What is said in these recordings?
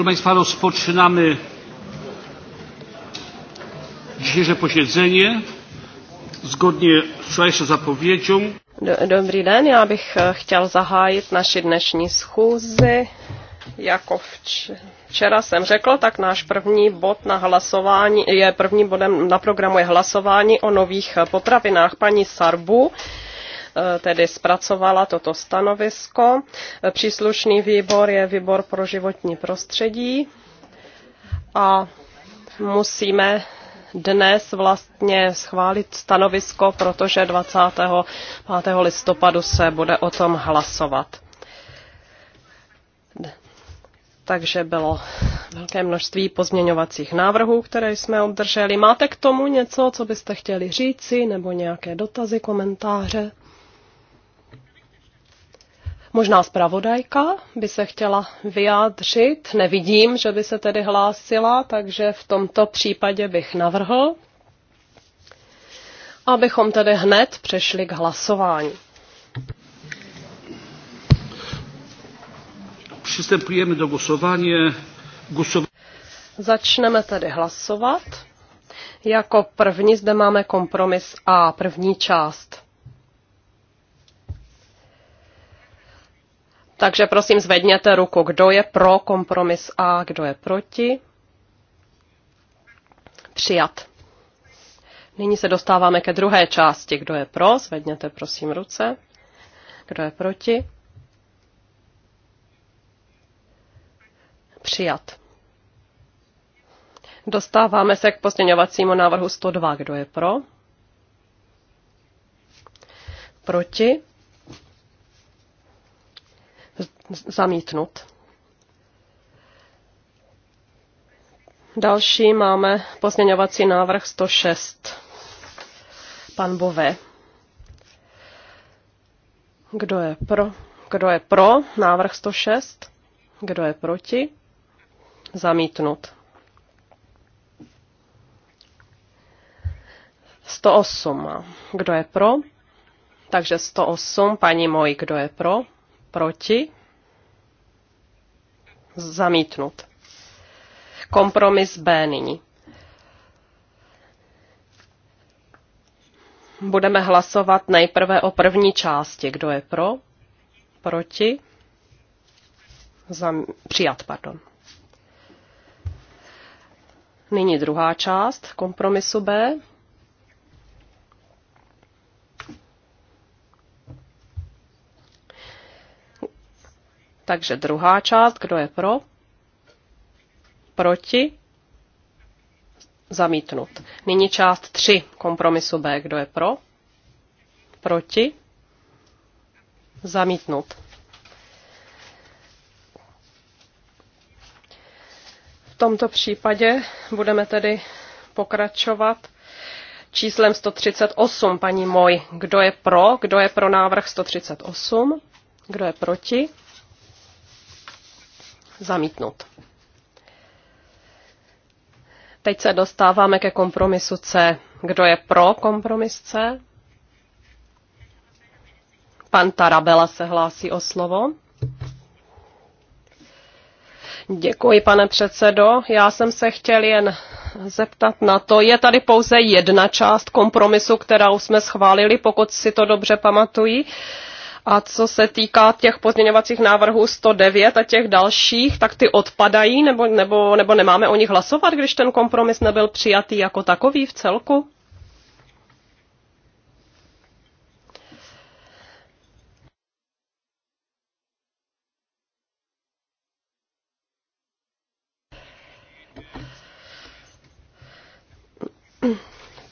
Proszę Państwa, rozpoczynamy dzisiejsze posiedzenie. Zgodnie z wczorajszą zapowiedzią. Dobrý den, já bych e, chtěl zahájit naši dnešní schůzi. Jako včera jsem řekl, tak náš první bod na hlasování je první bodem na programu je hlasování o nových e, potravinách paní Sarbu Eh, tedy zpracovala toto stanovisko. Eh, příslušný výbor je výbor pro životní prostředí a musíme dnes vlastně schválit stanovisko, protože 25. listopadu se bude o tom hlasovat. Takže bylo velké množství pozměňovacích návrhů, které jsme obdrželi. Máte k tomu něco, co byste chtěli říci, nebo nějaké dotazy, komentáře? Možná zpravodajka by se chtěla vyjádřit. Nevidím, že by se tedy hlásila, takže v tomto případě bych navrhl, abychom tedy hned přešli k hlasování. Přistupujeme do hlasování. Gusov... Začneme tedy hlasovat. Jako první zde máme kompromis A, první část. Takže prosím zvedněte ruku, kdo je pro kompromis A, kdo je proti. Přijat. Nyní se dostáváme ke druhé části. Kdo je pro, zvedněte prosím ruce. Kdo je proti? Přijat. Dostáváme se k pozměňovacímu návrhu 102. Kdo je pro? Proti? zamítnut. Další máme pozměňovací návrh 106. Pan Bové. Kdo je pro? Kdo je pro návrh 106? Kdo je proti? Zamítnut. 108. Kdo je pro? Takže 108, paní moji, kdo je pro? Proti? Zamítnut. Kompromis B nyní. Budeme hlasovat nejprve o první části. Kdo je pro? Proti? Zam... Přijat, pardon. Nyní druhá část kompromisu B. Takže druhá část, kdo je pro? Proti? Zamítnut. Nyní část 3 kompromisu B. Kdo je pro? Proti? Zamítnut. V tomto případě budeme tedy pokračovat číslem 138, paní Moj. Kdo je pro? Kdo je pro návrh 138? Kdo je proti? Zamítnut. Teď se dostáváme ke kompromisu C. Kdo je pro kompromis C? Pan Tarabela se hlásí o slovo. Děkuji, pane předsedo. Já jsem se chtěl jen zeptat na to. Je tady pouze jedna část kompromisu, kterou jsme schválili, pokud si to dobře pamatují. Uh, a co se týká těch pozměňovacích návrhů 109 a těch dalších, tak ty odpadají nebo, nebo, nebo nemáme o nich hlasovat, když ten kompromis nebyl přijatý jako takový v celku?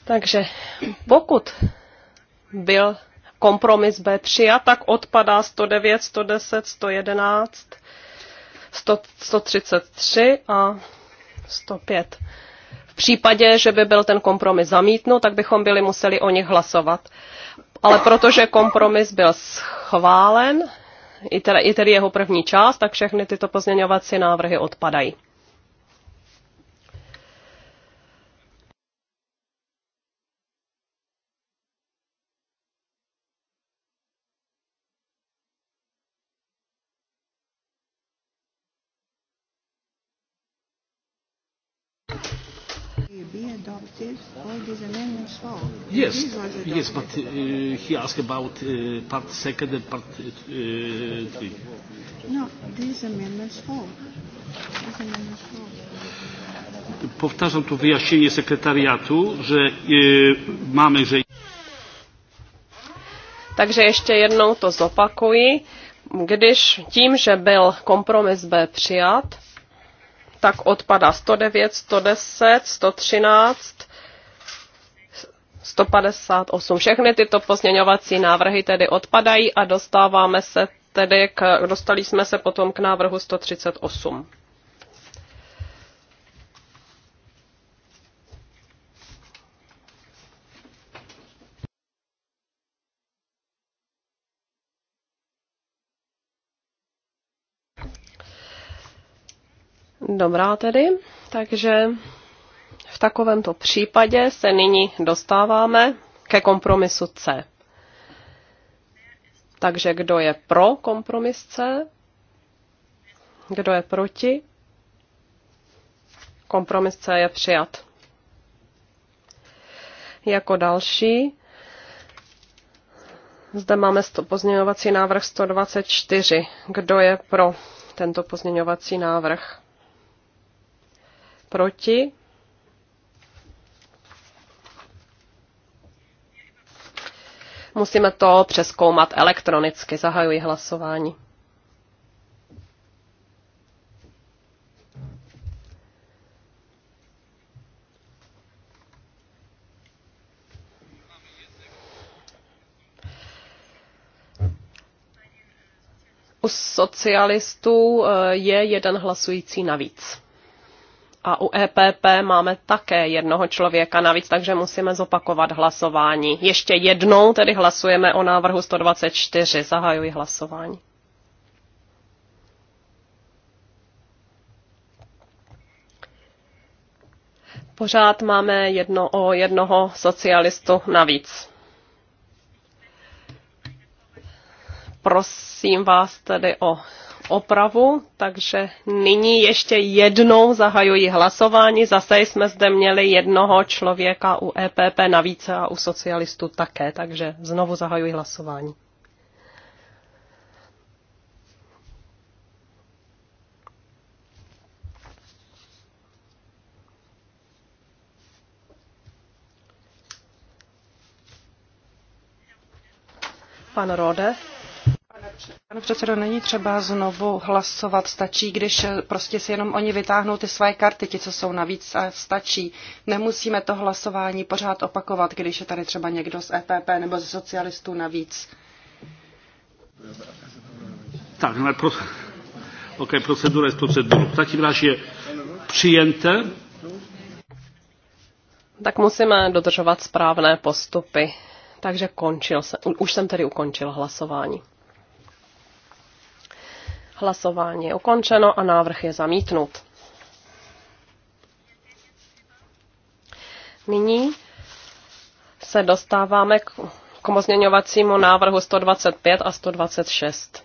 Takže pokud byl kompromis B přijat, tak odpadá 109, 110, 111, 133 a 105. V případě, že by byl ten kompromis zamítnut, tak bychom byli museli o nich hlasovat. Ale protože kompromis byl schválen, i i tedy jeho první část, tak všechny tyto pozměňovací návrhy odpadají. Well, yes, amendments Yes, yes, but uh, he asked about uh, part second and part uh, three. No, these amendments fall. These amendments fall. Powtarzam tu wyjaśnienie sekretariatu, że y, e, mamy, że. Takže ještě jednou to zopakuji. Když tím, že byl kompromis B přijat, tak odpada 109, 110, 113, 158. Všechny tyto pozměňovací návrhy tedy odpadají a dostáváme se tedy k, dostali jsme se potom k návrhu 138. Dobrá tedy, takže v takovémto případě se nyní dostáváme ke kompromisu C. Takže kdo je pro kompromis C? Kdo je proti? Kompromis C je přijat. Jako další zde máme pozměňovací návrh 124. Kdo je pro tento pozměňovací návrh? Proti? Musíme to přeskoumat elektronicky. Zahajuji hlasování. U socialistů eh, je jeden hlasující navíc a u EPP máme také jednoho člověka navíc, takže musíme zopakovat hlasování. Ještě jednou tedy hlasujeme o návrhu 124. Zahajuji hlasování. Pořád máme jedno o jednoho socialistu navíc. Prosím vás tedy o opravu, takže nyní ještě jednou zahajuji hlasování. Zase jsme zde měli jednoho člověka u EPP navíc a u socialistů také, takže znovu zahajuji hlasování. Pan Rode. Pane předsedo, není třeba znovu hlasovat, stačí, když eh, prostě si jenom oni vytáhnou ty své karty, ti, co jsou navíc, a stačí. Nemusíme to hlasování pořád opakovat, když je tady třeba někdo z EPP nebo ze socialistů navíc. Tak, ne, no, pro... OK, procedura je procedura. W takim je přijente. Tak musíme dodržovat správné postupy. Takže končil jsem, už jsem tedy ukončil hlasování. Hlasování je ukončeno a návrh je zamítnut. Nyní se dostáváme k, pozměňovacímu návrhu 125 a 126.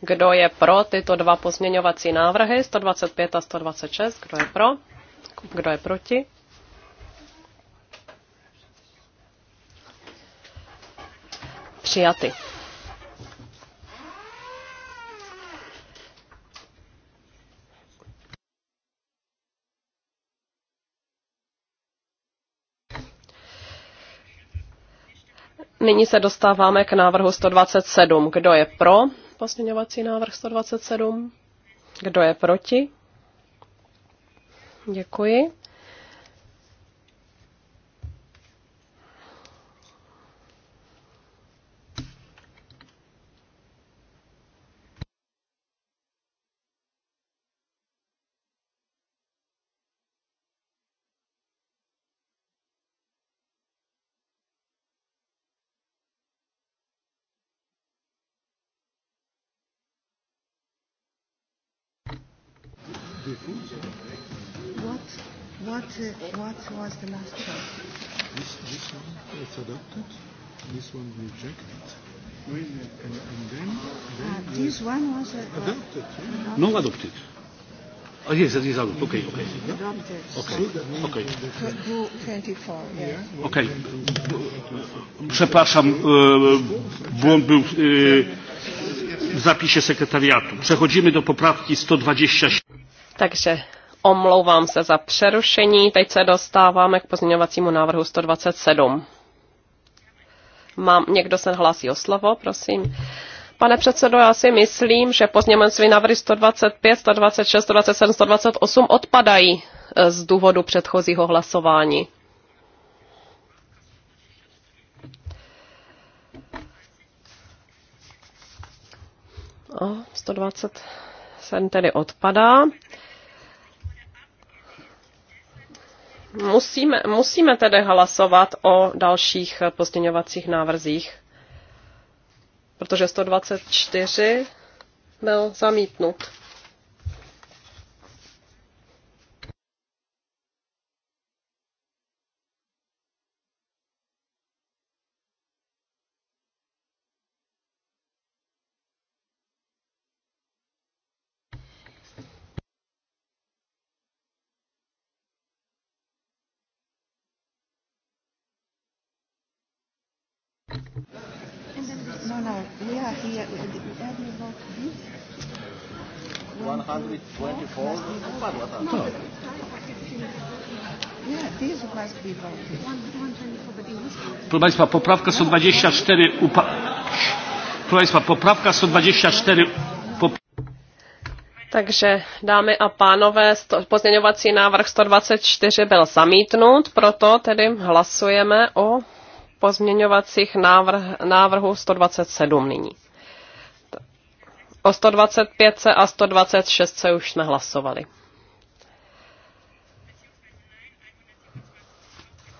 Kdo je pro tyto dva pozměňovací návrhy, 125 a 126, kdo je pro? Kdo je proti? Přijaty. Nyní se dostáváme k návrhu 127. Kdo je pro pozměňovací návrh 127? Kdo je proti? Děkuji. what was the last one? This, this one is adopted. This one rejected. And, and then, then uh, this one was uh, adopted. Yeah. No adopted. Oh, yes, it is adopted. Okay, okay. Adopted. Okay, okay. 24, yeah. Okay. Przepraszam, błąd e, był e, w zapisie sekretariatu. Przechodzimy do poprawki 127. Takže Omlouvám se za přerušení. Teď se dostáváme k pozměňovacímu návrhu 127. Mám, někdo se hlásí o slovo, prosím. Pane předsedo, já si myslím, že pozměňovací návrhy 125, 126, 127, 128 odpadají e, z důvodu předchozího hlasování. O, 127 tedy odpadá. Musíme, musíme tedy hlasovat o dalších pozměňovacích návrzích, protože 124 byl zamítnut. Proszę Państwa, poprawka 124 upa... Proszę Państwa, poprawka 124 takže, dámy a pánové, pozměňovací návrh 124 byl zamítnut, proto tedy hlasujeme o pozměňovacích návrh, návrhu 127 nyní. O 125 a 126 se už jsme hlasovali.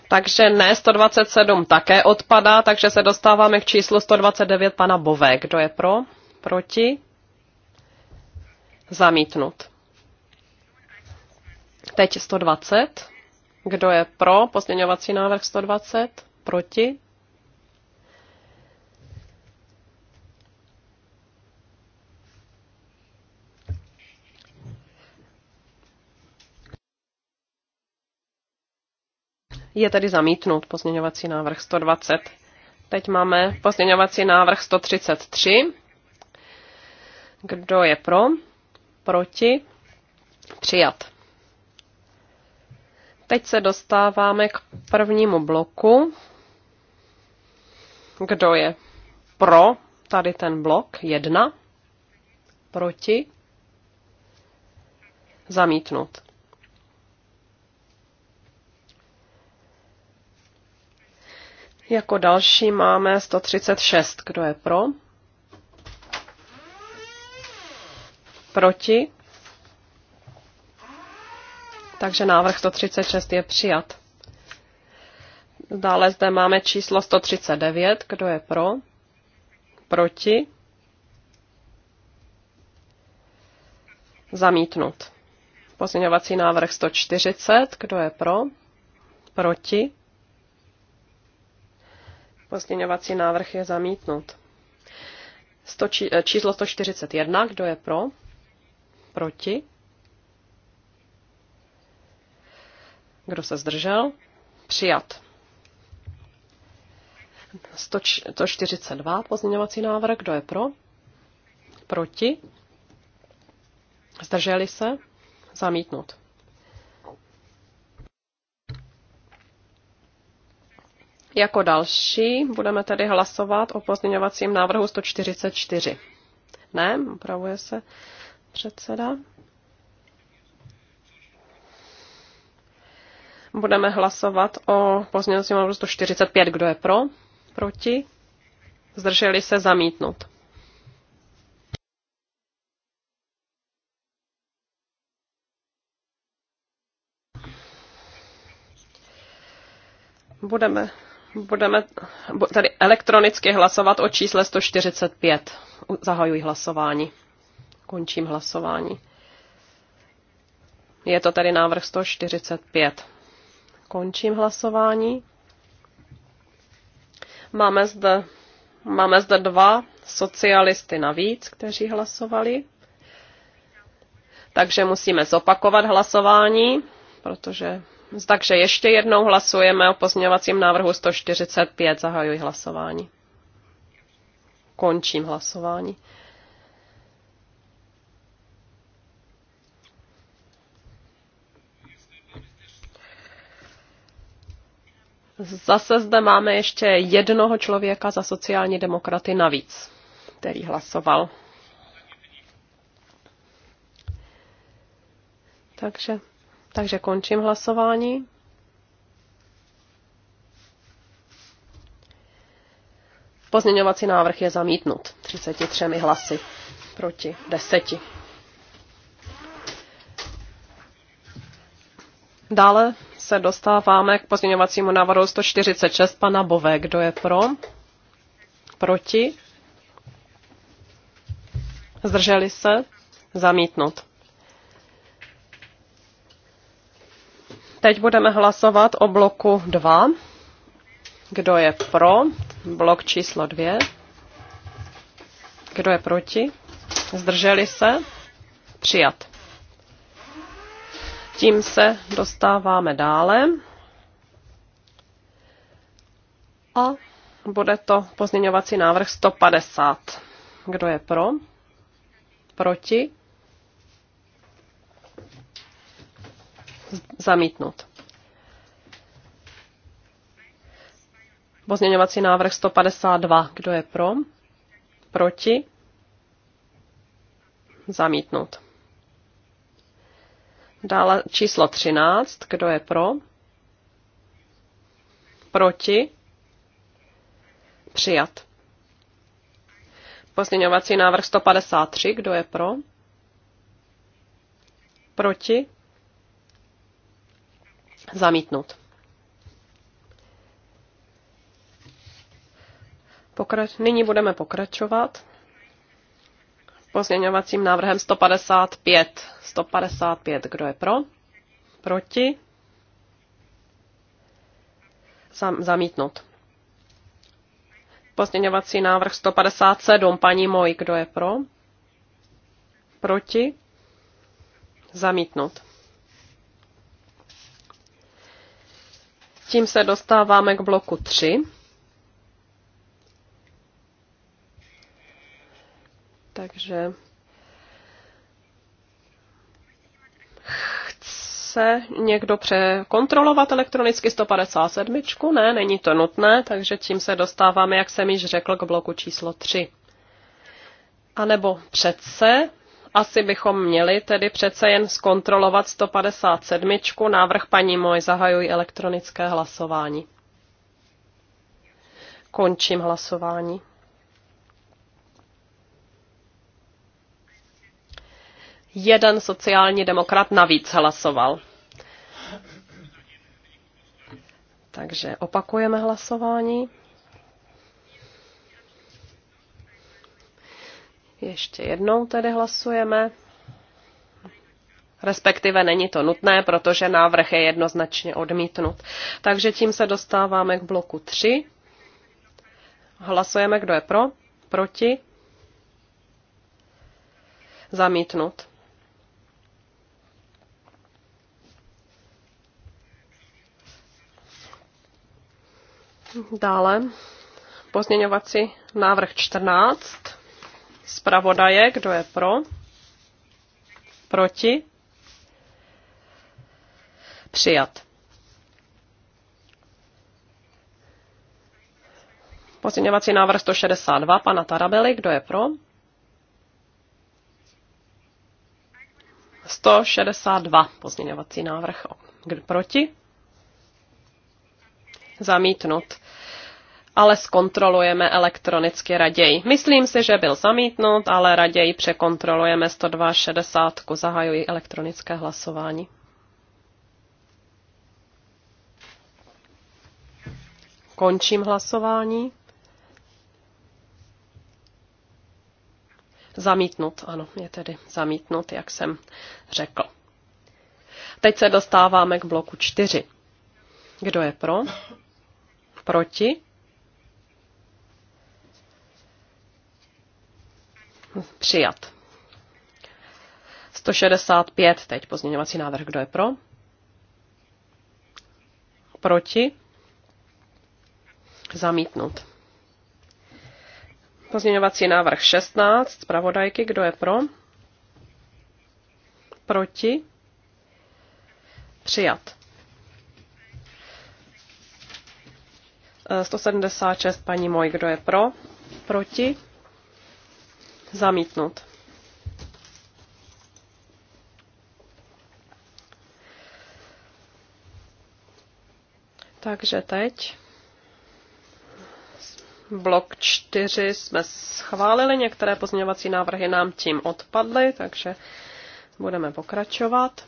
Takže ne, 127 také odpadá, takže se dostáváme k číslu 129 pana Bové. Kdo je pro? Proti? Zamítnut. Teď 120. Kdo je pro? Pozměňovací návrh 120. Proti? je tedy zamítnut pozměňovací návrh 120. Teď máme pozměňovací návrh 133. Kdo je pro? Proti? Přijat. Teď se dostáváme k prvnímu bloku. Kdo je pro tady ten blok? Jedna. Proti? Zamítnut. Jako další máme 136. Kdo je pro? Proti? Takže návrh 136 je přijat. Dále zde máme číslo 139. Kdo je pro? Proti? Zamítnut. Pozměňovací návrh 140. Kdo je pro? Proti? Pozměňovací návrh je zamítnut. 100, eh, číslo 141, kdo je pro? Proti? Kdo se zdržel? Přijat. 142 pozměňovací návrh, kdo je pro? Proti? Zdrželi se? Zamítnut. Jako další budeme tedy hlasovat o pozměňovacím návrhu 144. Ne, opravuje se předseda. Budeme hlasovat o pozměňovacím návrhu 145. Kdo je pro? Proti? Zdrželi se zamítnout. Budeme Budeme tady elektronicky hlasovat o čísle 145. Zahajuji hlasování. Končím hlasování. Je to tady návrh 145. Končím hlasování. Máme zde, máme zde dva socialisty navíc, kteří hlasovali. Takže musíme zopakovat hlasování, protože takže ještě jednou hlasujeme o pozměňovacím návrhu 145. Zahajuji hlasování. Končím hlasování. Zase zde máme ještě jednoho člověka za sociální demokraty navíc, který hlasoval. Takže takže končím hlasování. Pozměňovací návrh je zamítnut 33 hlasy proti 10. Dále se dostáváme k pozměňovacímu návrhu 146 pana Bové. Kdo je pro? Proti? Zdrželi se? Zamítnut. Teď budeme hlasovat o bloku 2. Kdo je pro? Blok číslo 2. Kdo je proti? Zdrželi se? Přijat. Tím se dostáváme dále. A bude to pozměňovací návrh 150. Kdo je pro? Proti? zamítnut. Pozměňovací návrh 152. Kdo je pro? Proti? Zamítnut. Dále číslo 13. Kdo je pro? Proti? Přijat. Pozměňovací návrh 153. Kdo je pro? Proti? Zamítnut. Pokrač... Nyní budeme pokračovat pozměňovacím návrhem 155. 155, kdo je pro? Proti? Zam, zamítnut. Pozměňovací návrh 157, paní Moj, kdo je pro? Proti? Zamítnut. Tím se dostáváme k bloku 3. Takže chce někdo překontrolovat elektronicky 157? Ne, není to nutné, takže tím se dostáváme, jak jsem již řekl, k bloku číslo 3. A nebo přece asi bychom měli tedy přece jen zkontrolovat 157. Návrh paní Moj zahajují elektronické hlasování. Končím hlasování. Jeden sociální demokrat navíc hlasoval. Takže opakujeme hlasování. Ještě jednou tedy hlasujeme. Respektive není to nutné, protože návrh je jednoznačně odmítnut. Takže tím se dostáváme k bloku 3. Hlasujeme, kdo je pro, proti, zamítnut. Dále pozměňovací návrh 14 zpravodaje, kdo je pro, proti, přijat. Pozměňovací návrh 162 pana Tarabely, kdo je pro? 162 pozměňovací návrh. Kdo proti? Zamítnut ale zkontrolujeme elektronicky raději. Myslím si, že byl zamítnut, ale raději překontrolujeme 162. Zahajuji elektronické hlasování. Končím hlasování. Zamítnut, ano, je tedy zamítnut, jak jsem řekl. Teď se dostáváme k bloku 4. Kdo je pro? Proti? Přijat. 165 teď pozměňovací návrh. Kdo je pro? Proti? Zamítnut. Pozměňovací návrh 16, zpravodajky, kdo je pro? Proti? Přijat. 176, eh, paní Moj, kdo je pro? Proti? Zamítnut. Takže teď blok 4 jsme schválili, některé pozměňovací návrhy nám tím odpadly, takže budeme pokračovat.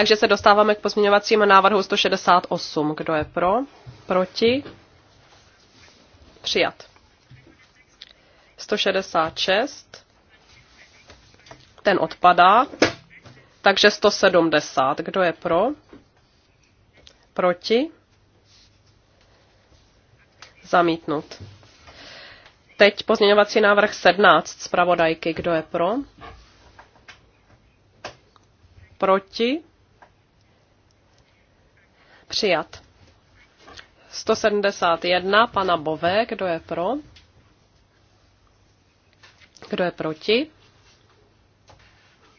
Takže se dostáváme k pozměňovacímu návrhu 168. Kdo je pro? Proti? Přijat. 166. Ten odpadá. Takže 170. Kdo je pro? Proti? Zamítnut. Teď pozměňovací návrh 17 zpravodajky. Kdo je pro? Proti? Přijat. 171 pana Bové, kdo je pro? Kdo je proti?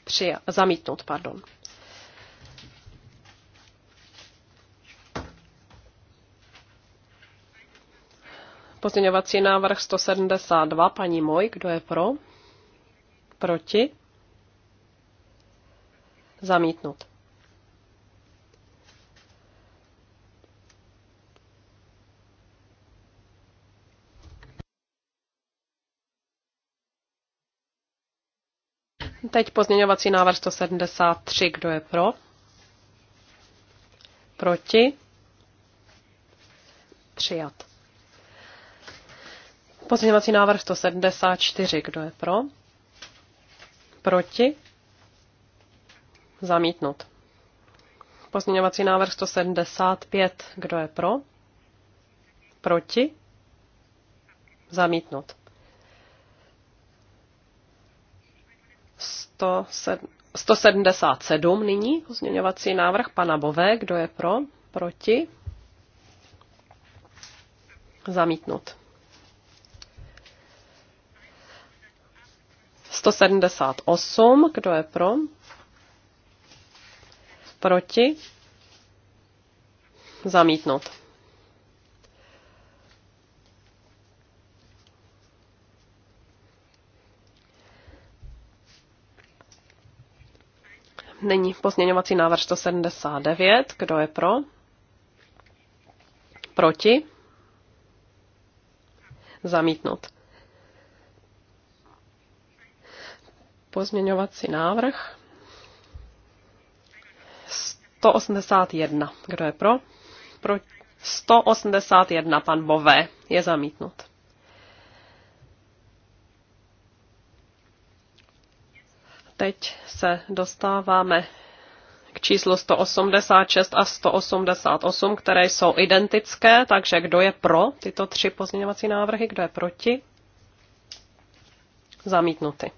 Přijat, zamítnout, pardon. Pozměňovací návrh 172, paní Moj, kdo je pro? Proti? Zamítnut. Teď pozměňovací návrh 173. Kdo je pro? Proti? Přijat. Pozměňovací návrh 174. Kdo je pro? Proti? Zamítnut. Pozměňovací návrh 175. Kdo je pro? Proti? Zamítnut. 177 nyní, pozměňovací návrh pana Bové, kdo je pro, proti, zamítnut. 178, kdo je pro, proti, zamítnut. Není pozměňovací návrh 179. Kdo je pro? Proti? Zamítnut. Pozměňovací návrh 181. Kdo je pro? Pro 181 pan Bové je zamítnut. Teď se dostáváme k číslu 186 a 188, které jsou identické, takže kdo je pro tyto tři pozměňovací návrhy, kdo je proti? Zamítnuty.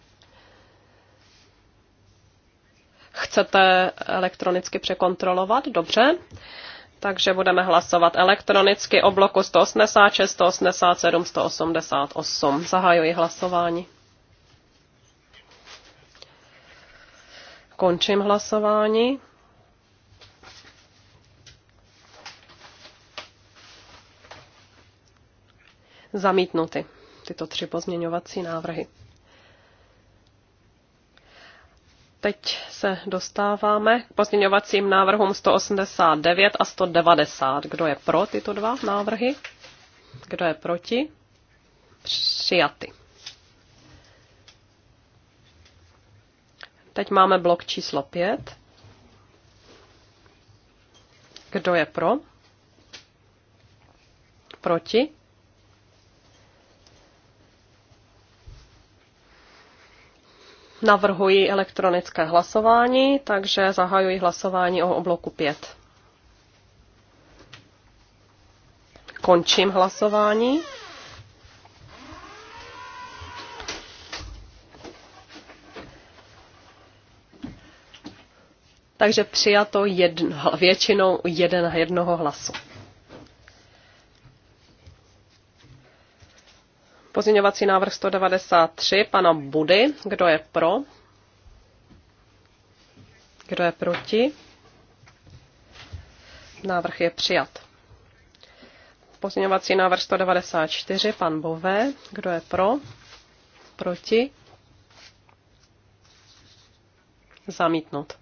Chcete elektronicky překontrolovat? Dobře. Takže budeme hlasovat elektronicky o bloku 186, 187, 188. Zahajuji hlasování. Končím hlasování. Zamítnuty tyto tři pozměňovací návrhy. Teď se dostáváme k pozměňovacím návrhům 189 a 190. Kdo je pro tyto dva návrhy? Kdo je proti? Přijaty. Teď máme blok číslo 5. Kdo je pro? Proti? Navrhuji elektronické hlasování, takže zahajuji hlasování o bloku 5. Končím hlasování. takže přijato jedno, většinou jeden, jednoho hlasu. Pozměňovací návrh 193 pana Budy. Kdo je pro? Kdo je proti? Návrh je přijat. Pozměňovací návrh 194, pan Bové. Kdo je pro? Proti? Zamítnout.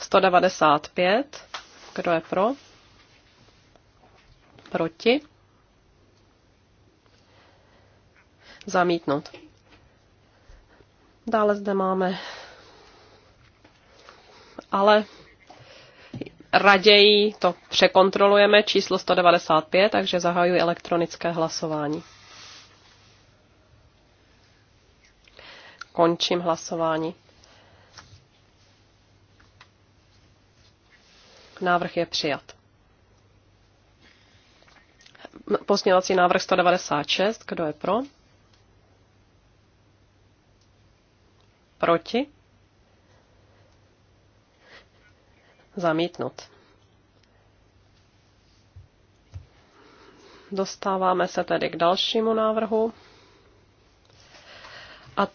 195. Kdo je pro? Proti? Zamítnout. Dále zde máme ale raději to překontrolujeme číslo 195, takže zahajuji elektronické hlasování. Končím hlasování. Návrh je přijat. Pozměňovací návrh 196. Kdo je pro? Proti? Zamítnut. Dostáváme se tedy k dalšímu návrhu. A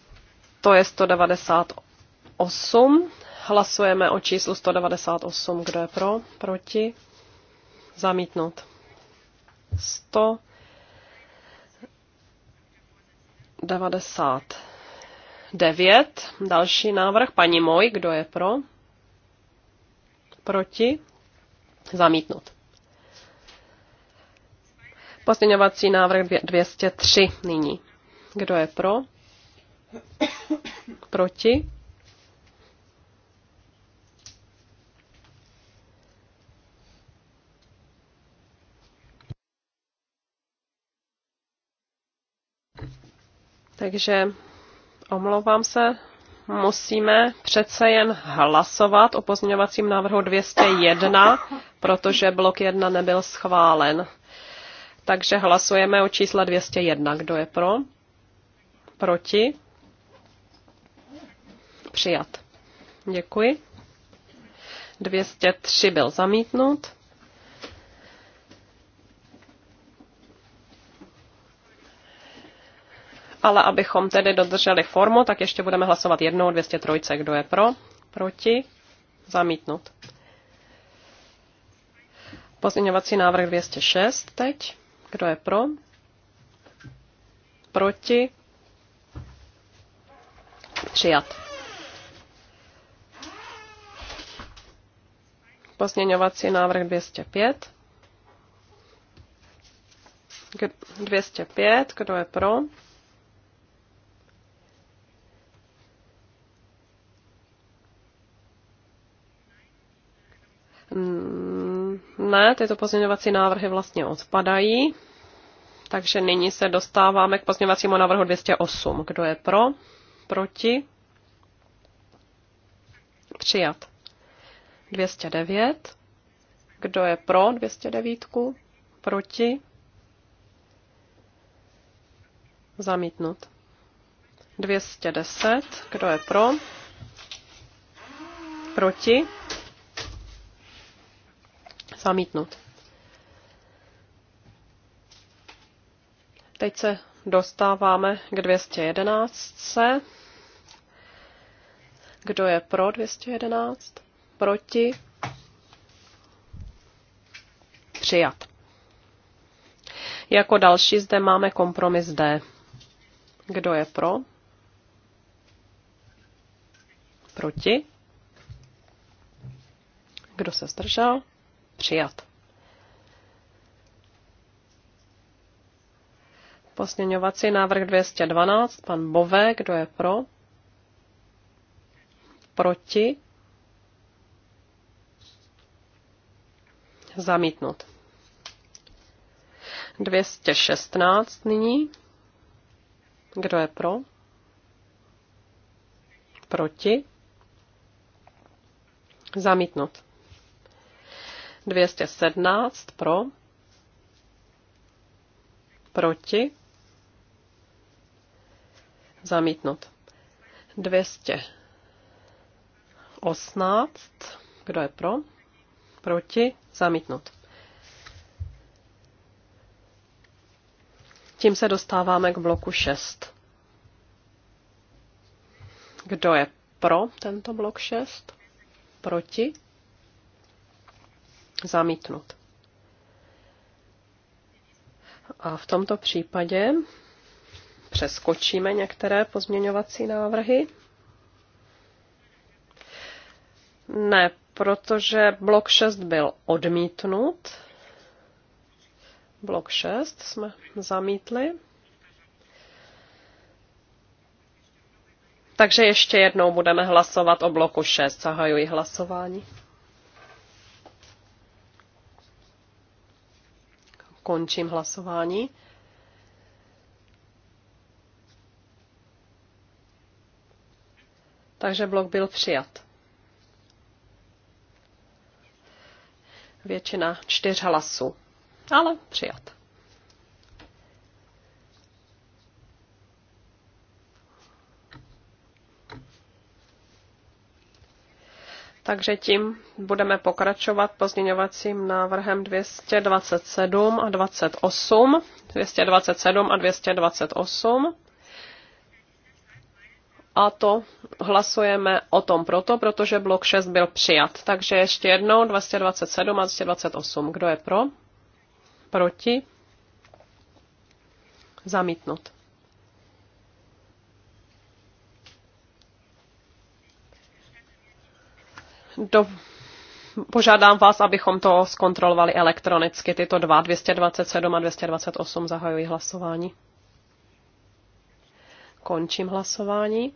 to je 198. Hlasujeme o číslu 198. Kdo je pro? Proti? Zamítnout. 199. Další návrh. Paní Moj, kdo je pro? Proti? Zamítnout. Pozměňovací návrh 203 nyní. Kdo je pro? Proti? Takže omlouvám se, musíme přece jen hlasovat o pozměňovacím návrhu 201, protože blok 1 nebyl schválen. Takže hlasujeme o čísle 201. Kdo je pro? Proti? Přijat. Děkuji. 203 byl zamítnut. ale abychom tedy dodrželi formu, tak ještě budeme hlasovat jednou 203. Kdo je pro? Proti? Zamítnut. Pozměňovací návrh 206 teď. Kdo je pro? Proti? Přijat. Pozměňovací návrh 205. 205, kdo je pro? ne, tyto pozměňovací návrhy vlastně odpadají. Takže nyní se dostáváme k pozměňovacímu návrhu 208. Kdo je pro? Proti? Přijat. 209. Kdo je pro 209? Proti? Zamítnut. 210. Kdo je pro? Proti? Zamítnut. Teď se dostáváme k 211. Kdo je pro 211? Proti? Přijat. Jako další zde máme kompromis D. Kdo je pro? Proti? Kdo se zdržel? Přijat. Posměňovací návrh 212, pan Bové, kdo je pro? Proti? Zamítnut. 216 nyní. Kdo je pro? Proti? Zamítnut. 217 pro, proti, zamítnut. 218, kdo je pro, proti, zamítnut. Tím se dostáváme k bloku 6. Kdo je pro tento blok 6? Proti? Zamítnut. A v tomto případě přeskočíme některé pozměňovací návrhy. Ne, protože blok 6 byl odmítnut. Blok 6 jsme zamítli. Takže ještě jednou budeme hlasovat o bloku 6. Zahajuji hlasování. Končím hlasování. Takže blok byl přijat. Většina čtyř hlasů, ale přijat. Takže tím budeme pokračovat pozměňovacím návrhem 227 a 28. 227 a 228. A to hlasujeme o tom proto, protože blok 6 byl přijat. Takže ještě jednou 227 a 228. Kdo je pro? Proti? Zamítnut. do, požádám vás, abychom to zkontrolovali elektronicky. Tyto dva, 227 a 228, zahajují hlasování. Končím hlasování.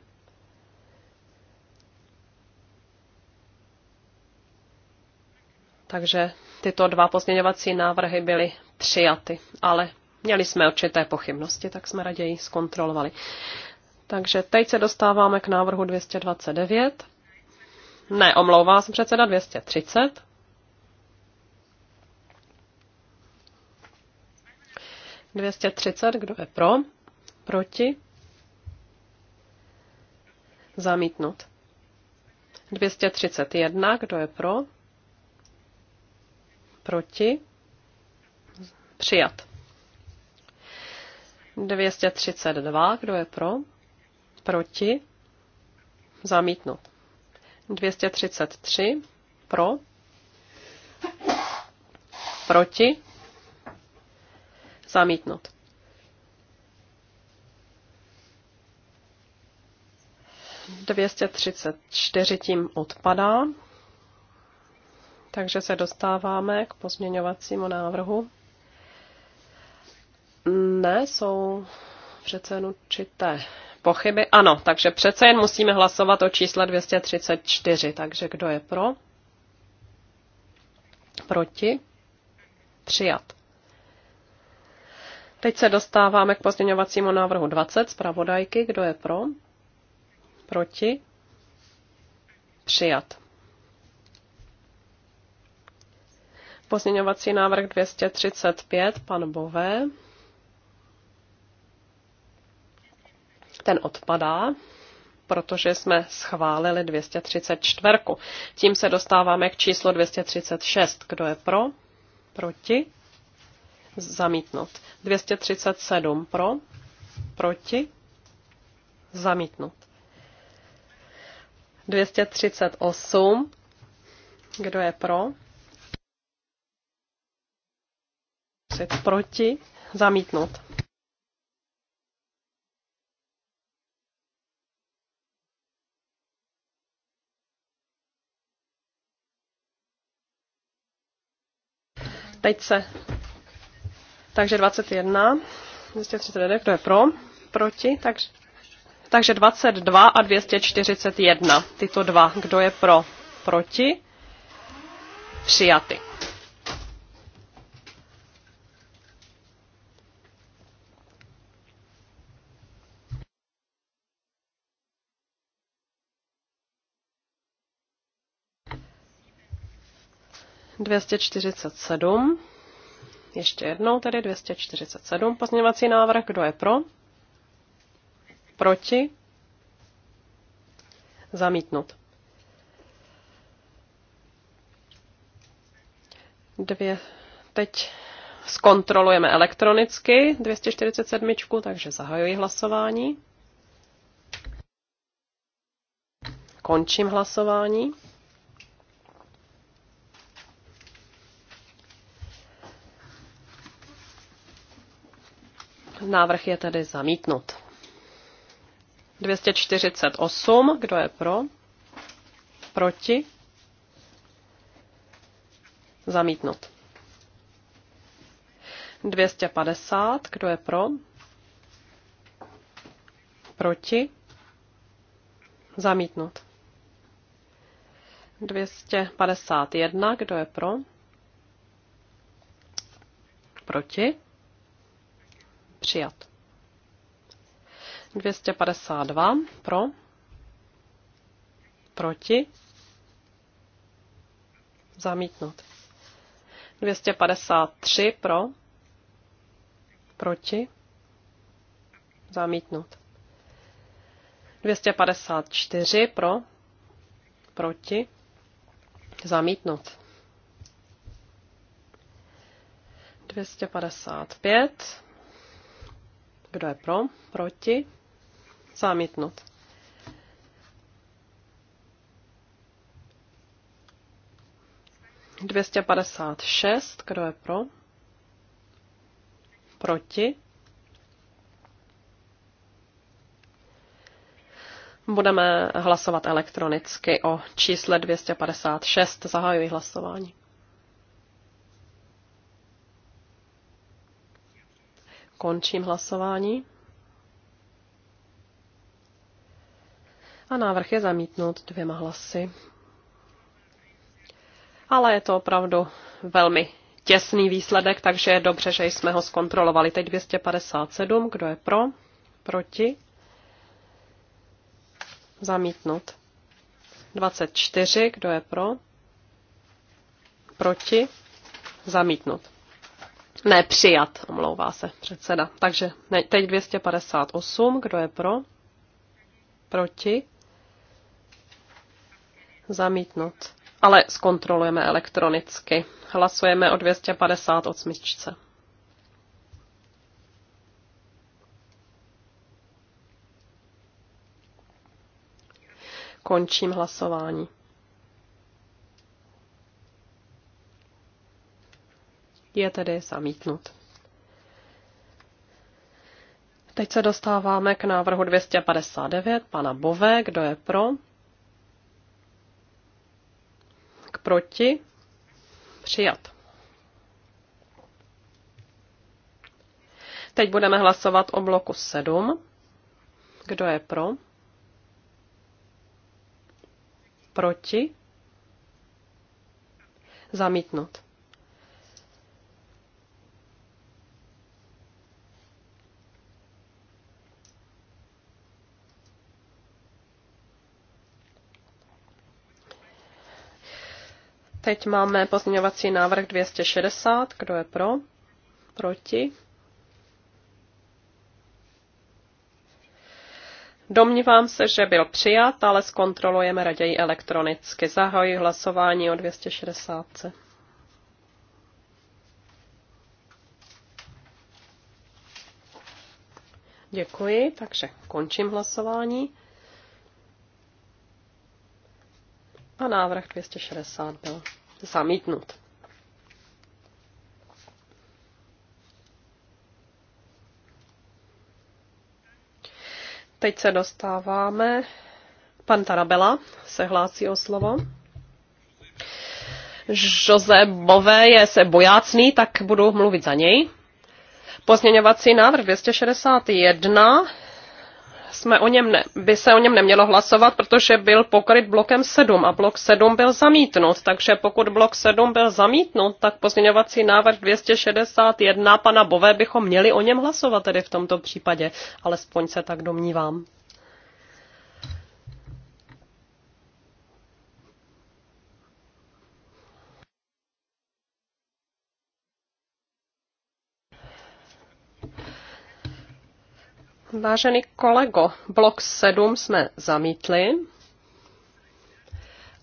Takže tyto dva pozměňovací návrhy byly přijaty, ale měli jsme určité pochybnosti, tak jsme raději zkontrolovali. Takže teď se dostáváme k návrhu 229. Ne, omlouvá se předseda 230. Dvěstě třicet, kdo je pro? Proti? Zamítnut. 231, kdo je pro? Proti? Přijat. 232, kdo je pro? Proti? Zamítnut. 233 pro, proti, zamítnout. Dvěstě třicet čtyři tím odpadá, takže se dostáváme k pozměňovacímu návrhu. Ne, jsou přece jen určité pochyby? Ano, takže přece jen musíme hlasovat o čísle 234. Takže kdo je pro? Proti? Přijat. Teď se dostáváme k pozměňovacímu návrhu 20 zpravodajky. Kdo je pro? Proti? Přijat. Pozměňovací návrh 235, pan Bové. Ten odpadá, protože jsme schválili 234. Tím se dostáváme k číslu 236. Kdo je pro? Proti? Zamítnout. 237 pro? Proti? Zamítnout. 238. Kdo je pro? Proti? Zamítnout. teď se... Takže 21. 239, kdo je pro? Proti? Takže, takže 22 a 241. Tyto dva. Kdo je pro? Proti? Přijaty. 247. Ještě jednou tedy 247 pozměňovací návrh. Kdo je pro? Proti? Zamítnut. 2. Teď zkontrolujeme elektronicky 247, takže zahajuji hlasování. Končím hlasování. Návrh je tedy zamítnut. 248. Kdo je pro? Proti? Zamítnut. 250. Kdo je pro? Proti? Zamítnut. 251. Kdo je pro? Proti? Přijat. 252 pro, proti, zamítnout. 253 pro, proti, zamítnout. 254 pro, proti, zamítnout. 255 kdo je pro? Proti? Zamítnut. Dvěstě padesát šest. Kdo je pro? Proti? Budeme hlasovat elektronicky o čísle 256. Zahajuji hlasování. Končím hlasování. A návrh je zamítnut dvěma hlasy. Ale je to opravdu velmi těsný výsledek, takže je dobře, že jsme ho zkontrolovali. Teď 257, kdo je pro, proti, zamítnut. 24, kdo je pro, proti, zamítnut. Ne, přijat, omlouvá se předseda. Takže ne, teď 258, kdo je pro? Proti? Zamítnout. Ale zkontrolujeme elektronicky. Hlasujeme o 258. Končím hlasování. je tedy zamítnut. Teď se dostáváme k návrhu 259 pana Bové. Kdo je pro? K proti? Přijat. Teď budeme hlasovat o bloku 7. Kdo je pro? Proti? Zamítnut. Teď máme pozměňovací návrh 260. Kdo je pro? Proti? Domnívám se, že byl přijat, ale zkontrolujeme raději elektronicky. Zahajuji hlasování o 260. Děkuji, takže končím hlasování. A návrh 260 byl zamítnut. Teď se dostáváme. Pan Tarabela se hlásí o slovo. Jose Bové je se bojácný, tak budu mluvit za něj. Pozměňovací návrh 261 jsme o něm ne, by se o něm nemělo hlasovat, protože byl pokryt blokem 7 a blok 7 byl zamítnut. Takže pokud blok 7 byl zamítnut, tak pozměňovací návrh 261 pana Bové bychom měli o něm hlasovat tedy v tomto případě. Alespoň se tak domnívám. Vážený kolego, blok 7 jsme zamítli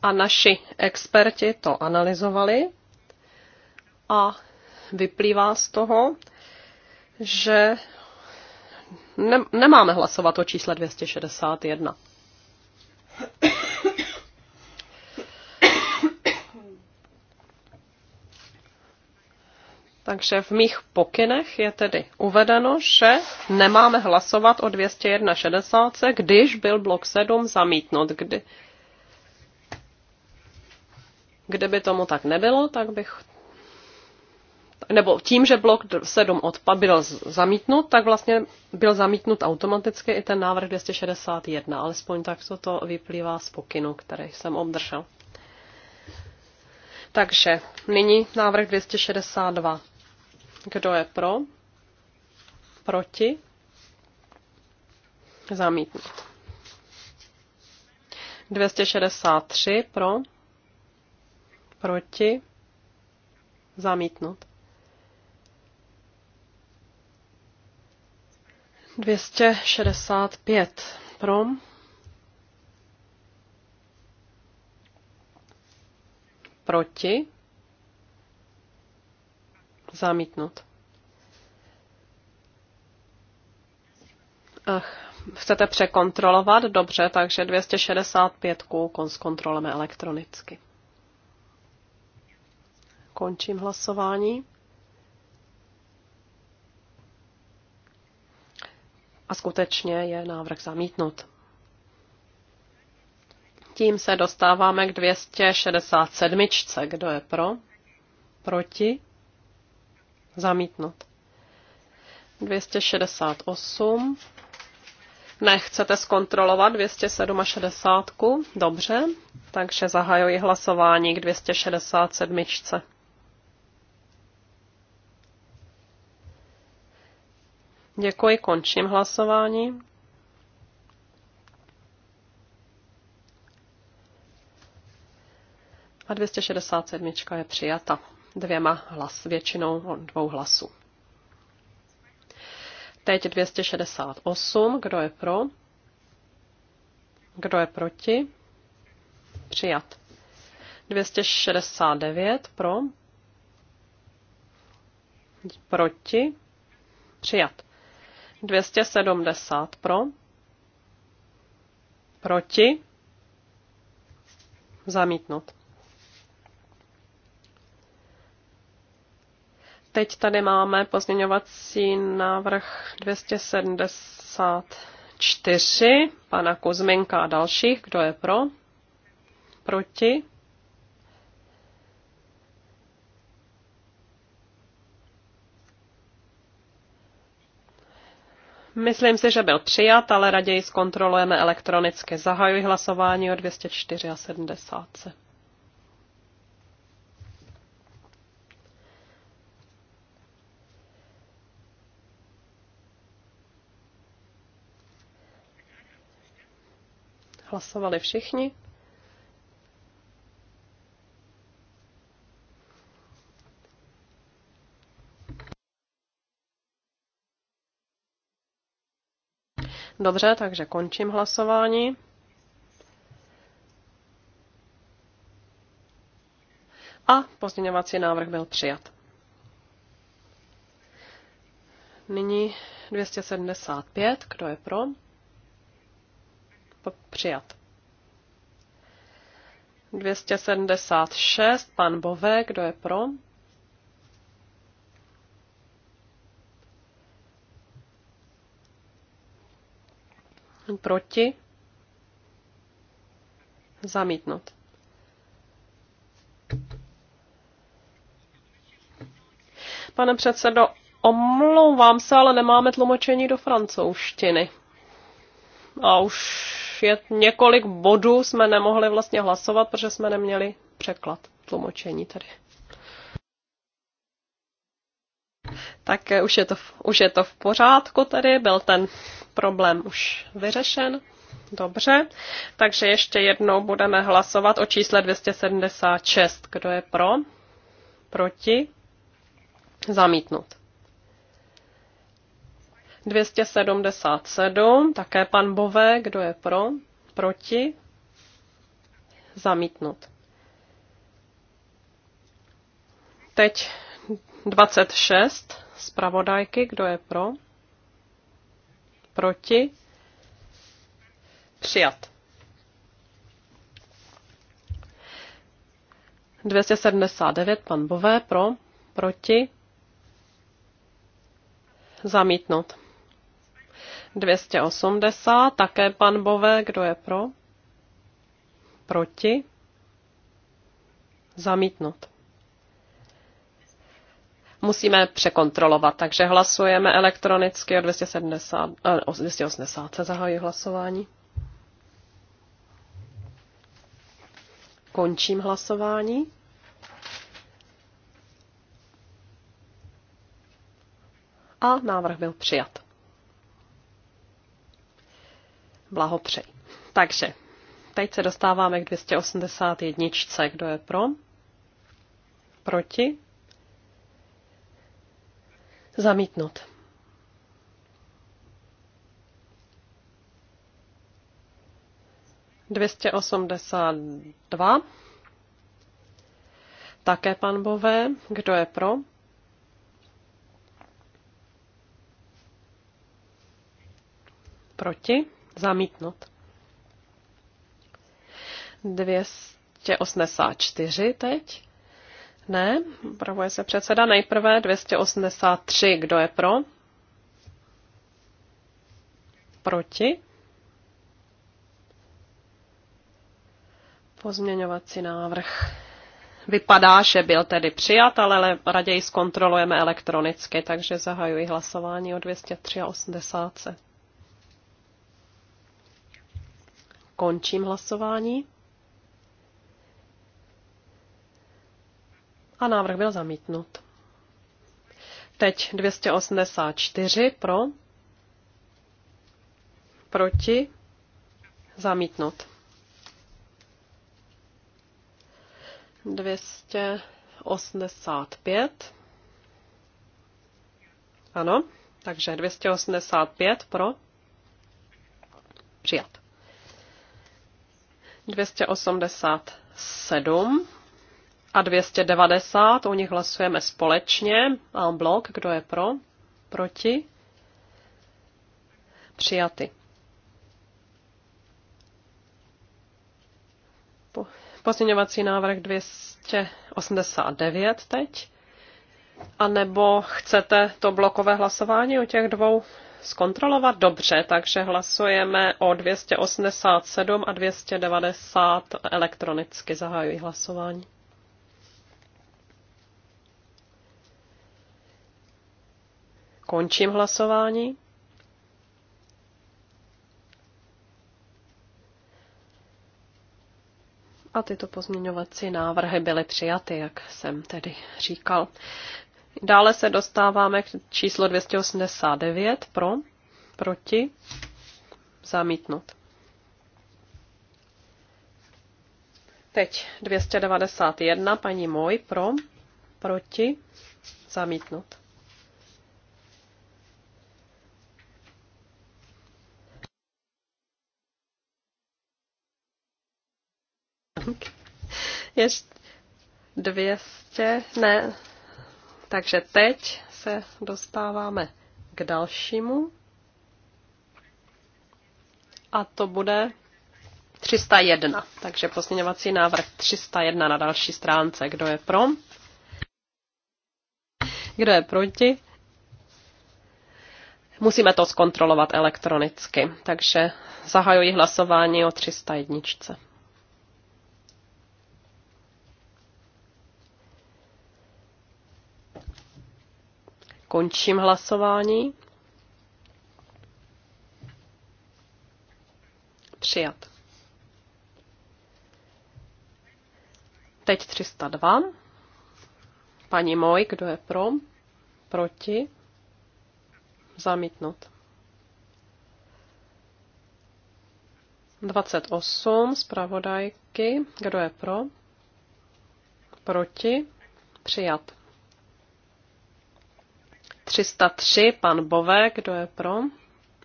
a naši experti to analyzovali a vyplývá z toho, že ne- nemáme hlasovat o čísle 261. Takže v mých pokynech je tedy uvedeno, že nemáme hlasovat o 261.60, když byl blok 7 zamítnut. Kdy... Kdyby tomu tak nebylo, tak bych nebo tím, že blok 7 odpad byl zamítnut, tak vlastně byl zamítnut automaticky i ten návrh 261, alespoň tak to vyplývá z pokynu, který jsem obdržel. Takže nyní návrh 262. Kdo je pro? Proti? Zamítnut. 263 pro? Proti? Zamítnut. 265 pro? Proti? Zamítnut. Ach, chcete překontrolovat? Dobře, takže 265 zkontrolujeme elektronicky. Končím hlasování. A skutečně je návrh zamítnut. Tím se dostáváme k 267. Kdo je pro? Proti? Zamítnut. 268. Nechcete zkontrolovat 267. Dobře, takže zahajuji hlasování k 267. Děkuji, končím hlasování. A 267 je přijata dvěma hlas, většinou dvou hlasů. Teď 268, kdo je pro? Kdo je proti? Přijat. 269 pro? Proti? Přijat. 270 pro? Proti? Zamítnut. Teď tady máme pozměňovací návrh 274 pana Kuzminka a dalších. Kdo je pro? Proti? Myslím si, že byl přijat, ale raději zkontrolujeme elektronicky. Zahajuji hlasování o 274. Hlasovali všichni? Dobře, takže končím hlasování. A pozměňovací návrh byl přijat. Nyní 275, kdo je pro? přijat. 276, pan Bové, kdo je pro? Proti? Zamítnout. Pane předsedo, omlouvám se, ale nemáme tlumočení do francouzštiny. A už je několik bodů, jsme nemohli vlastně hlasovat, protože jsme neměli překlad, tlumočení tady. Tak eh, už je, to, už je to v pořádku tady, byl ten problém už vyřešen. Dobře, takže ještě jednou budeme hlasovat o čísle 276. Kdo je pro? Proti? Zamítnut. 277, také pan Bové, kdo je pro, proti, zamítnut. Teď 26, zpravodajky, kdo je pro, proti, přijat. 279, pan Bové, pro, proti, zamítnout. 280, také pan Bové, kdo je pro? Proti? Zamítnut. Musíme překontrolovat, takže hlasujeme elektronicky o 270, 280 eh, se zahájí hlasování. Končím hlasování. A návrh byl přijat. Blahopřeji. Takže, teď se dostáváme k 281. Kdo je pro? Proti? Zamítnut. Dvěstě osmdesát dva. Také pan Bové. Kdo je pro? Proti? Zamítnut. 284 teď. Ne, upravuje se předseda. Nejprve 283. Kdo je pro? Proti? Pozměňovací návrh. Vypadá, že byl tedy přijat, ale raději zkontrolujeme elektronicky, takže zahajuji hlasování o 283. Končím hlasování. A návrh byl zamítnut. Teď 284 pro, proti, zamítnut. 285. Ano, takže 285 pro, přijat. 287 a 290, o nich hlasujeme společně. A blok, kdo je pro? Proti? Přijaty. Pozměňovací návrh 289 teď. A nebo chcete to blokové hlasování o těch dvou zkontrolovat? Dobře, takže hlasujeme o 287 a 290 elektronicky. Zahajuji hlasování. Končím hlasování. A tyto pozměňovací návrhy byly přijaty, jak jsem tedy říkal. Dále se dostáváme k číslo 289 pro, proti, zamítnut. Teď 291, paní Moj, pro, proti, zamítnut. Ještě 200, ne, takže teď se dostáváme k dalšímu. A to bude 301. Takže pozměňovací návrh 301 na další stránce. Kdo je pro? Kdo je proti? Musíme to zkontrolovat elektronicky. Takže zahajuji hlasování o 301. Končím hlasování. Přijat. Teď 302. Paní Moj, kdo je pro? Proti? Zamítnut. 28 zpravodajky. Kdo je pro? Proti? Přijat. 303, pan Bové, kdo je pro?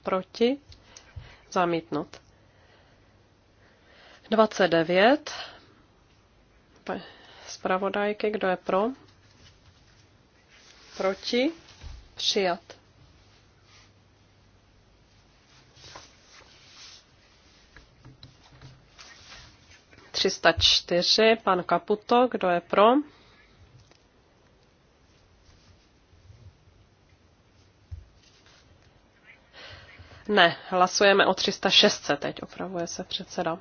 Proti? Zamítnut. 29, zpravodajky, kdo je pro? Proti? Přijat. Třista čtyři, pan Kaputo, kdo je pro? Ne, hlasujeme o 306 teď, opravuje se předseda.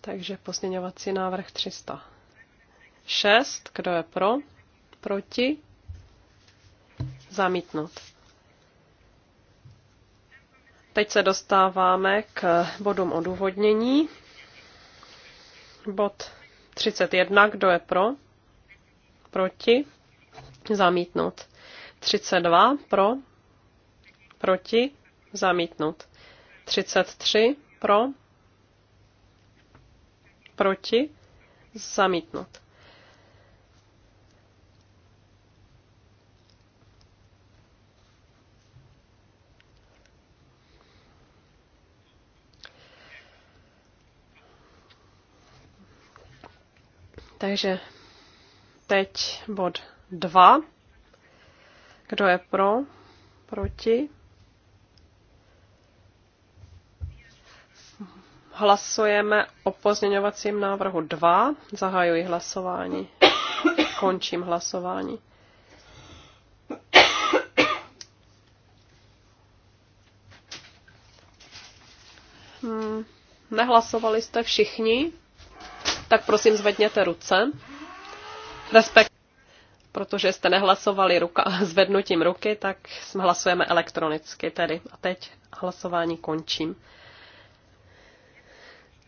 Takže posměňovací návrh 306. Kdo je pro? Proti? Zamítnout. Teď se dostáváme k bodům odůvodnění. Bod 31. Kdo je pro? Proti? Zamítnout. 32. Pro? Proti? Zamítnut. 33 pro. Proti. Zamítnut. Takže teď bod 2. Kdo je pro? Proti? Hlasujeme o pozměňovacím návrhu 2. Zahajuji hlasování. Končím hlasování. Hmm. Nehlasovali jste všichni, tak prosím zvedněte ruce. Respekt. Protože jste nehlasovali ruka, zvednutím ruky, tak hlasujeme elektronicky tedy. A teď hlasování končím.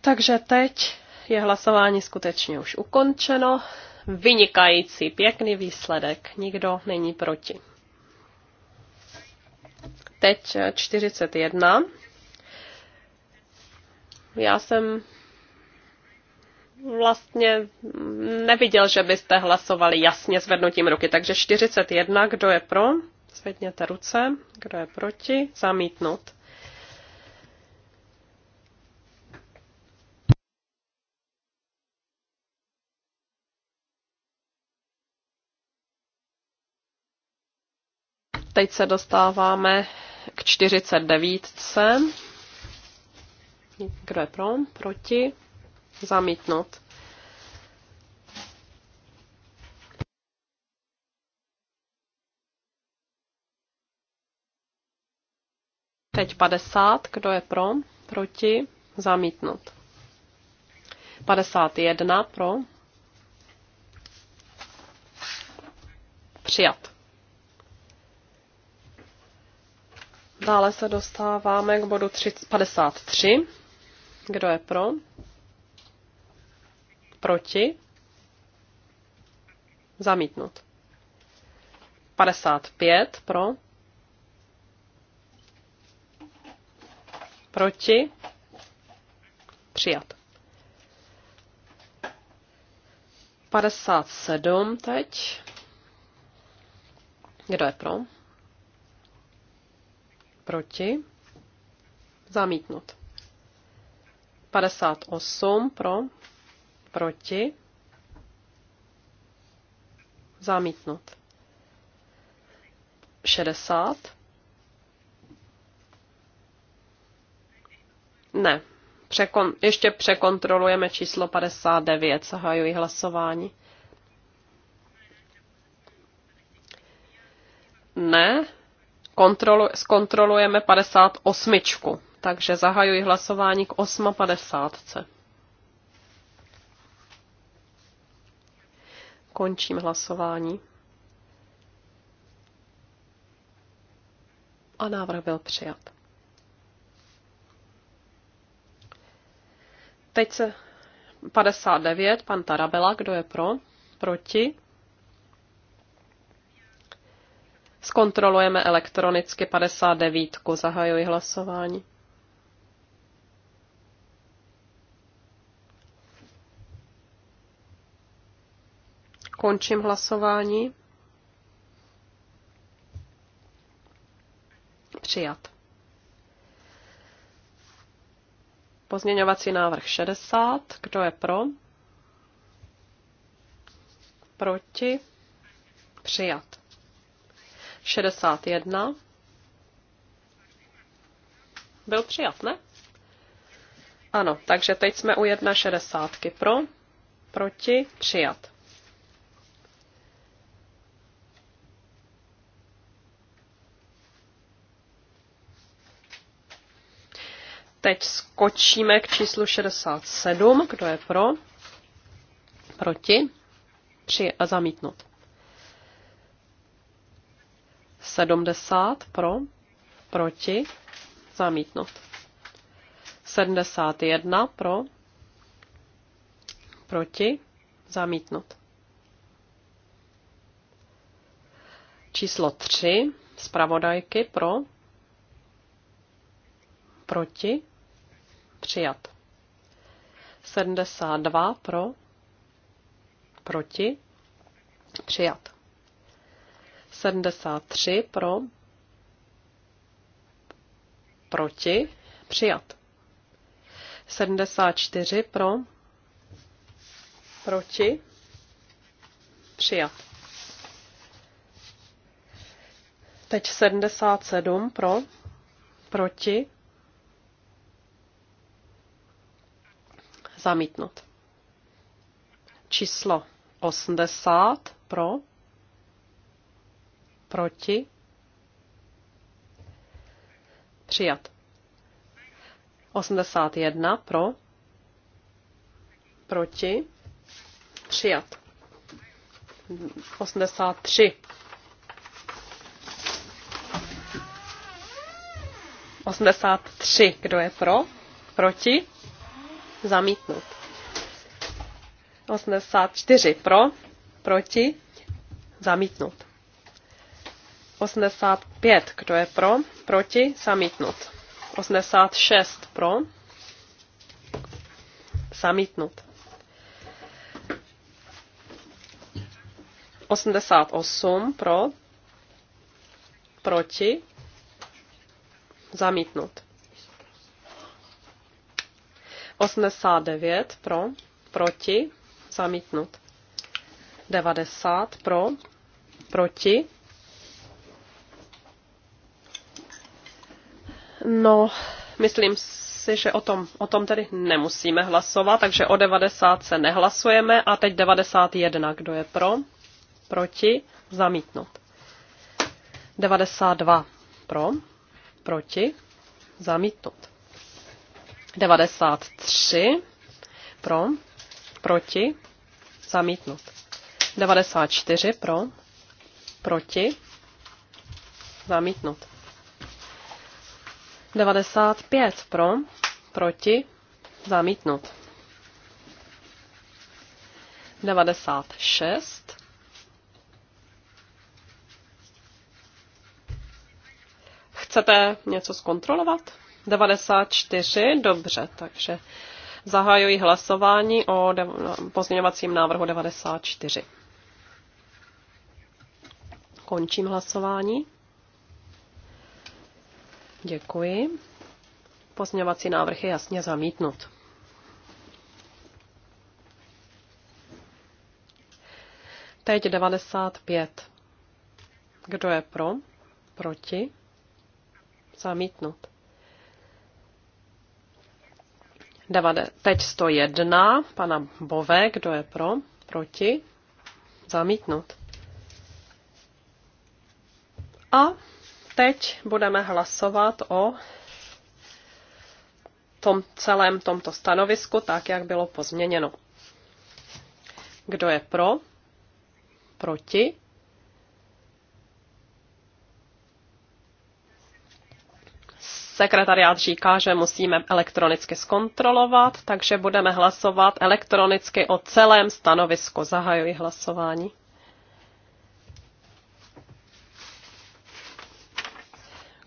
Takže teď je hlasování skutečně už ukončeno. Vynikající, pěkný výsledek. Nikdo není proti. Teď 41. Eh, Já jsem vlastně neviděl, že byste hlasovali jasně zvednutím ruky. Takže 41, kdo je pro? Zvedněte ruce. Kdo je proti? Zamítnout. Teď se dostáváme k 49. Kdo je pro? Proti? Zamítnout. Teď 50. Kdo je pro? Proti? Zamítnout. 51 pro. Přijat. Dále se dostáváme k bodu 53. Kdo je pro? Proti? Zamítnut. 55 pro? Proti? Přijat. 57 teď. Kdo je pro? proti, zamítnut. 58 pro, proti, zamítnut. 60. Ne. Překon, ještě překontrolujeme číslo 59. Zahajuji hlasování. Ne, kontrolu, zkontrolujeme 58. Takže zahajuji hlasování k 8.50. Končím hlasování. A návrh byl přijat. Teď se 59, pan Tarabela, kdo je pro? Proti? Zkontrolujeme elektronicky 59. Zahajuji hlasování. Končím hlasování. Přijat. Pozměňovací návrh 60. Kdo je pro? Proti? Přijat. 61. Byl přijat, ne? Ano, takže teď jsme u 1,60 pro, proti, přijat. Teď skočíme k číslu 67, kdo je pro, proti, při a zamítnut. 70 pro, proti, zamítnout. 71 pro, proti, zamítnout. Číslo 3, zpravodajky pro, proti, přijat. 72 pro, proti, přijat. 73 pro, proti, přijat. 74 pro, proti, přijat. Teď 77 pro, proti, zamítnut. Číslo 80 pro, Proti? Přijat. 81 pro? Proti? Přijat. 83. 83. Kdo je pro? Proti? Zamítnut. 84. Pro? Proti? Zamítnut. 85, kdo je pro, proti, zamítnut. 86 pro, zamítnut. 88 pro, proti, zamítnut. 89 pro, proti, zamítnut. 90 pro, proti, No, myslím si, že o tom, o tom tedy nemusíme hlasovat, takže o 90 se nehlasujeme a teď 91, kdo je pro, proti, zamítnout. 92 pro, proti, zamítnout. 93 pro, proti, zamítnout. 94 pro, proti, zamítnout. 95 pro, proti, zamítnut. 96. Chcete něco zkontrolovat? 94, dobře, takže zahajuji hlasování o pozměňovacím návrhu 94. Končím hlasování. Děkuji. Pozměňovací návrh je jasně zamítnut. Teď 95. Kdo je pro? Proti? Zamítnut. Teď 101. Pana Bové. Kdo je pro? Proti? Zamítnut. A Teď budeme hlasovat o tom celém tomto stanovisku, tak jak bylo pozměněno. Kdo je pro? Proti? Sekretariát říká, že musíme elektronicky zkontrolovat, takže budeme hlasovat elektronicky o celém stanovisku. Zahajuji hlasování.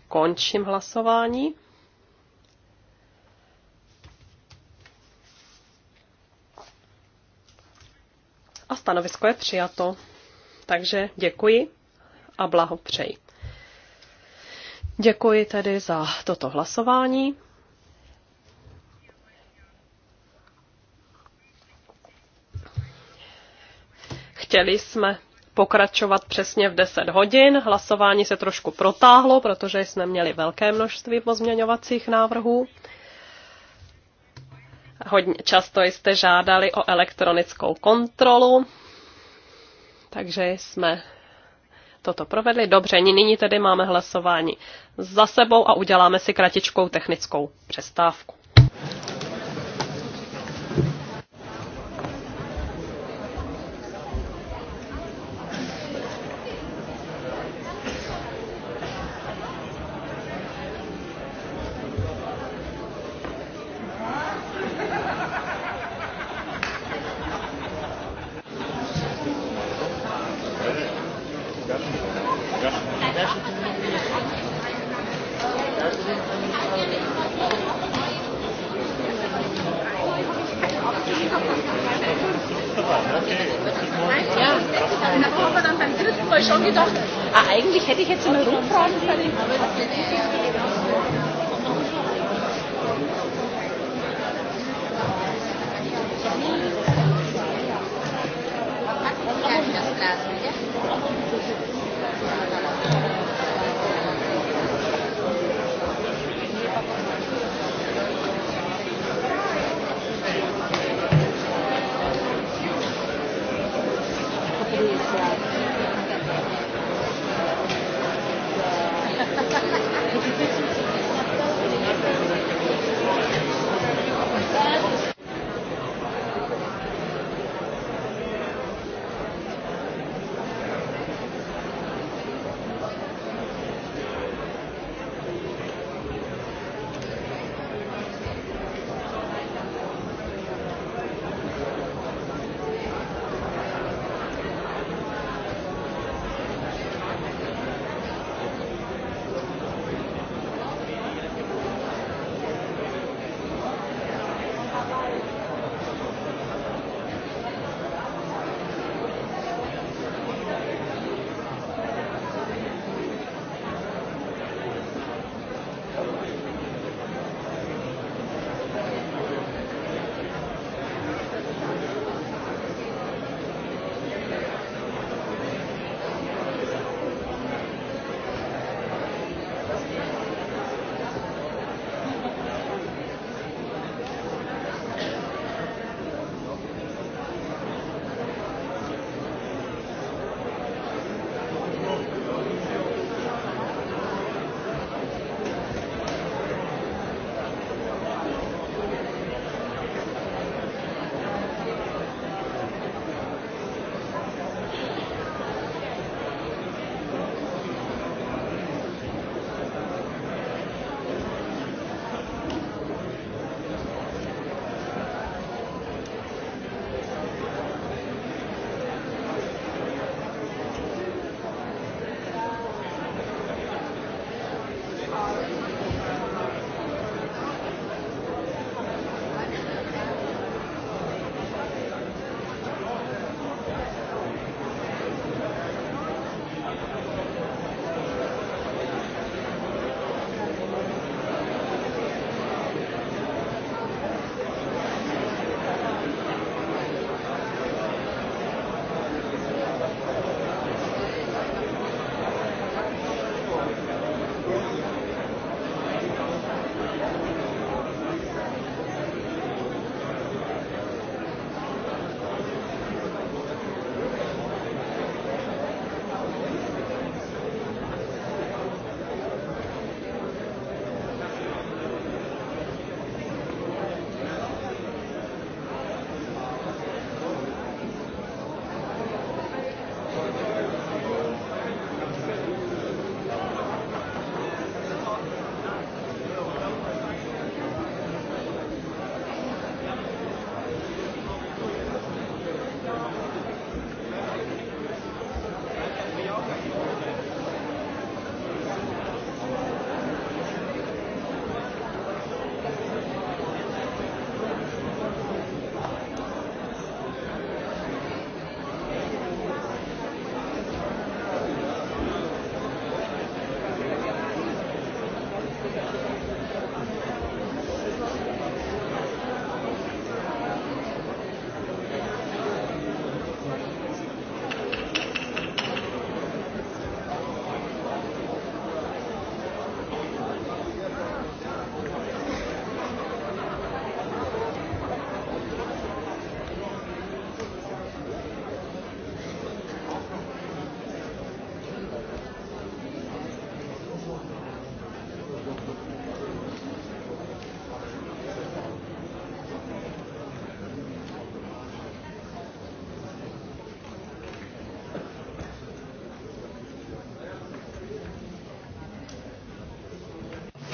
Končím hlasování. A stanovisko je přijato. Takže děkuji a blahopřeji. Děkuji tedy za toto hlasování. Chtěli jsme pokračovat přesně v 10 hodin. Hlasování se trošku protáhlo, protože jsme měli velké množství pozměňovacích návrhů. Hodně často jste žádali o elektronickou kontrolu, takže jsme toto provedli. Dobře, nyní tedy máme hlasování za sebou a uděláme si kratičkou technickou přestávku.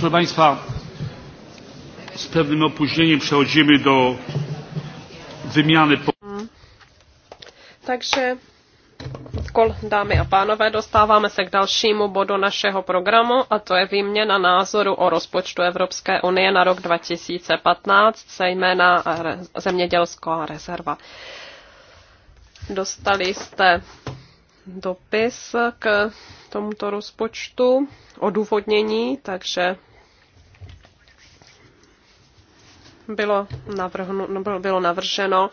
Proszę Państwa, z pewnym opóźnieniem przechodzimy do wymiany. Takže, kol, dámy a pánové, dostáváme se k dalšímu bodu našeho programu a to je výměna názoru o rozpočtu Evropské unie na rok 2015, zejména zemědělská rezerva. Dostali jste dopis k tomuto rozpočtu, odůvodnění, takže bylo, navrženo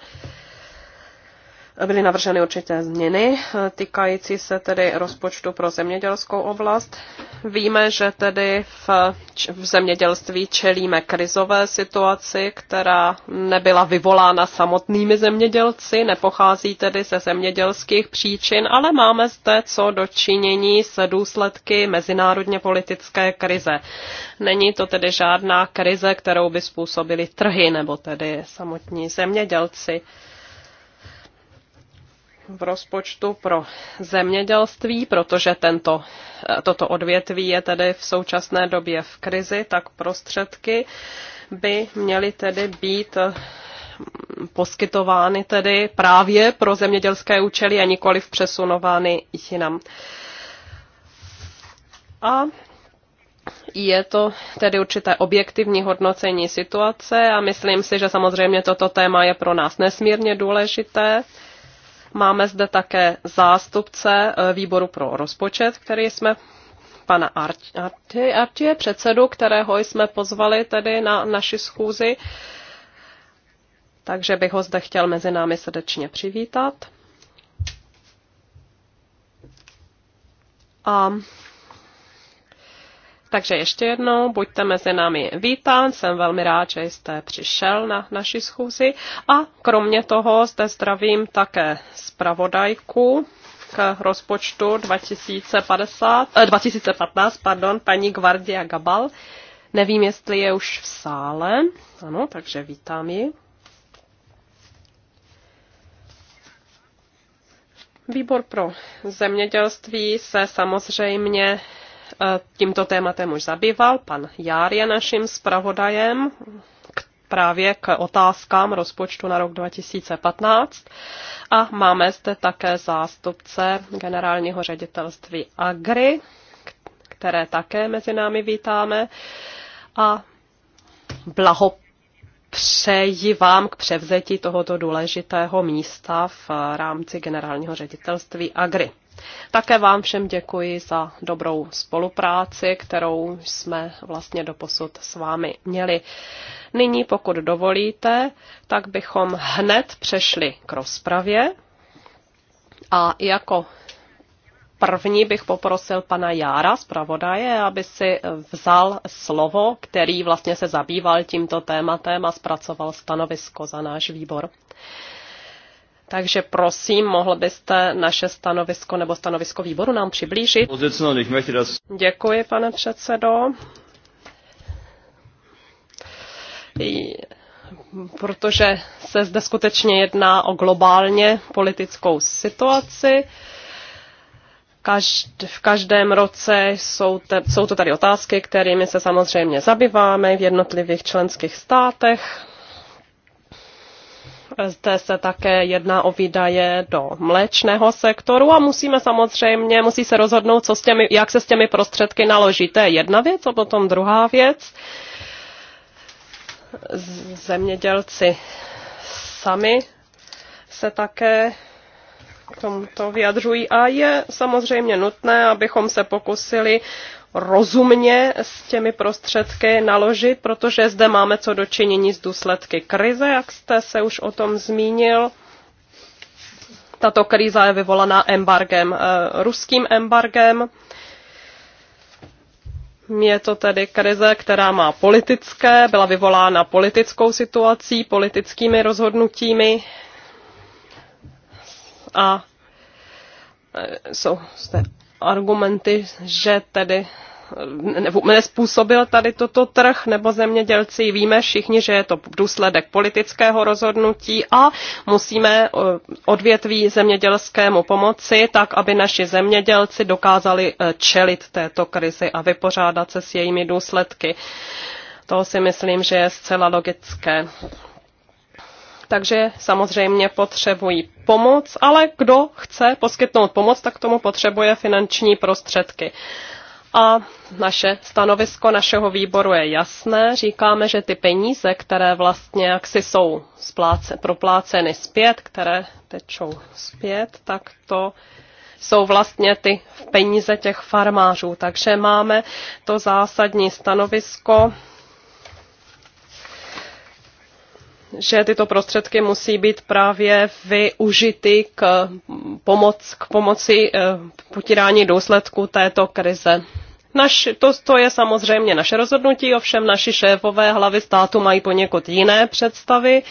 byly navrženy určité změny eh, týkající se tedy rozpočtu pro zemědělskou oblast. Víme, že tedy v, v zemědělství čelíme krizové situaci, která nebyla vyvolána samotnými zemědělci, nepochází tedy ze zemědělských příčin, ale máme zde co dočinění s důsledky mezinárodně politické krize. Není to tedy žádná krize, kterou by způsobili trhy nebo tedy samotní zemědělci v rozpočtu pro zemědělství, protože tento, toto odvětví je tedy v současné době v krizi, tak prostředky by měly tedy být eh, poskytovány tedy právě pro zemědělské účely a nikoli přesunovány jinam. A je to tedy určité objektivní hodnocení situace a myslím si, že samozřejmě toto téma je pro nás nesmírně důležité Máme zde také zástupce eh, výboru pro rozpočet, který jsme pana Artie, Artie předsedu, kterého jsme pozvali tedy na naši schůzi. Takže bych ho zde chtěl mezi námi srdečně přivítat. A takže ještě jednou, buďte mezi námi vítán, jsem velmi rád, že jste přišel na naši schůzi a kromě toho zde zdravím také zpravodajku k rozpočtu 2050, eh, 2015, pardon, paní Guardia Gabal. Nevím, jestli je už v sále. Ano, takže vítám ji. Výbor pro zemědělství se samozřejmě E, tímto tématem už zabýval. Pan Jár je naším zpravodajem k, právě k otázkám rozpočtu na rok 2015. A máme zde také zástupce generálního ředitelství Agri, které také mezi námi vítáme. A blaho přeji vám k převzetí tohoto důležitého místa v rámci generálního ředitelství Agri. Také vám všem děkuji za dobrou spolupráci, kterou jsme vlastně doposud s vámi měli. Nyní, pokud dovolíte, tak bychom hned přešli k rozpravě. A jako První bych poprosil pana Jára, Pravodaje, aby si vzal slovo, který vlastně se zabýval tímto tématem a zpracoval stanovisko za náš výbor. Takže prosím, mohl byste naše stanovisko nebo stanovisko výboru nám přiblížit? Děkuji, pane předsedo. Protože se zde skutečně jedná o globálně politickou situaci. Každ, v každém roce jsou, te, jsou to tady otázky, kterými se samozřejmě zabýváme v jednotlivých členských státech zde se také jedná o výdaje do mléčného sektoru a musíme samozřejmě, musí se rozhodnout, co s těmi, jak se s těmi prostředky naloží. To je jedna věc a potom druhá věc. Zemědělci sami se také k tomuto vyjadřují a je samozřejmě nutné, abychom se pokusili rozumně s těmi prostředky naložit, protože zde máme co dočinění s důsledky krize, jak jste se už o tom zmínil. Tato krize je vyvolaná embargem, eh, ruským embargem. Je to tedy krize, která má politické, byla vyvolána politickou situací, politickými rozhodnutími a eh, jsou zde argumenty, že tedy nespůsobil tady toto trh nebo zemědělci. Víme všichni, že je to důsledek politického rozhodnutí a musíme eh, odvětví zemědělskému pomoci tak, aby naši zemědělci dokázali eh, čelit této krizi a vypořádat se s jejími důsledky. To si myslím, že je zcela logické takže samozřejmě potřebují pomoc, ale kdo chce poskytnout pomoc, tak tomu potřebuje finanční prostředky. A naše stanovisko našeho výboru je jasné. Říkáme, že ty peníze, které vlastně jaksi jsou spláce, propláceny zpět, které tečou zpět, tak to jsou vlastně ty peníze těch farmářů. Takže máme to zásadní stanovisko že tyto prostředky musí být právě využity k, pomoc, k pomoci eh, potírání důsledků této krize. Naš, to, to je samozřejmě naše rozhodnutí, ovšem naši šéfové hlavy státu mají poněkud jiné představy,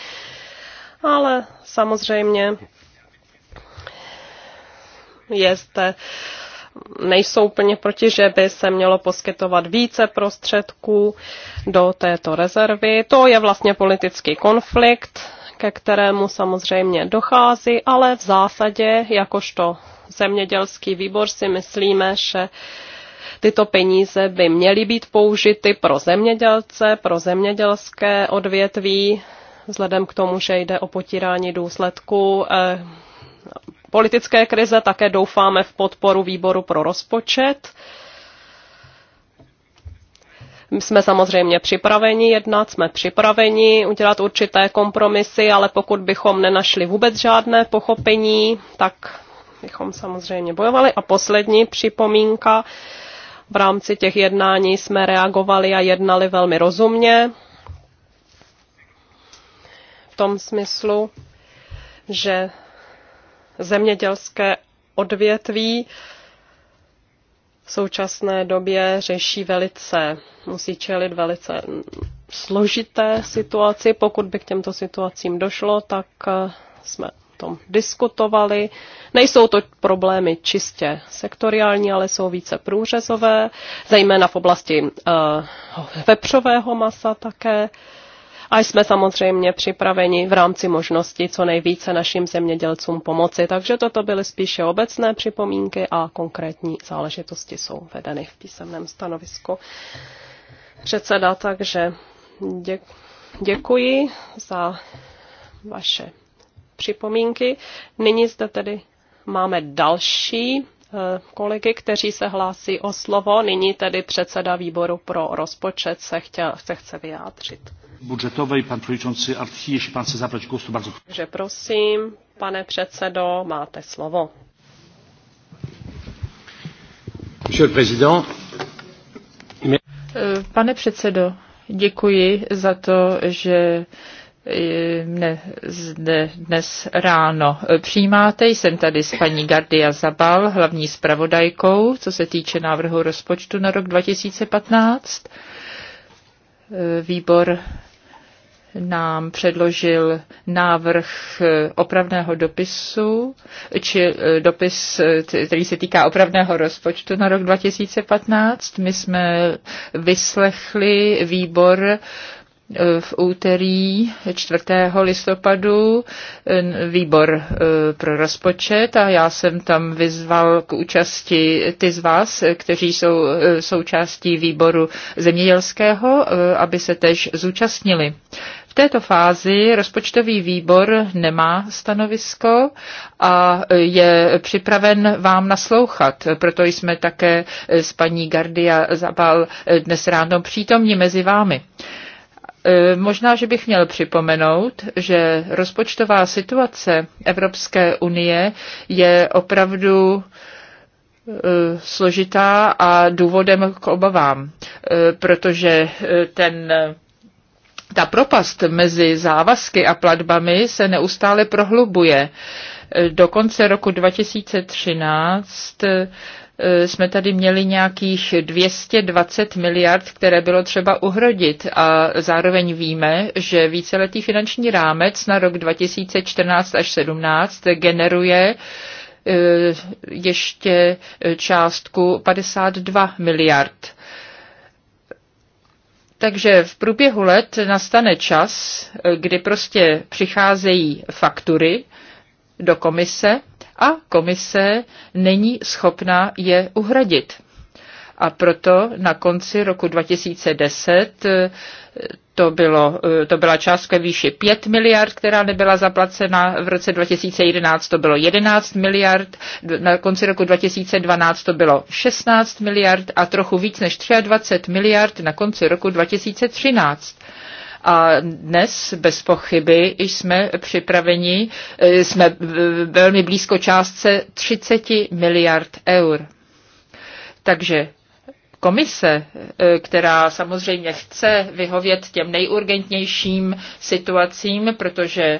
ale samozřejmě je zde nejsou úplně proti, že by se mělo poskytovat více prostředků do této rezervy. To je vlastně politický konflikt, ke kterému samozřejmě dochází, ale v zásadě, jakožto zemědělský výbor, si myslíme, že tyto peníze by měly být použity pro zemědělce, pro zemědělské odvětví, vzhledem k tomu, že jde o potírání důsledků eh, politické krize, také doufáme v podporu výboru pro rozpočet. Jsme samozřejmě připraveni jednat, jsme připraveni udělat určité kompromisy, ale pokud bychom nenašli vůbec žádné pochopení, tak bychom samozřejmě bojovali. A poslední připomínka, v rámci těch jednání jsme reagovali a jednali velmi rozumně. V tom smyslu, že zemědělské odvětví v současné době řeší velice, musí čelit velice složité situaci. Pokud by k těmto situacím došlo, tak eh, jsme tom diskutovali. Nejsou to problémy čistě sektoriální, ale jsou více průřezové, zejména v oblasti uh, vepřového masa také. Uh, a jsme samozřejmě připraveni v rámci možností co nejvíce našim zemědělcům pomoci. Takže toto byly spíše obecné připomínky a konkrétní záležitosti jsou vedeny v písemném stanovisku předseda. Takže děkuji za vaše připomínky. Nyní zde tedy máme další Eh, kolegy, kteří se hlásí o slovo. Nyní tedy předseda výboru pro rozpočet se, chtěl, se chce vyjádřit. Budžetový pan předsedající ještě pan se zabrať kustu, bardzo. Takže prosím, pane předsedo, máte slovo. Monsieur le eh, Pane předsedo, děkuji za to, že ne, ne, dnes ráno přijímáte. Jsem tady s paní Gardia Zabal, hlavní zpravodajkou, co se týče návrhu rozpočtu na rok 2015. Výbor nám předložil návrh opravného dopisu, či dopis, který se týká opravného rozpočtu na rok 2015. My jsme vyslechli výbor Eh, v úterý 4. listopadu eh, výbor eh, pro rozpočet a já jsem tam vyzval k účasti ty z vás, kteří jsou součástí výboru zemědělského, aby se tež zúčastnili. V této fázi rozpočtový výbor nemá stanovisko a je připraven vám naslouchat. Proto jsme také s paní Gardia Zabal dnes ráno přítomní mezi vámi. E, možná, že bych měl připomenout, že rozpočtová situace Evropské unie je opravdu e, složitá a důvodem k obavám, e, protože ten ta propast mezi závazky a platbami se neustále prohlubuje. Do konce roku 2013 Eh, jsme tady měli nějakých 220 miliard, které bylo třeba uhrodit a zároveň víme, že víceletý finanční rámec na rok 2014 až 2017 generuje eh, ještě eh, částku 52 miliard. Takže v průběhu let nastane čas, kdy prostě přicházejí faktury do komise a komise není schopna je uhradit. A proto na konci roku 2010 eh, to, bylo, eh, to byla částka výše 5 miliard, která nebyla zaplacena. V roce 2011 to bylo 11 miliard, na konci roku 2012 to bylo 16 miliard a trochu víc než 23 miliard na konci roku 2013. A dnes bez pochyby jsme připraveni, eh, jsme velmi blízko částce 30 miliard eur. Takže komise, e, která samozřejmě chce vyhovět těm nejurgentnějším situacím, protože e,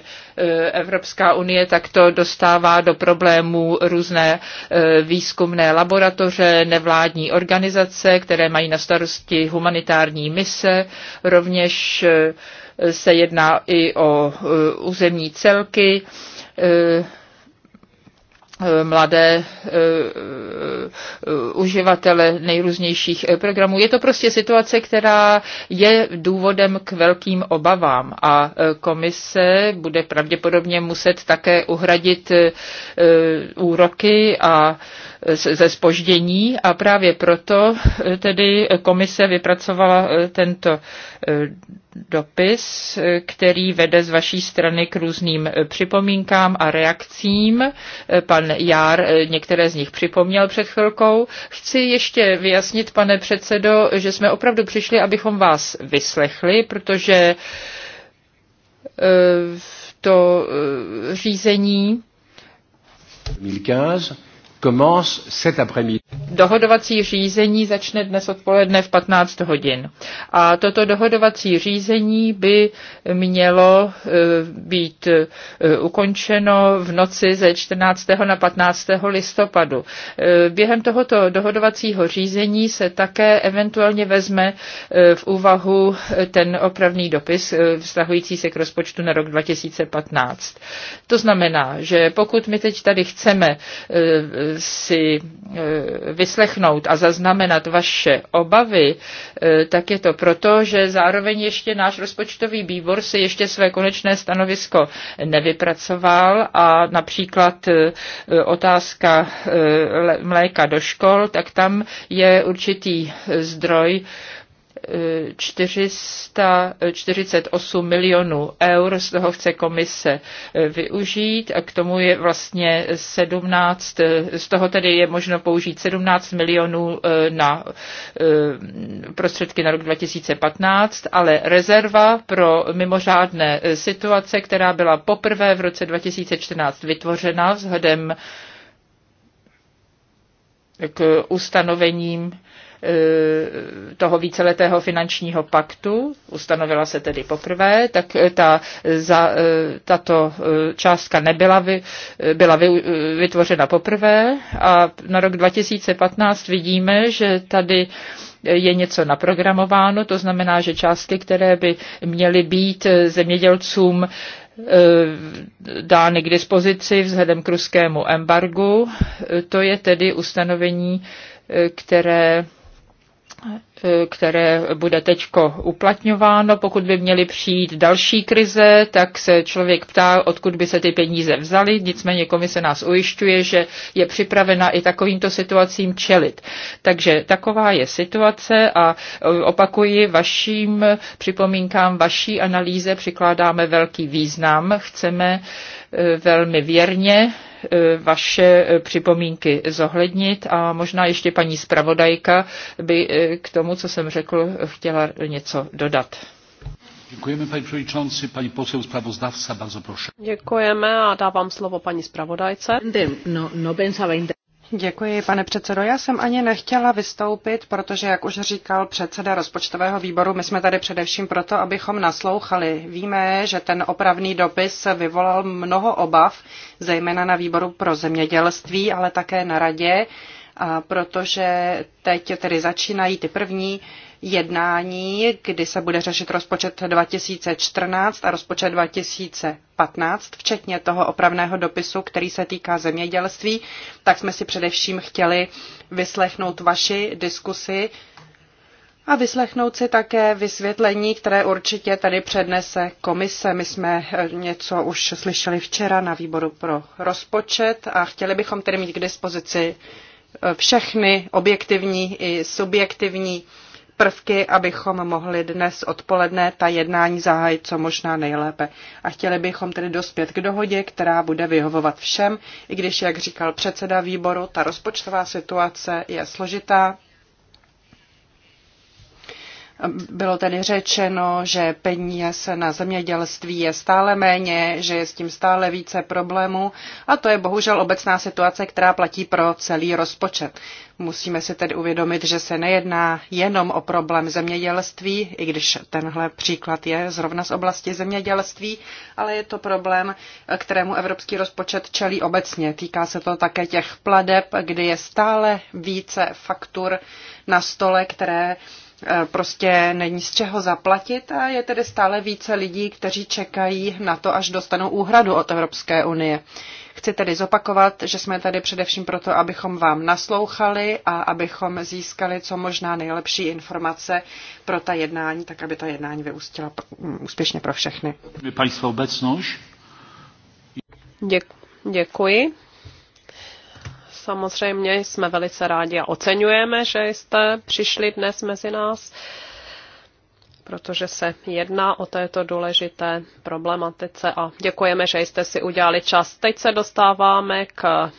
Evropská unie takto dostává do problémů různé e, výzkumné laboratoře, nevládní organizace, které mají na starosti humanitární mise, rovněž se jedná i o územní celky, Eh, mladé eh, eh, uživatele nejrůznějších programů. Je to prostě situace, která je důvodem k velkým obavám a komise bude pravděpodobně muset také uhradit úroky a ze spoždění a právě proto eh, tedy komise vypracovala eh, tento eh, dopis, který vede z vaší strany k různým připomínkám a reakcím. Pan Jár některé z nich připomněl před chvilkou. Chci ještě vyjasnit, pane předsedo, že jsme opravdu přišli, abychom vás vyslechli, protože to řízení 2015 commence cet après midi Dohodovací řízení začne dnes odpoledne v 15 hodin. A toto dohodovací řízení by mělo eh, být eh, ukončeno v noci ze 14. na 15. listopadu. Eh, během tohoto dohodovacího řízení se také eventuálně vezme v úvahu ten opravný dopis vztahující se k rozpočtu na rok 2015. To znamená, že pokud my teď tady chceme si vysvětlit, vyslechnout a zaznamenat vaše obavy, eh, tak je to proto, že zároveň ještě náš rozpočtový výbor si ještě své konečné stanovisko nevypracoval a například eh, otázka eh, mléka do škol, tak tam je určitý zdroj 448 milionů eur, z toho chce komise eh, využít a k tomu je vlastně 17, eh, z toho tedy je možno použít 17 milionů eh, na prostředky na rok 2015, ale rezerva pro mimořádné situace, která byla poprvé v roce 2014 vytvořena vzhledem k ustanovením Eh, toho víceletého finančního paktu, ustanovila se tedy poprvé, tak eh, ta, za, eh, tato částka nebyla vy, byla vy, vytvořena poprvé a na rok 2015 vidíme, že tady je něco naprogramováno, to znamená, že částky, které by měly být zemědělcům dány k dispozici vzhledem k ruskému embargu, to je tedy ustanovení, které Eh, které bude teď uplatňováno. Pokud by měly přijít další krize, tak se člověk ptá, odkud by se ty peníze vzaly. Nicméně komise nás ujišťuje, že je připravena i takovýmto situacím čelit. Takže taková je situace a eh, opakuji vaším připomínkám, vaší analýze přikládáme velký význam. Chceme eh, velmi věrně Eh, vaše eh, připomínky zohlednit a možná ještě paní zpravodajka by eh, k tomu, co jsem řekl, chtěla něco dodat. Děkujeme, paní předsedající. Paní poslední zpravodajce, bardzo proszę. Děkujeme a dávám slovo paní zpravodajce. No, no pensaba Děkuji, pane předsedo. Já jsem ani nechtěla vystoupit, protože, jak už říkal předseda rozpočtového výboru, my jsme tady především proto, abychom naslouchali. Víme, že ten opravný dopis vyvolal mnoho obav, zejména na výboru pro zemědělství, ale také na radě, protože teď tedy začínají ty první jednání, kdy se bude řešit rozpočet 2014 a rozpočet 2015, včetně toho opravného dopisu, který se týká zemědělství, tak jsme si především chtěli vyslechnout vaši diskusy a vyslechnout si také vysvětlení, které určitě tady přednese komise. My jsme eh, něco už slyšeli včera na výboru pro rozpočet a chtěli bychom tedy mít k dispozici eh, všechny objektivní i subjektivní prvky, abychom mohli dnes odpoledne ta jednání zahájit co možná nejlépe. A chtěli bychom tedy dospět k dohodě, která bude vyhovovat všem, i když, jak říkal předseda výboru, ta rozpočtová situace je složitá bylo tedy řečeno, že peněz na zemědělství je stále méně, že je s tím stále více problémů a to je bohužel obecná situace, která platí pro celý rozpočet. Musíme si tedy uvědomit, že se nejedná jenom o problém zemědělství, i když tenhle příklad je zrovna z oblasti zemědělství, ale je to problém, kterému evropský rozpočet čelí obecně. Týká se to také těch pladeb, kdy je stále více faktur na stole, které E, prostě není z čeho zaplatit a je tedy stále více lidí, kteří čekají na to, až dostanou úhradu od Evropské unie. Chci tedy zopakovat, že jsme tady především proto, abychom vám naslouchali a abychom získali co možná nejlepší informace pro ta jednání, tak aby ta jednání vyústila úspěšně pro všechny. Děkuji. Samozřejmě jsme velice rádi a oceňujeme, že jste přišli dnes mezi nás, protože se jedná o této důležité problematice a děkujeme, že jste si udělali čas. Teď se dostáváme k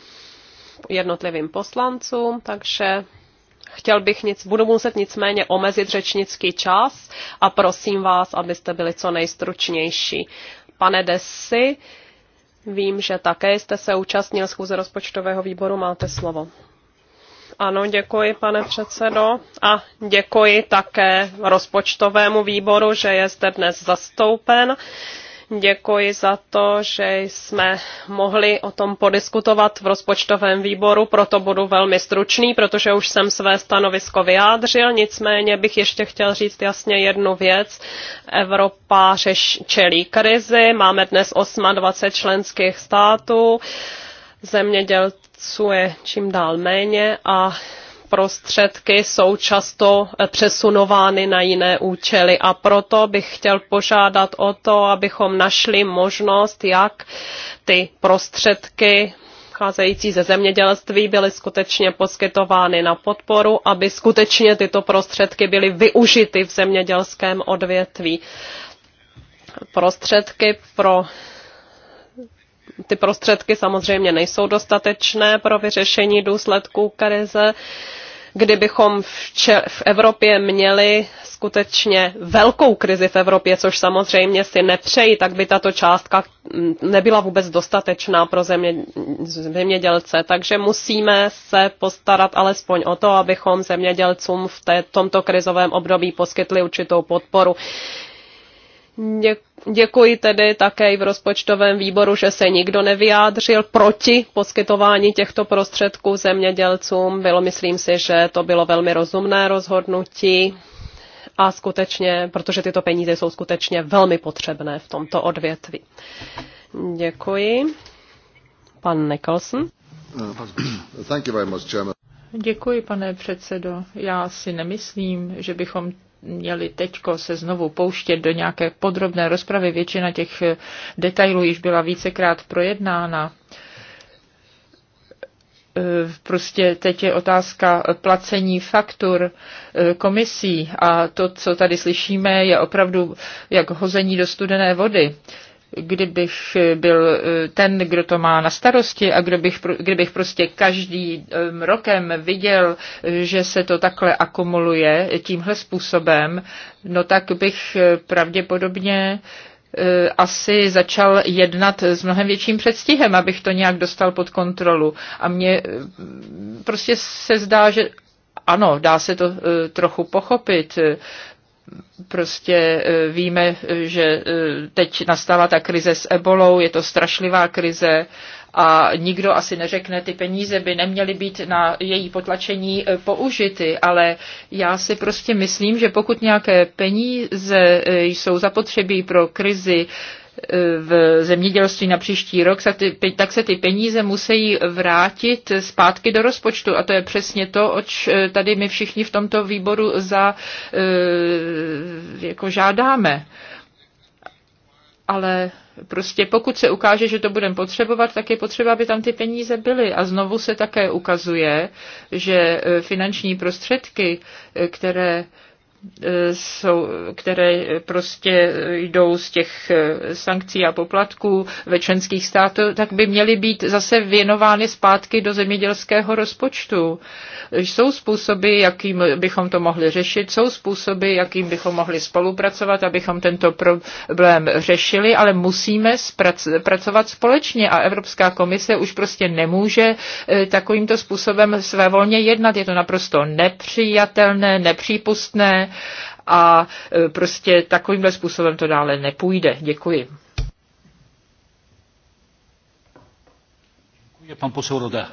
jednotlivým poslancům, takže chtěl bych nic, budu muset nicméně omezit řečnický čas a prosím vás, abyste byli co nejstručnější. Pane Desi, Vím, že také jste se účastnil schůze rozpočtového výboru, máte slovo. Ano, děkuji, pane předsedo. A děkuji také rozpočtovému výboru, že je zde dnes zastoupen. Děkuji za to, že jsme mohli o tom podiskutovat v rozpočtovém výboru, proto budu velmi stručný, protože už jsem své stanovisko vyjádřil. Nicméně bych ještě chtěl říct jasně jednu věc. Evropa řeš, čelí krizi, máme dnes 28 členských států, zemědělců je čím dál méně a prostředky jsou často eh, přesunovány na jiné účely a proto bych chtěl požádat o to, abychom našli možnost, jak ty prostředky pocházející ze zemědělství byly skutečně poskytovány na podporu, aby skutečně tyto prostředky byly využity v zemědělském odvětví. Prostředky pro ty prostředky samozřejmě nejsou dostatečné pro vyřešení důsledků krize. Kdybychom v, Če- v Evropě měli skutečně velkou krizi v Evropě, což samozřejmě si nepřeji, tak by tato částka nebyla vůbec dostatečná pro země, zemědělce. Takže musíme se postarat alespoň o to, abychom zemědělcům v té, tomto krizovém období poskytli určitou podporu. Děkuji tedy také i v rozpočtovém výboru, že se nikdo nevyjádřil proti poskytování těchto prostředků zemědělcům. Bylo, myslím si, že to bylo velmi rozumné rozhodnutí a skutečně, protože tyto peníze jsou skutečně velmi potřebné v tomto odvětví. Děkuji. Pan Nicholson. Děkuji, pane předsedo. Já si nemyslím, že bychom měli teď se znovu pouštět do nějaké podrobné rozpravy. Většina těch eh, detailů již byla vícekrát projednána eh, prostě teď je otázka placení faktur eh, komisí a to, co tady slyšíme, je opravdu jak hození do studené vody kdybych byl eh, ten, kdo to má na starosti a kdybych, kdybych prostě každý eh, rokem viděl, že se to takhle akumuluje tímhle způsobem, no tak bych eh, pravděpodobně asi začal jednat s mnohem větším předstihem, abych to nějak dostal pod kontrolu. A mně prostě se zdá, že ano, dá se to trochu pochopit prostě e, víme, že e, teď nastala ta krize s ebolou, je to strašlivá krize a nikdo asi neřekne, ty peníze by neměly být na její potlačení e, použity, ale já si prostě myslím, že pokud nějaké peníze jsou zapotřebí pro krizi, v zemědělství na příští rok, tak se ty peníze musí vrátit zpátky do rozpočtu. A to je přesně to, oč eh, tady my všichni v tomto výboru za, eh, jako žádáme. Ale prostě pokud se ukáže, že to budeme potřebovat, tak je potřeba, aby tam ty peníze byly. A znovu se také ukazuje, že eh, finanční prostředky, které E, jsou, které prostě jdou z těch e, sankcí a poplatků ve členských států, tak by měly být zase věnovány zpátky do zemědělského rozpočtu. Jsou způsoby, jakým bychom to mohli řešit, jsou způsoby, jakým bychom mohli spolupracovat, abychom tento problém řešili, ale musíme pracovat společně a Evropská komise už prostě nemůže e, takovýmto způsobem volně jednat. Je to naprosto nepřijatelné, nepřípustné a e, prostě takovýmhle způsobem to dále nepůjde. Děkuji. Děkuji pan posel Roda.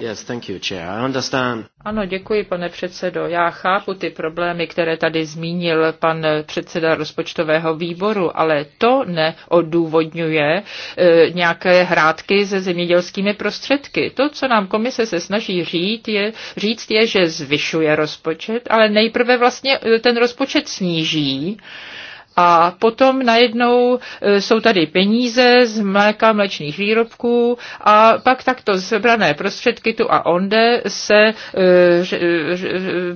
Yes, thank you, chair. I understand. Ano, děkuji, pane předsedo. Já chápu ty problémy, které tady zmínil pan předseda rozpočtového výboru, ale to neodůvodňuje e, nějaké hrátky se zemědělskými prostředky. To, co nám komise se snaží říct je, říct, je že zvyšuje rozpočet, ale nejprve vlastně eh, ten rozpočet sníží a potom najednou e, jsou tady peníze z mléka, mlečných výrobků a pak takto zebrané prostředky tu a onde se e,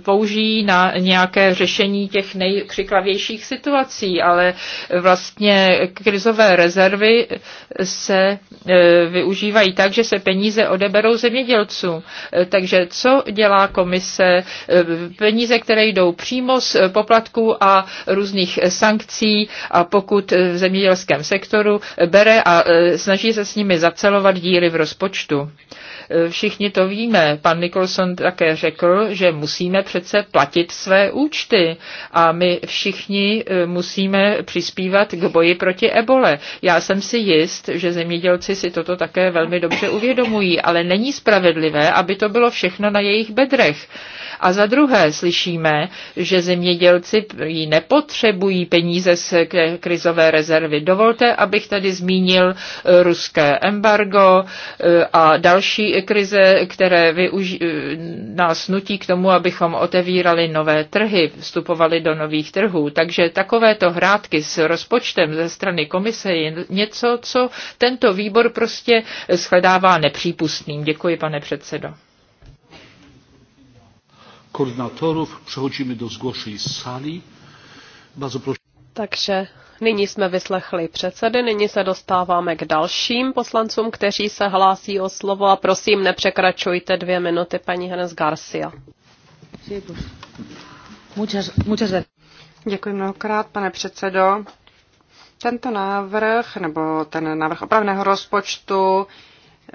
použijí na nějaké řešení těch nejkřiklavějších situací, ale vlastně krizové rezervy se e, využívají tak, že se peníze odeberou zemědělcům. Takže co dělá komise? Peníze, které jdou přímo z poplatků a různých sankcí, inspekcí a pokud e, v zemědělském sektoru bere a e, snaží se s nimi zacelovat díry v rozpočtu. E, všichni to víme. Pan Nicholson také řekl, že musíme přece platit své účty a my všichni musíme přispívat k boji proti ebole. Já jsem si jist, že zemědělci si toto také velmi dobře uvědomují, ale není spravedlivé, aby to bylo všechno na jejich bedrech. A za druhé slyšíme, že zemědělci ji nepotřebují peníze z krizové rezervy. Dovolte, abych tady zmínil e, ruské embargo e, a další krize, které využi- e, nás nutí k tomu, abychom otevírali nové trhy, vstupovali do nových trhů. Takže takovéto hrátky s rozpočtem ze strany komise je něco, co tento výbor prostě shledává nepřípustným. Děkuji, pane předsedo koordynatorów. Přechodíme do zgłoszeń z sali. Bardzo proszę. Takže nyní jsme vyslechli předsedy, nyní se dostáváme k dalším poslancům, kteří se hlásí o slovo a prosím, nepřekračujte dvě minuty, paní Hennes Garcia. Děkuji mnohokrát, pane předsedo. Tento návrh, nebo ten návrh opravného rozpočtu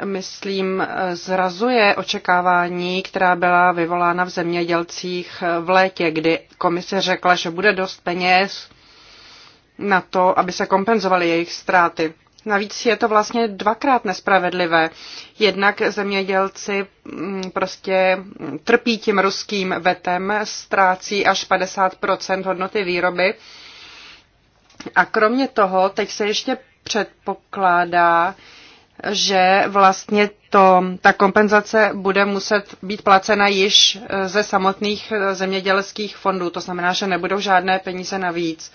myslím, zrazuje očekávání, která byla vyvolána v zemědělcích v létě, kdy komise řekla, že bude dost peněz na to, aby se kompenzovaly jejich ztráty. Navíc je to vlastně dvakrát nespravedlivé. Jednak zemědělci mm, prostě trpí tím ruským vetem, ztrácí až 50 hodnoty výroby. A kromě toho, teď se ještě předpokládá, že vlastně to, ta kompenzace bude muset být placena již eh, ze samotných eh, zemědělských fondů. To znamená, že nebudou žádné peníze navíc.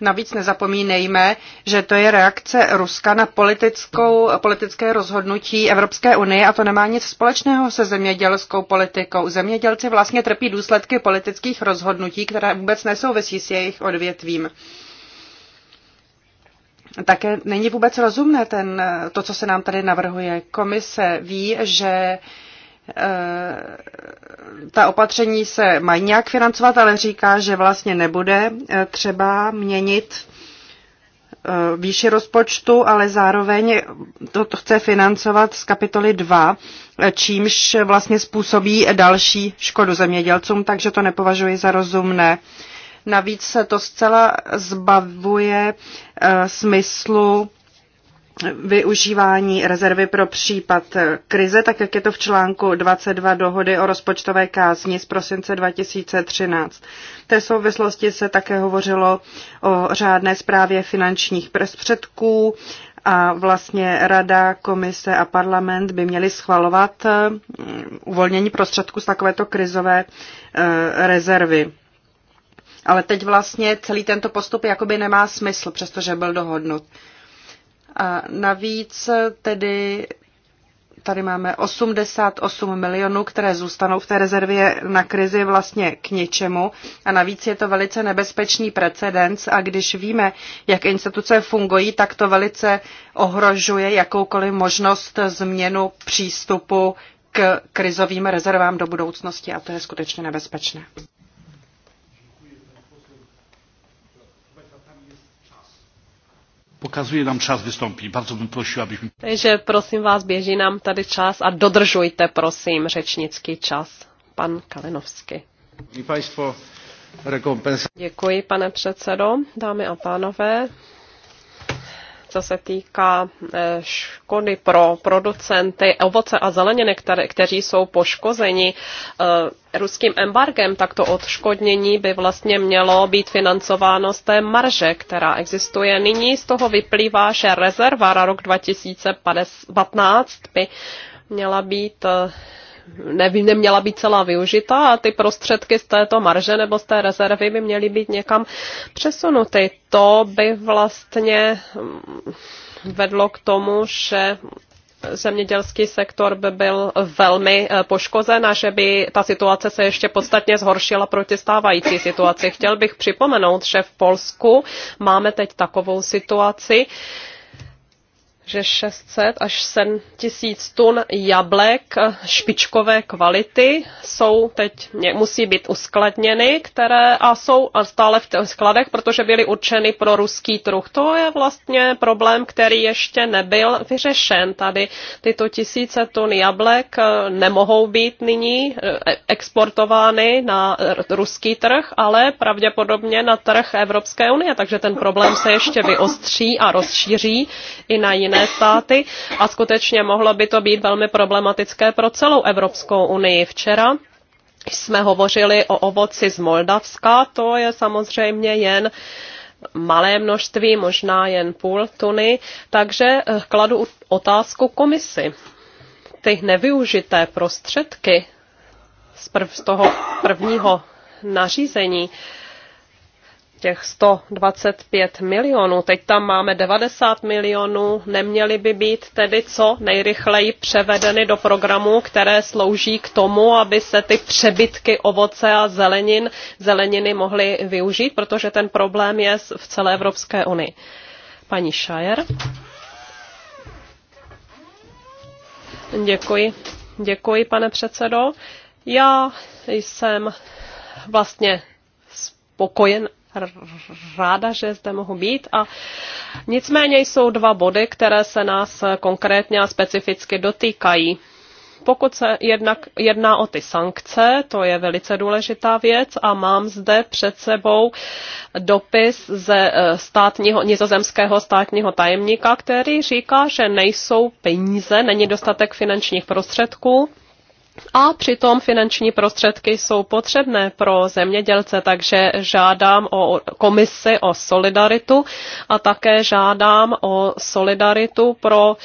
Navíc nezapomínejme, že to je reakce Ruska na politickou, politické rozhodnutí Evropské unie a to nemá nic společného se zemědělskou politikou. Zemědělci vlastně trpí důsledky politických rozhodnutí, které vůbec nesouvisí s jejich odvětvím také není vůbec rozumné ten, to, co se nám tady navrhuje. Komise ví, že eh, ta opatření se mají nějak financovat, ale říká, že vlastně nebude eh, třeba měnit eh, výši rozpočtu, ale zároveň to, chce financovat z kapitoly 2, čímž vlastně způsobí další škodu zemědělcům, takže to nepovažuji za rozumné. Uh, Navíc se to zcela zbavuje eh, smyslu využívání rezervy pro případ krize, tak jak je to v článku 22 dohody o rozpočtové kázni z prosince 2013. V té souvislosti se také hovořilo o řádné zprávě finančních prostředků a vlastně Rada, Komise a Parlament by měli schvalovat eh, uvolnění prostředků z takovéto krizové eh, rezervy. Ale teď vlastně celý tento postup jakoby nemá smysl, přestože byl dohodnut. A navíc tedy tady máme 88 milionů, které zůstanou v té rezervě na krizi vlastně k ničemu. A navíc je to velice nebezpečný precedens a když víme, jak instituce fungují, tak to velice ohrožuje jakoukoliv možnost změnu přístupu k krizovým rezervám do budoucnosti a to je skutečně nebezpečné. Pokazuje nám čas vystoupit. Bardzo bym prosil, abyśmy... Takže prosím vás, běží nám tady čas a dodržujte, prosím, řečnický čas. Pan Kalinovský. Děkuji, pane předsedo, dámy a pánové co se týká e, škody pro producenty ovoce a zeleniny, které, kteří jsou poškozeni e, ruským embargem, tak to odškodnění by vlastně mělo být financováno z té marže, která existuje. Nyní z toho vyplývá, že rezerva na rok 2015 by měla být e, nevím, neměla být celá využita a ty prostředky z této marže nebo z té rezervy by měly být někam přesunuty. To by vlastně mm, vedlo k tomu, že zemědělský sektor by byl velmi eh, poškozen a že by ta situace se ještě podstatně zhoršila proti stávající situaci. Chtěl bych připomenout, že v Polsku máme teď takovou situaci, že 600 až 7 tisíc tun jablek špičkové kvality jsou teď, musí být uskladněny, které a jsou a stále v těch skladech, protože byly určeny pro ruský trh. To je vlastně problém, který ještě nebyl vyřešen. Tady tyto tisíce tun jablek eh, nemohou být nyní eh, exportovány na eh, ruský trh, ale pravděpodobně na trh Evropské unie, takže ten problém se ještě vyostří a rozšíří i na jiné Spojené státy a skutečně mohlo by to být velmi problematické pro celou Evropskou unii. Včera jsme hovořili o ovoci z Moldavska, to je samozřejmě jen malé množství, možná jen půl tuny, takže eh, kladu otázku komisi. Ty nevyužité prostředky z, prv, z toho prvního nařízení, těch 125 milionů, teď tam máme 90 milionů, neměly by být tedy co nejrychleji převedeny do programů, které slouží k tomu, aby se ty přebytky ovoce a zelenin, zeleniny mohly využít, protože ten problém je v celé Evropské unii. Paní Šajer. Děkuji. Děkuji, pane předsedo. Já jsem vlastně spokojen ráda, že zde mohu být. A nicméně jsou dva body, které se nás konkrétně a specificky dotýkají. Pokud se jednak jedná o ty sankce, to je velice důležitá věc a mám zde před sebou dopis ze eh, státního, nizozemského státního tajemníka, který říká, že nejsou peníze, není dostatek finančních prostředků a přitom finanční prostředky jsou potřebné pro zemědělce, takže žádám o komisi o solidaritu a také žádám o solidaritu pro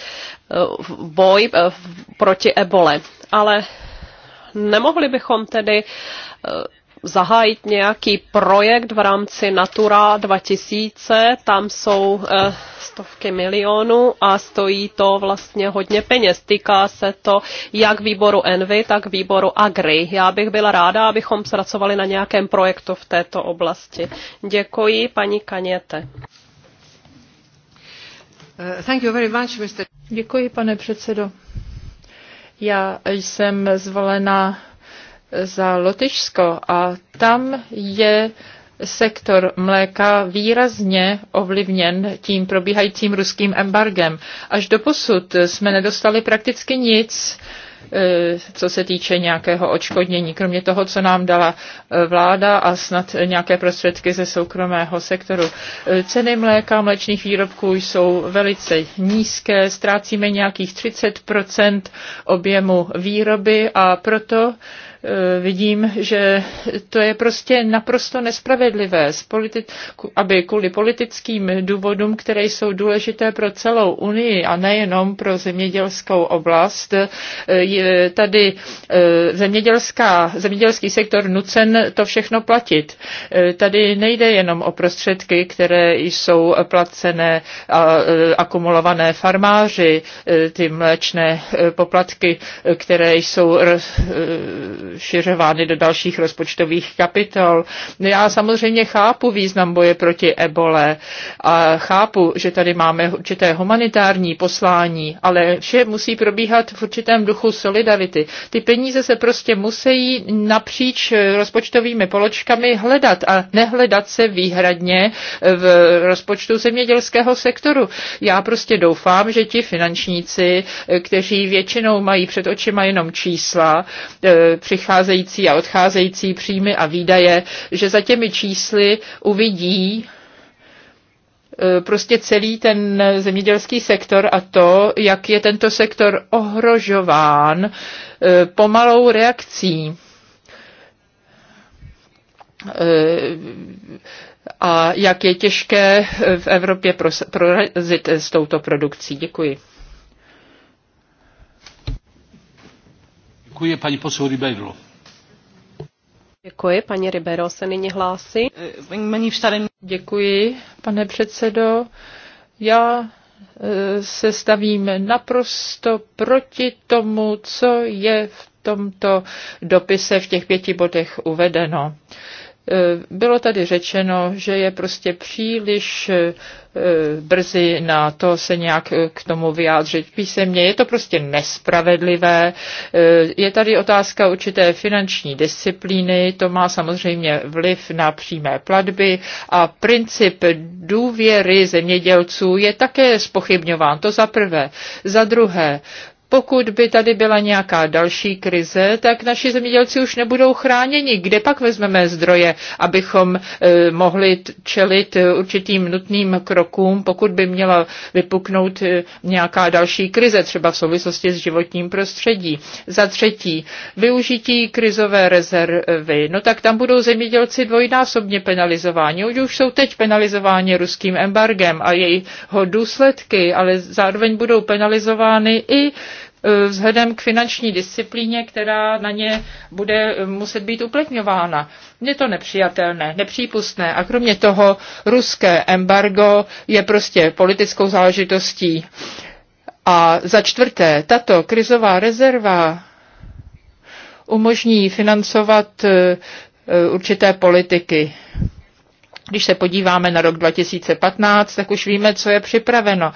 eh, boj eh, proti ebole. Ale nemohli bychom tedy eh, zahájit nějaký projekt v rámci Natura 2000, tam jsou eh, stovky milionů a stojí to vlastně hodně peněz. Týká se to jak výboru Envy, tak výboru Agri. Já bych byla ráda, abychom pracovali na nějakém projektu v této oblasti. Děkuji, paní Kaněte. Eh, thank you very much, Mr. Děkuji, pane předsedo. Já jsem zvolena za Lotyšsko a tam je sektor mléka výrazně ovlivněn tím probíhajícím ruským embargem. Až do posud jsme nedostali prakticky nic, eh, co se týče nějakého očkodnění, kromě toho, co nám dala eh, vláda a snad nějaké prostředky ze soukromého sektoru. Eh, ceny mléka a mléčných výrobků jsou velice nízké, ztrácíme nějakých 30 objemu výroby a proto Eh, vidím, že to je prostě naprosto nespravedlivé, aby kvůli politickým důvodům, které jsou důležité pro celou Unii a nejenom pro zemědělskou oblast, eh, je tady eh, zemědělská, zemědělský sektor nucen to všechno platit. Tady nejde jenom o prostředky, které jsou placené a akumulované farmáři, ty mléčné poplatky, které jsou šiřovány do dalších rozpočtových kapitol. Já samozřejmě chápu význam boje proti ebole a chápu, že tady máme určité humanitární poslání, ale vše musí probíhat v určitém duchu solidarity. Ty peníze se prostě musí napříč rozpočtovými poločkami hledat a nehledat se výhradně v rozpočtu zemědělského sektoru. Já prostě doufám, že ti finančníci, kteří většinou mají před očima jenom čísla, eh, při přicházející a odcházející příjmy a výdaje, že za těmi čísly uvidí e, prostě celý ten zemědělský sektor a to, jak je tento sektor ohrožován e, pomalou reakcí e, a jak je těžké v Evropě prorazit s touto produkcí. Děkuji. Děkuji, paní poslou Ribeiro. Děkuji, paní Ribeiro se nyní hlásí. Děkuji, pane předsedo. Já e, se stavím naprosto proti tomu, co je v tomto dopise v těch pěti bodech uvedeno. Eh, bylo tady řečeno, že je prostě příliš eh, brzy na to se nějak eh, k tomu vyjádřit písemně. Je to prostě nespravedlivé. Je tady otázka určité finanční disciplíny, to má samozřejmě vliv na přímé platby a princip důvěry zemědělců je také spochybňován, to za prvé. Za druhé, pokud by tady byla nějaká další krize, tak naši zemědělci už nebudou chráněni. Kde pak vezmeme zdroje, abychom eh, mohli čelit eh, určitým nutným krokům, pokud by měla vypuknout eh, nějaká další krize, třeba v souvislosti s životním prostředí. Za třetí, využití krizové rezervy. No tak tam budou zemědělci dvojnásobně penalizováni. Už jsou teď penalizováni ruským embargem a jejich důsledky, ale zároveň budou penalizovány i E, vzhledem k finanční disciplíně, která na ně bude muset být uplatňována. Je to nepřijatelné, nepřípustné a kromě toho ruské embargo je prostě politickou záležitostí. A za čtvrté, tato krizová rezerva umožní financovat e, e, určité politiky. Když se podíváme na rok 2015, tak už víme, co je připraveno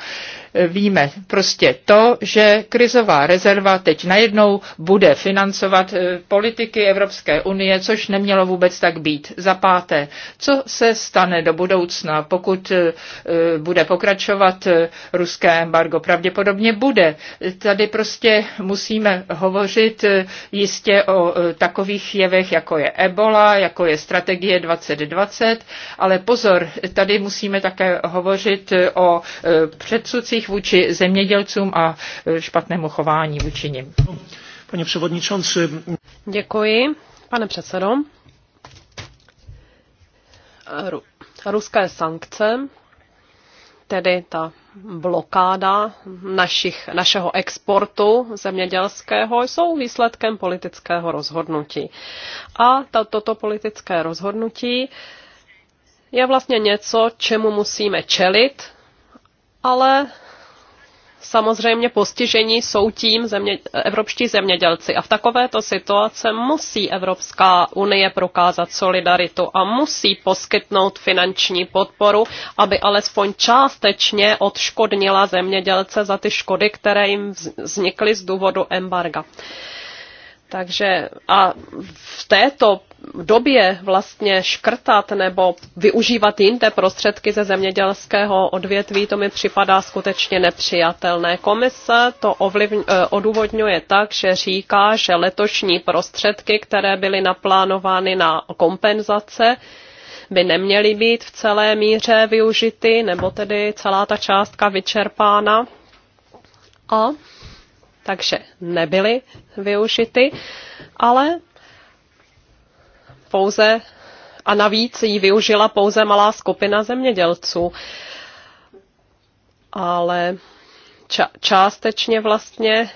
víme prostě to, že krizová rezerva teď najednou bude financovat eh, politiky Evropské unie, což nemělo vůbec tak být. Za páté, co se stane do budoucna, pokud eh, eh, bude pokračovat ruské embargo? Pravděpodobně bude. Tady prostě musíme hovořit jistě o takových jevech, jako je Ebola, jako je strategie 2020, ale pozor, tady musíme také hovořit o předsudcích sankcích vůči zemědělcům a e, špatnému chování vůči nim. Pane předsedající. Děkuji, pane předsedo. Ru- ruské sankce, tedy ta blokáda našich, našeho exportu zemědělského jsou výsledkem politického rozhodnutí. A to, toto politické rozhodnutí je vlastně něco, čemu musíme čelit, ale samozřejmě postižení jsou tím země, evropští zemědělci. A v takovéto situace musí Evropská unie prokázat solidaritu a musí poskytnout finanční podporu, aby alespoň částečně odškodnila zemědělce za ty škody, které jim vznikly z důvodu embarga. Takže a v této době vlastně škrtat nebo využívat jinde prostředky ze zemědělského odvětví, to mi připadá skutečně nepřijatelné. Komise to ovlivň, eh, odůvodňuje tak, že říká, že letošní prostředky, které byly naplánovány na kompenzace, by neměly být v celé míře využity, nebo tedy celá ta částka vyčerpána. A takže nebyly využity, ale pouze a navíc ji využila pouze malá skupina zemědělců. Ale ča- částečně vlastně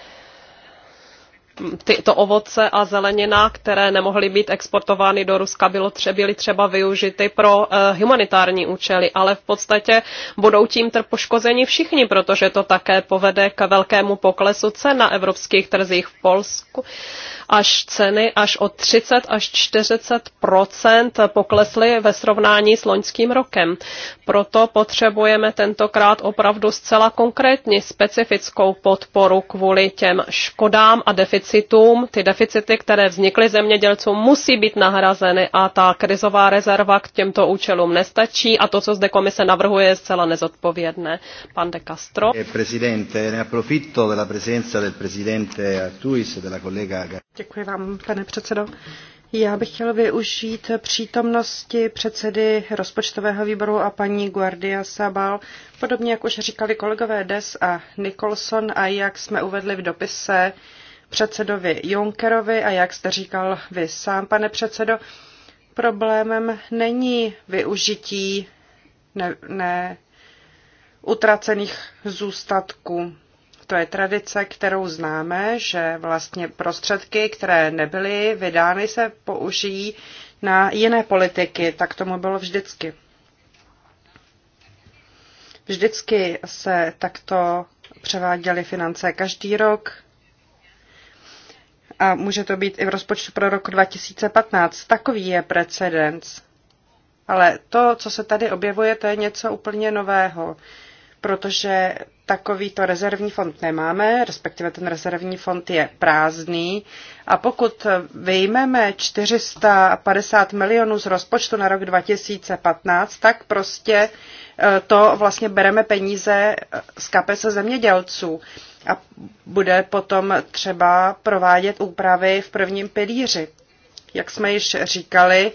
Tyto to ovoce a zelenina, které nemohly být exportovány do Ruska, bylo tře, byly třeba využity pro uh, humanitární účely, ale v podstatě budou tím poškozeni všichni, protože to také povede k velkému poklesu cen na evropských trzích v Polsku. Až ceny až o 30 až 40 poklesly ve srovnání s loňským rokem. Proto potřebujeme tentokrát opravdu zcela konkrétní specifickou podporu kvůli těm škodám a deficitům deficitům, ty deficity, které vznikly zemědělcům, musí být nahrazeny a ta krizová rezerva k těmto účelům nestačí a to, co zde komise navrhuje, je zcela nezodpovědné. Pan de Castro. Eh, Děkuji vám, pane předsedo. Já bych chtěl využít přítomnosti předsedy rozpočtového výboru a paní Guardia Sabal, podobně jak už říkali kolegové Des a Nicholson a jak jsme uvedli v dopise, předsedovi Junckerovi a jak jste říkal vy sám, pane předsedo, problémem není využití ne, ne utracených zůstatků. To je tradice, kterou známe, že vlastně prostředky, které nebyly vydány, se použijí na jiné politiky. Tak tomu bylo vždycky. Vždycky se takto převáděly finance každý rok, a může to být i v rozpočtu pro rok 2015. Takový je precedens. Ale to, co se tady objevuje, to je něco úplně nového, protože takovýto rezervní fond nemáme, respektive ten rezervní fond je prázdný a pokud vyjmeme 450 milionů z rozpočtu na rok 2015, tak prostě eh, to vlastně bereme peníze eh, z kapese zemědělců a bude potom třeba provádět úpravy v prvním pilíři. Jak jsme již říkali,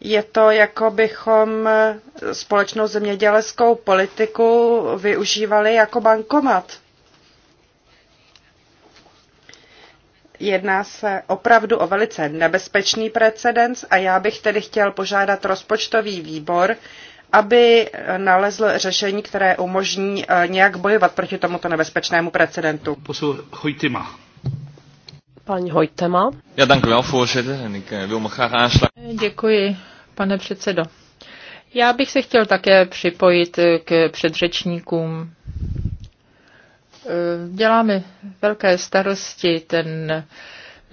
je to, jako bychom společnou zemědělskou politiku využívali jako bankomat. Jedná se opravdu o velice nebezpečný precedens a já bych tedy chtěl požádat rozpočtový výbor, aby nalezl řešení, které umožní eh, nějak bojovat proti tomuto nebezpečnému precedentu. Posil Hojtima. Paní Hojtema. Já eh, eh, Děkuji, pane předsedo. Já bych se chtěl také připojit k předřečníkům. Děláme velké starosti ten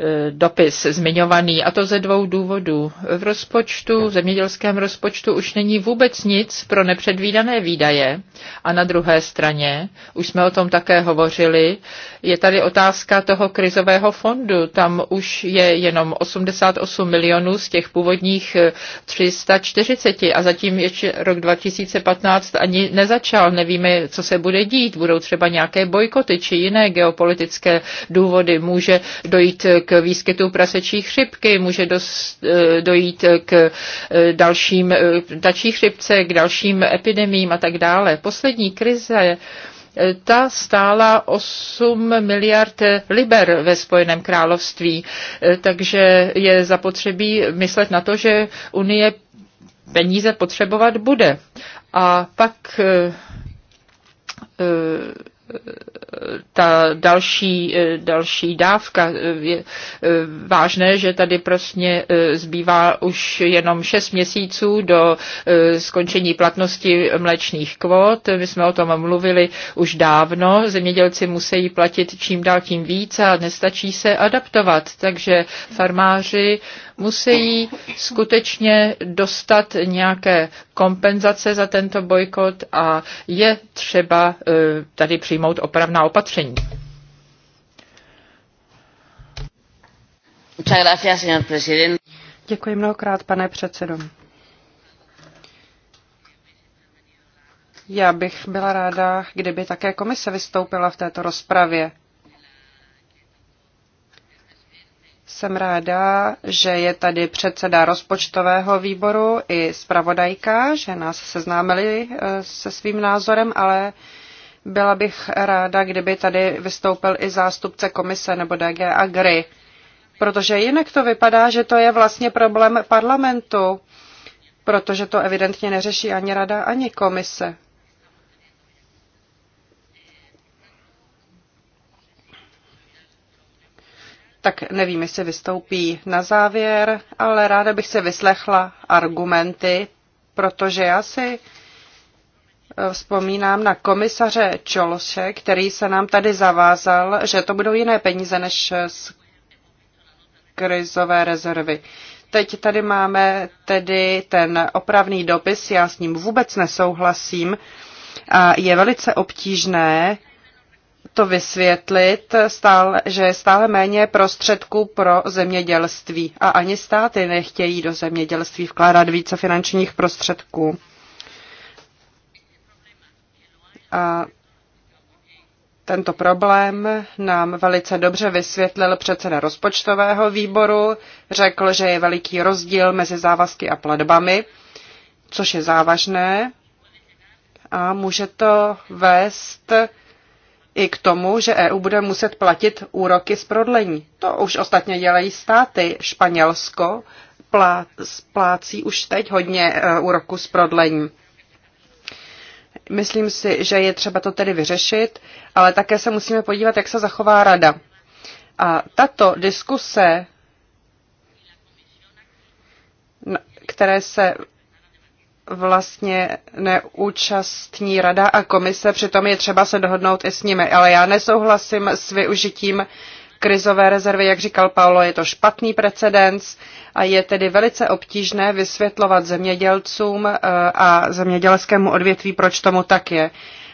E, dopis zmiňovaný, a to ze dvou důvodů. V rozpočtu, v zemědělském rozpočtu už není vůbec nic pro nepředvídané výdaje a na druhé straně, už jsme o tom také hovořili, je tady otázka toho krizového fondu. Tam už je jenom 88 milionů z těch původních 340 e, a zatím ještě rok 2015 ani nezačal. Nevíme, co se bude dít. Budou třeba nějaké bojkoty či jiné geopolitické důvody. Může dojít k výskytu prasečí chřipky, může eh, dojít k eh, dalším eh, ptačí chřipce, k dalším epidemím a tak dále. Poslední krize ta stála 8 miliard liber ve Spojeném království, takže je zapotřebí myslet na to, že Unie peníze potřebovat bude. A pak ta další, eh, další dávka. Eh, je eh, vážné, že tady prostě zbývá už jenom 6 měsíců do skončení platnosti mlečných kvot. My jsme o tom mluvili už dávno. Zemědělci musí platit čím dál tím více a nestačí se adaptovat. Takže farmáři musí skutečně dostat nějaké kompenzace za tento bojkot a je třeba e, tady přijmout opravná opatření. Děkuji mnohokrát, pane předsedo. Já bych byla ráda, kdyby také komise vystoupila v této rozpravě. Jsem ráda, že je tady předseda rozpočtového výboru i zpravodajka, že nás seznámili eh, se svým názorem, ale byla bych ráda, kdyby tady vystoupil i zástupce komise nebo DG Agri, protože jinak to vypadá, že to je vlastně problém parlamentu, protože to evidentně neřeší ani rada, ani komise. tak nevím, jestli vystoupí na závěr, ale ráda bych se vyslechla argumenty, protože já si eh, vzpomínám na komisaře Čološe, který se nám tady zavázal, že to budou jiné peníze než eh, z krizové rezervy. Teď tady máme tedy ten opravný dopis, já s ním vůbec nesouhlasím a je velice obtížné to vysvětlit, stále, že je stále méně prostředků pro zemědělství a ani státy nechtějí do zemědělství vkládat více finančních prostředků. A tento problém nám velice dobře vysvětlil předseda rozpočtového výboru. Řekl, že je veliký rozdíl mezi závazky a platbami, což je závažné a může to vést i k tomu, že EU bude muset platit úroky z prodlení. To už ostatně dělají státy. Španělsko plá, splácí už teď hodně e, úroku z prodlení. Myslím si, že je třeba to tedy vyřešit, ale také se musíme podívat, jak se zachová rada. A tato diskuse, které se vlastně neúčastní rada a komise, přitom je třeba se dohodnout i s nimi. Ale já nesouhlasím s využitím krizové rezervy, jak říkal Paolo, je to špatný precedens a je tedy velice obtížné vysvětlovat zemědělcům eh, a zemědělskému odvětví, proč tomu tak je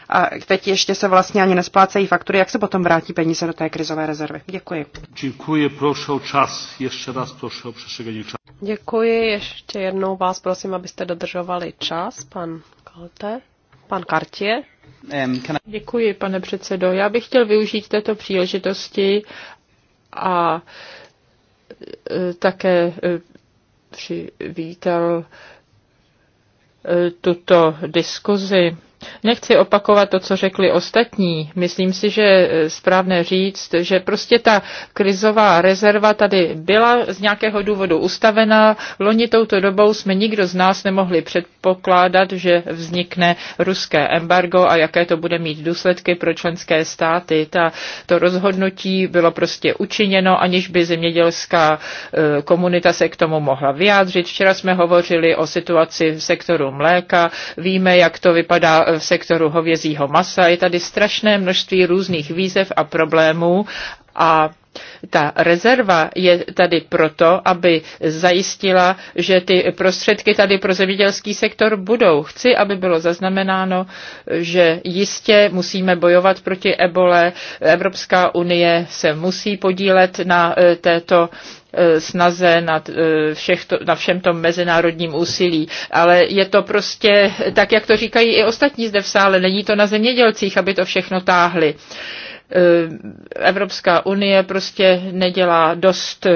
a teď ještě se vlastně ani nesplácejí faktury, jak se potom vrátí peníze do té krizové rezervy. Děkuji. Děkuji, prosím o čas. Ještě raz prosím o přešegení času. Děkuji, ještě jednou vás prosím, abyste dodržovali čas, pan Kalte. Pan Kartě. Děkuji, pane předsedo. Já bych chtěl využít této příležitosti a e, také e, přivítal e, tuto diskuzi Nechci opakovat to, co řekli ostatní. Myslím si, že je eh, správné říct, že prostě ta krizová rezerva tady byla z nějakého důvodu ustavena. Loni touto dobou jsme nikdo z nás nemohli předpokládat, že vznikne ruské embargo a jaké to bude mít důsledky pro členské státy. Ta, to rozhodnutí bylo prostě učiněno, aniž by zemědělská eh, komunita se k tomu mohla vyjádřit. Včera jsme hovořili o situaci v sektoru mléka. Víme, jak to vypadá v sektoru hovězího masa. Je tady strašné množství různých výzev a problémů a ta rezerva je tady proto, aby zajistila, že ty prostředky tady pro zemědělský sektor budou. Chci, aby bylo zaznamenáno, že jistě musíme bojovat proti ebole. Evropská unie se musí podílet na eh, této E, snaze nad e, všech to, na všem tom mezinárodním úsilí. Ale je to prostě, tak jak to říkají i ostatní zde v sále, není to na zemědělcích, aby to všechno táhli. E, Evropská unie prostě nedělá dost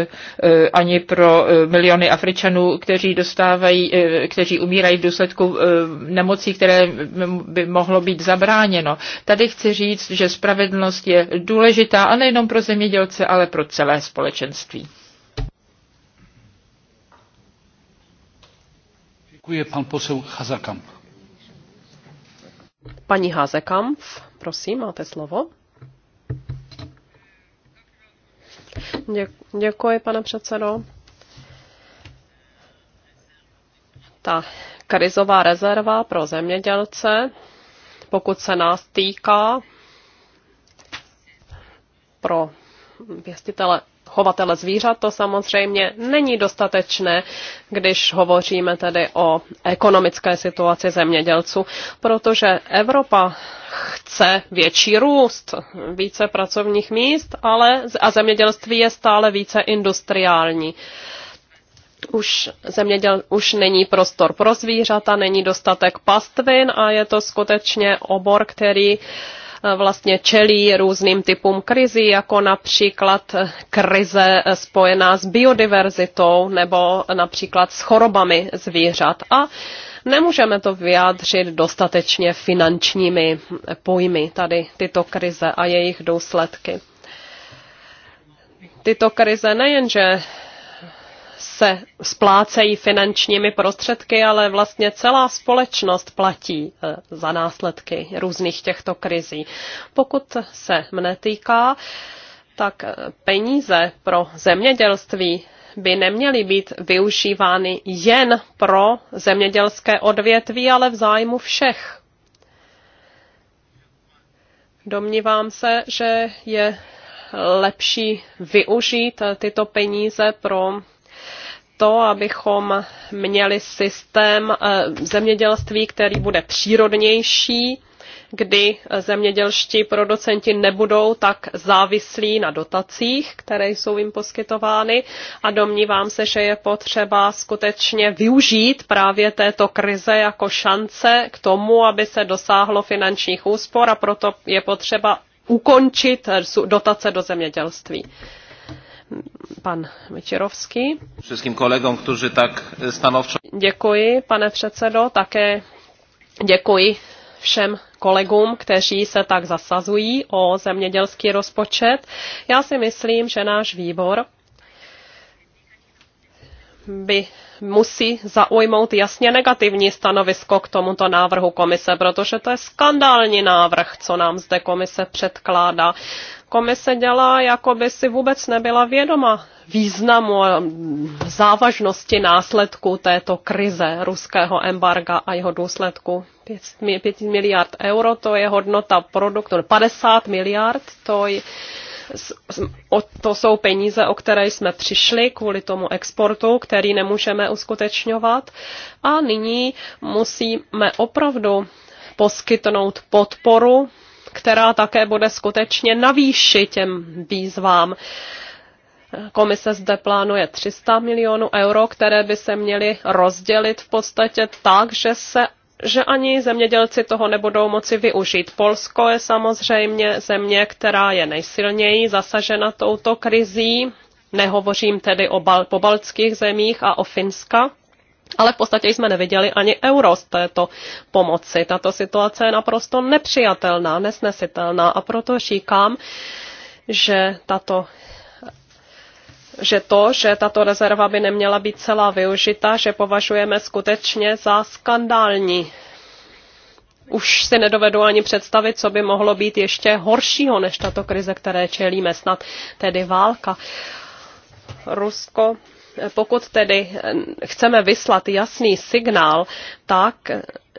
ani pro miliony Afričanů, kteří dostávají, kteří umírají v důsledku nemocí, které by mohlo být zabráněno. Tady chci říct, že spravedlnost je důležitá a nejenom pro zemědělce, ale pro celé společenství. pan posel Hazakamp. Paní Hazekamp, prosím, máte slovo. Děkuji, pane předsedo. Ta krizová rezerva pro zemědělce, pokud se nás týká pro pěstitele chovatele zvířat, to samozřejmě není dostatečné, když hovoříme tedy o ekonomické situaci zemědělců, protože Evropa chce větší růst, více pracovních míst, ale a zemědělství je stále více industriální už, zeměděl, už není prostor pro zvířata, není dostatek pastvin a je to skutečně obor, který vlastně čelí různým typům krizí, jako například krize spojená s biodiverzitou nebo například s chorobami zvířat. A nemůžeme to vyjádřit dostatečně finančními pojmy tady tyto krize a jejich důsledky. Tyto krize nejenže se splácejí finančními prostředky, ale vlastně celá společnost platí eh, za následky různých těchto krizí. Pokud se mne týká, tak eh, peníze pro zemědělství by neměly být využívány jen pro zemědělské odvětví, ale v zájmu všech. Domnívám se, že je lepší využít eh, tyto peníze pro to, abychom měli systém eh, zemědělství, který bude přírodnější, kdy eh, zemědělští producenti nebudou tak závislí na dotacích, které jsou jim poskytovány a domnívám se, že je potřeba skutečně využít právě této krize jako šance k tomu, aby se dosáhlo finančních úspor a proto je potřeba ukončit eh, dotace do zemědělství pan Večerovský. Všem kolegům, kteří tak e, stanovčo... Děkuji, pane předsedo, také děkuji všem kolegům, kteří se tak zasazují o zemědělský rozpočet. Já si myslím, že náš výbor by musí zaujmout jasně negativní stanovisko k tomuto návrhu komise, protože to je skandální návrh, co nám zde komise předkládá. Komise dělá, jako by si vůbec nebyla vědoma významu a závažnosti následků této krize ruského embarga a jeho důsledku. 5 miliard euro, to je hodnota produktu, 50 miliard, to je to jsou peníze, o které jsme přišli kvůli tomu exportu, který nemůžeme uskutečňovat. A nyní musíme opravdu poskytnout podporu která také bude skutečně navýšit, těm výzvám. Komise zde plánuje 300 milionů euro, které by se měly rozdělit v podstatě tak, že se že ani zemědělci toho nebudou moci využít. Polsko je samozřejmě země, která je nejsilněji zasažena touto krizí. Nehovořím tedy o pobaltských zemích a o Finska ale v podstatě jsme neviděli ani euro z této pomoci. Tato situace je naprosto nepřijatelná, nesnesitelná a proto říkám, že tato že to, že tato rezerva by neměla být celá využita, že považujeme skutečně za skandální. Už si nedovedu ani představit, co by mohlo být ještě horšího než tato krize, které čelíme, snad tedy válka. Rusko pokud tedy eh, chceme vyslat jasný signál, tak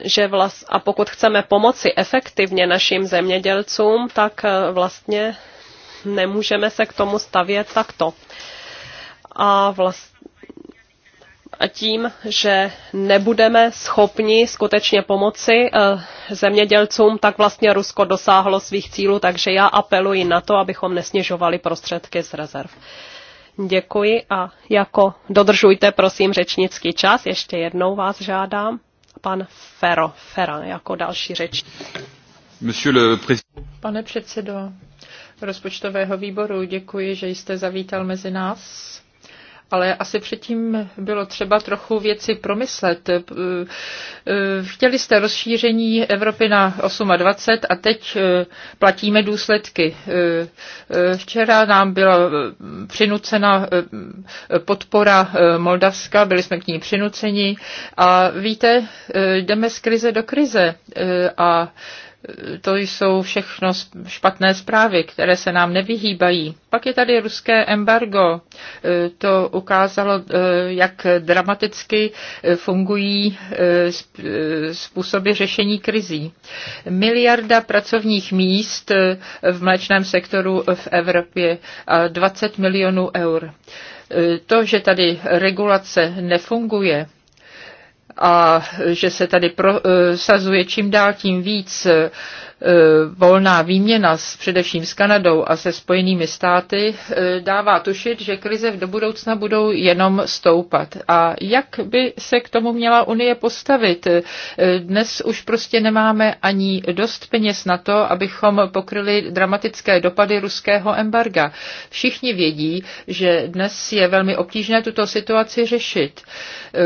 že vlast, a pokud chceme pomoci efektivně našim zemědělcům, tak eh, vlastně nemůžeme se k tomu stavět takto. A vlast, a tím, že nebudeme schopni skutečně pomoci eh, zemědělcům, tak vlastně Rusko dosáhlo svých cílů, takže já apeluji na to, abychom nesnižovali prostředky z rezerv. Děkuji a jako dodržujte prosím řečnický čas. Ještě jednou vás žádám. Pan Fero, Fera jako další řeč. Pane předsedo rozpočtového výboru, děkuji, že jste zavítal mezi nás ale asi předtím bylo třeba trochu věci promyslet. Eh, eh, chtěli jste rozšíření Evropy na 28 a teď eh, platíme důsledky. Včera nám byla přinucena podpora Moldavska, byli jsme k ní přinuceni a víte, jdeme z krize do krize a to jsou všechno špatné zprávy, které se nám nevyhýbají. Pak je tady ruské embargo. E, to ukázalo, e, jak dramaticky e, fungují způsoby řešení krizí. Miliarda pracovních míst v mléčném sektoru v Evropě a 20 milionů eur. To, že tady regulace nefunguje, a že se tady prosazuje eh, čím dál tím víc eh, Eh, volná výměna s, především s Kanadou a se spojenými státy eh, dává tušit, že krize do budoucna budou jenom stoupat. A jak by se k tomu měla Unie postavit? Eh, dnes už prostě nemáme ani dost peněz na to, abychom pokryli dramatické dopady ruského embarga. Všichni vědí, že dnes je velmi obtížné tuto situaci řešit.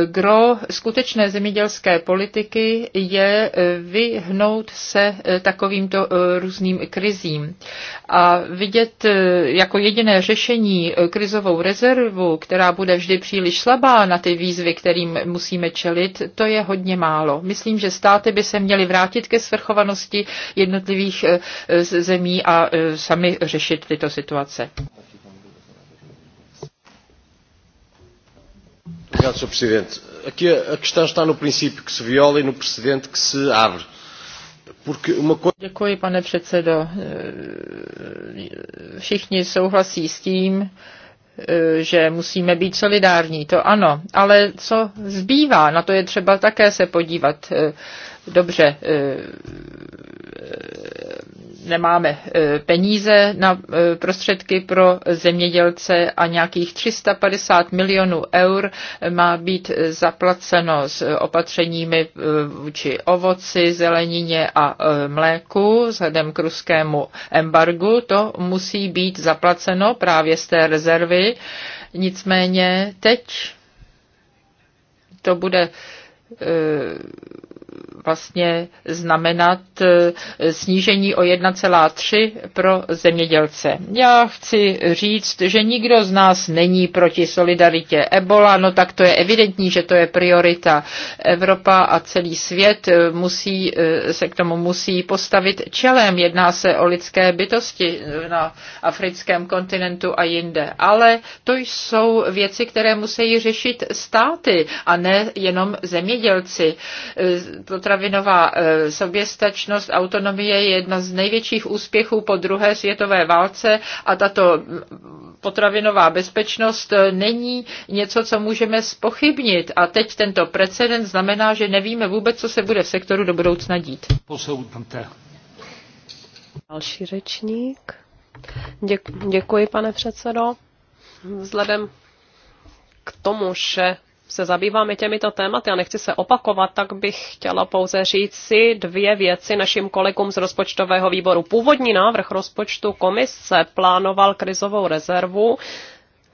Gro skutečné zemědělské politiky je vyhnout se takové takovýmto eh, různým krizím. A vidět eh, jako jediné řešení eh, krizovou rezervu, která bude vždy příliš slabá na ty výzvy, kterým musíme čelit, to je hodně málo. Myslím, že státy by se měly vrátit ke svrchovanosti jednotlivých zemí a sami řešit tyto situace. Obrigado, Sr. Presidente. Aqui a questão está no princípio que se viola e no precedente que se abre. Děkuji, pane předsedo. Všichni souhlasí s tím, že musíme být solidární, to ano. Ale co zbývá, na to je třeba také se podívat. Dobře, nemáme e, peníze na e, prostředky pro zemědělce a nějakých 350 milionů eur má být zaplaceno s opatřeními e, vůči ovoci, zelenině a mléku vzhledem k ruskému embargu. To musí být zaplaceno právě z té rezervy. Nicméně teď to bude vlastně znamenat e, snížení o 1,3 pro zemědělce. Já chci říct, že nikdo z nás není proti solidaritě Ebola, no tak to je evidentní, že to je priorita. Evropa a celý svět e, musí, e, se k tomu musí postavit čelem. Jedná se o lidské bytosti na africkém kontinentu a jinde. Ale to jsou věci, které musí řešit státy a ne jenom zemědělci potravinová e, soběstačnost, autonomie je jedna z největších úspěchů po druhé světové válce a tato potravinová bezpečnost e, není něco, co můžeme spochybnit. A teď tento precedent znamená, že nevíme vůbec, co se bude v sektoru do budoucna dít. Další řečník. Děkuji, pane předsedo. Vzhledem k tomu, že se zabýváme těmito tématy a nechci se opakovat, tak bych chtěla pouze říct si dvě věci našim kolegům z rozpočtového výboru. Původní návrh rozpočtu komise plánoval krizovou rezervu,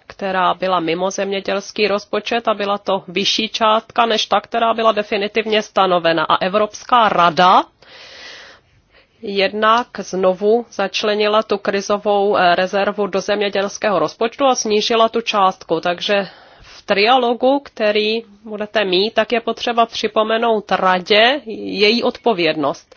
která byla mimo zemědělský rozpočet a byla to vyšší částka než ta, která byla definitivně stanovena. A Evropská rada jednak znovu začlenila tu krizovou eh, rezervu do zemědělského rozpočtu a snížila tu částku. Takže trialogu, který budete mít, tak je potřeba připomenout radě její odpovědnost.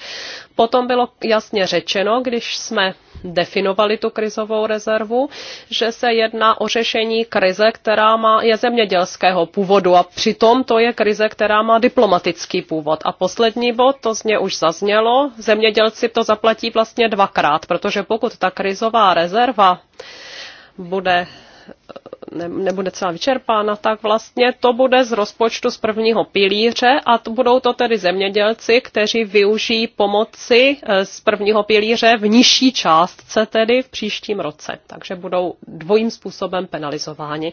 Potom bylo jasně řečeno, když jsme definovali tu krizovou rezervu, že se jedná o řešení krize, která má, je zemědělského původu a přitom to je krize, která má diplomatický původ. A poslední bod, to z ně už zaznělo, zemědělci to zaplatí vlastně dvakrát, protože pokud ta krizová rezerva bude ne, nebude celá vyčerpána, tak vlastně to bude z rozpočtu z prvního pilíře a to budou to tedy zemědělci, kteří využijí pomoci e, z prvního pilíře v nižší částce tedy v příštím roce. Takže budou dvojím způsobem penalizováni.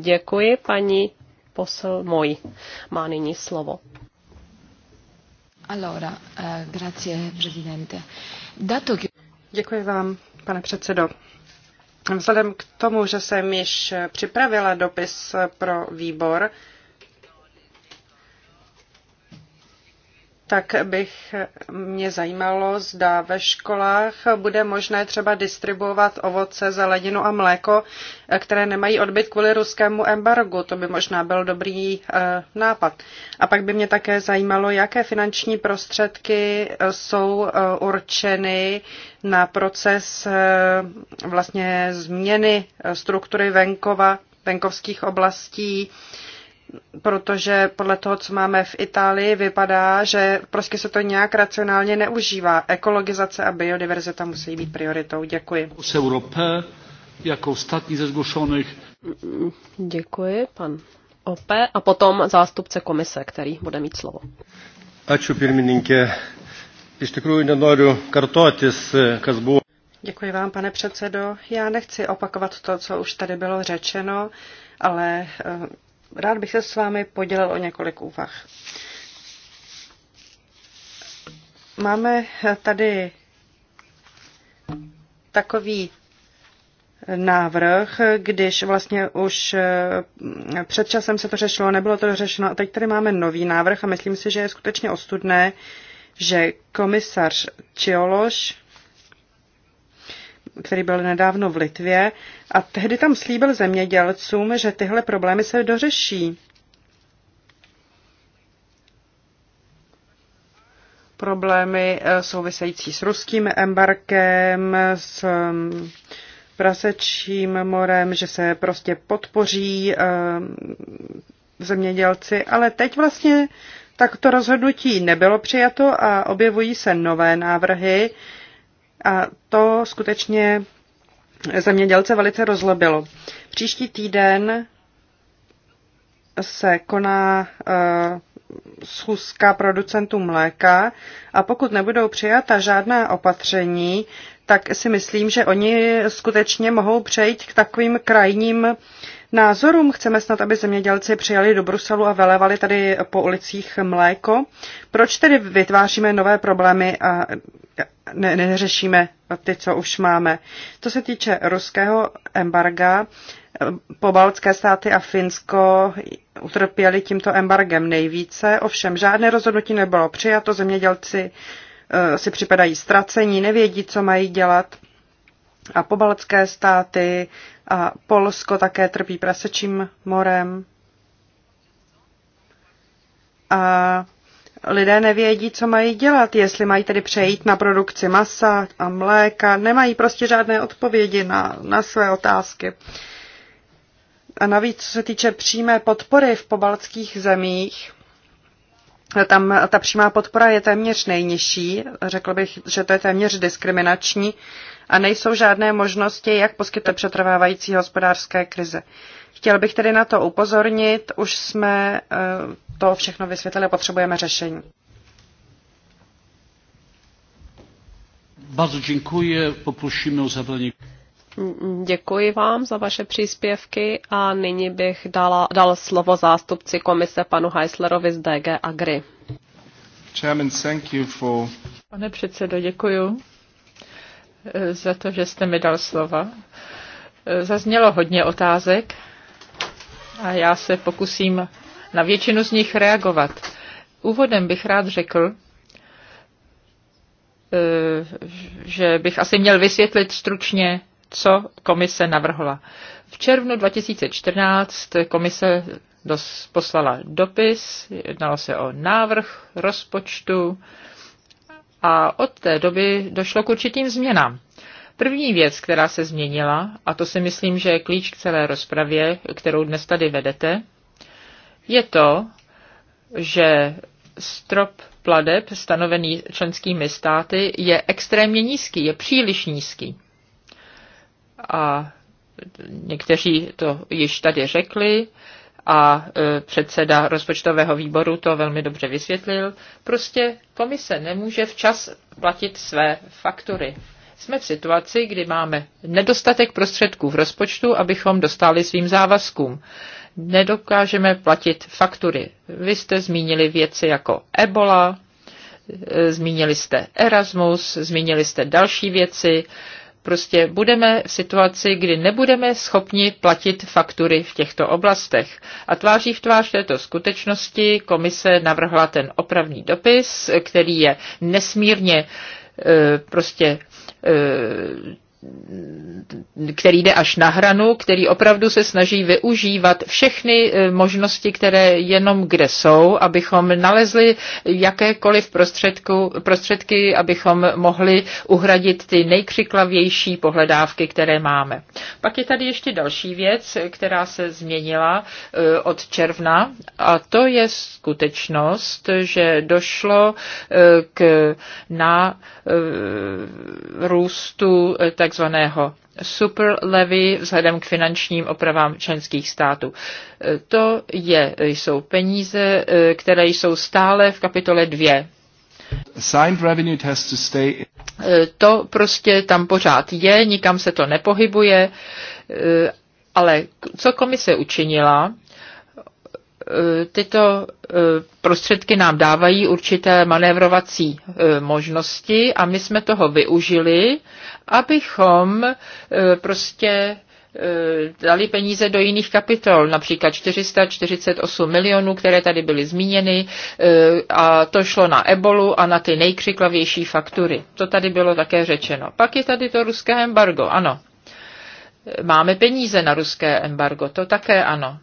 Děkuji, paní posl. můj má nyní slovo. Allora, eh, grazie, presidente. Dato Děkuji vám, pane předsedo. Vzhledem k tomu, že jsem již připravila dopis pro výbor, tak bych mě zajímalo, zda ve školách bude možné třeba distribuovat ovoce, zeleninu a mléko, které nemají odbyt kvůli ruskému embargu. To by možná byl dobrý eh, nápad. A pak by mě také zajímalo, jaké finanční prostředky eh, jsou eh, určeny na proces vlastně změny struktury venkova, venkovských oblastí, protože podle toho, co máme v Itálii, vypadá, že prostě se to nějak racionálně neužívá. Ekologizace a biodiverzita musí být prioritou. Děkuji. Z Europe, jako ostatní ze zgušených. Děkuji, pan Ope. A potom zástupce komise, který bude mít slovo. Ačiū pirmininkė. Iš tikrųjų nenoriu kartotis, kas buvo. Děkuji vám, pane předsedo. Já nechci opakovat to, co už tady bylo řečeno, ale eh, rád bych se s vámi podělil o několik úvah. Máme tady takový návrh, když vlastně už eh, před časem se to řešilo, nebylo to řešeno a teď tady máme nový návrh a myslím si, že je skutečně ostudné, že komisař Čiološ který byl nedávno v Litvě a tehdy tam slíbil zemědělcům, že tyhle problémy se dořeší. Problémy eh, související s ruským embarkem, s mm, prasečím morem, že se prostě podpoří eh, zemědělci, ale teď vlastně tak to rozhodnutí nebylo přijato a objevují se nové návrhy, a to skutečně zemědělce velice rozlobilo. Příští týden se koná eh, schůzka producentů mléka a pokud nebudou přijata žádná opatření, tak si myslím, že oni skutečně mohou přejít k takovým krajním názorům. Chceme snad, aby zemědělci přijeli do Bruselu a velevali tady po ulicích mléko. Proč tedy vytváříme nové problémy a ne, neřešíme ty, co už máme? Co se týče ruského embarga, pobaltské státy a Finsko utrpěli tímto embargem nejvíce, ovšem žádné rozhodnutí nebylo přijato, zemědělci eh, si připadají ztracení, nevědí, co mají dělat a pobaltské státy a Polsko také trpí prasečím morem. A lidé nevědí, co mají dělat, jestli mají tedy přejít na produkci masa a mléka, nemají prostě žádné odpovědi na, na své otázky. A navíc, co se týče přímé podpory v pobaltských zemích, tam ta přímá podpora je téměř nejnižší, řekl bych, že to je téměř diskriminační a nejsou žádné možnosti, jak poskytnout přetrvávající hospodářské krize. Chtěl bych tedy na to upozornit, už jsme eh, to všechno vysvětlili, potřebujeme řešení. Bardzo dziękuję. Poprosimy o zabranie. Děkuji vám za vaše příspěvky a nyní bych dala, dal slovo zástupci komise panu Heislerovi z DG Agri. Chairman, thank you for... Pane předsedo, děkuji eh, za to, že jste mi dal slova. Eh, zaznělo hodně otázek a já se pokusím na většinu z nich reagovat. Úvodem bych rád řekl, eh, že bych asi měl vysvětlit stručně co komise navrhla. V červnu 2014 komise poslala dopis, jednalo se o návrh rozpočtu a od té doby došlo k určitým změnám. První věc, která se změnila, a to si myslím, že je klíč k celé rozpravě, kterou dnes tady vedete, je to, že strop pladeb stanovený členskými státy je extrémně nízký, je příliš nízký a někteří to již tady řekli a e, předseda rozpočtového výboru to velmi dobře vysvětlil. Prostě komise nemůže včas platit své faktury. Jsme v situaci, kdy máme nedostatek prostředků v rozpočtu, abychom dostali svým závazkům. Nedokážeme platit faktury. Vy jste zmínili věci jako Ebola, e, zmínili jste Erasmus, zmínili jste další věci, Prostě budeme v situaci, kdy nebudeme schopni platit faktury v těchto oblastech. A tváří v tvář této skutečnosti komise navrhla ten opravný dopis, který je nesmírně eh, prostě eh, který jde až na hranu, který opravdu se snaží využívat všechny eh, možnosti, které jenom kde jsou, abychom nalezli jakékoliv prostředku, prostředky, abychom mohli uhradit ty nejkřiklavější pohledávky, které máme. Pak je tady ještě další věc, která se změnila eh, od června a to je skutečnost, že došlo eh, k růstu tak takzvaného super levy vzhledem k finančním opravám členských států. E, to je, jsou peníze, e, které jsou stále v kapitole 2. E, to prostě tam pořád je, nikam se to nepohybuje, ale co komise učinila, Eh, tyto eh, prostředky nám dávají určité manévrovací eh, možnosti a my jsme toho využili, abychom prostě dali peníze do jiných kapitol, například 448 milionů, které tady byly zmíněny, a to šlo na ebolu a na ty nejkřiklavější faktury. To tady bylo také řečeno. Pak je tady to ruské embargo, ano. Máme peníze na ruské embargo, to také ano.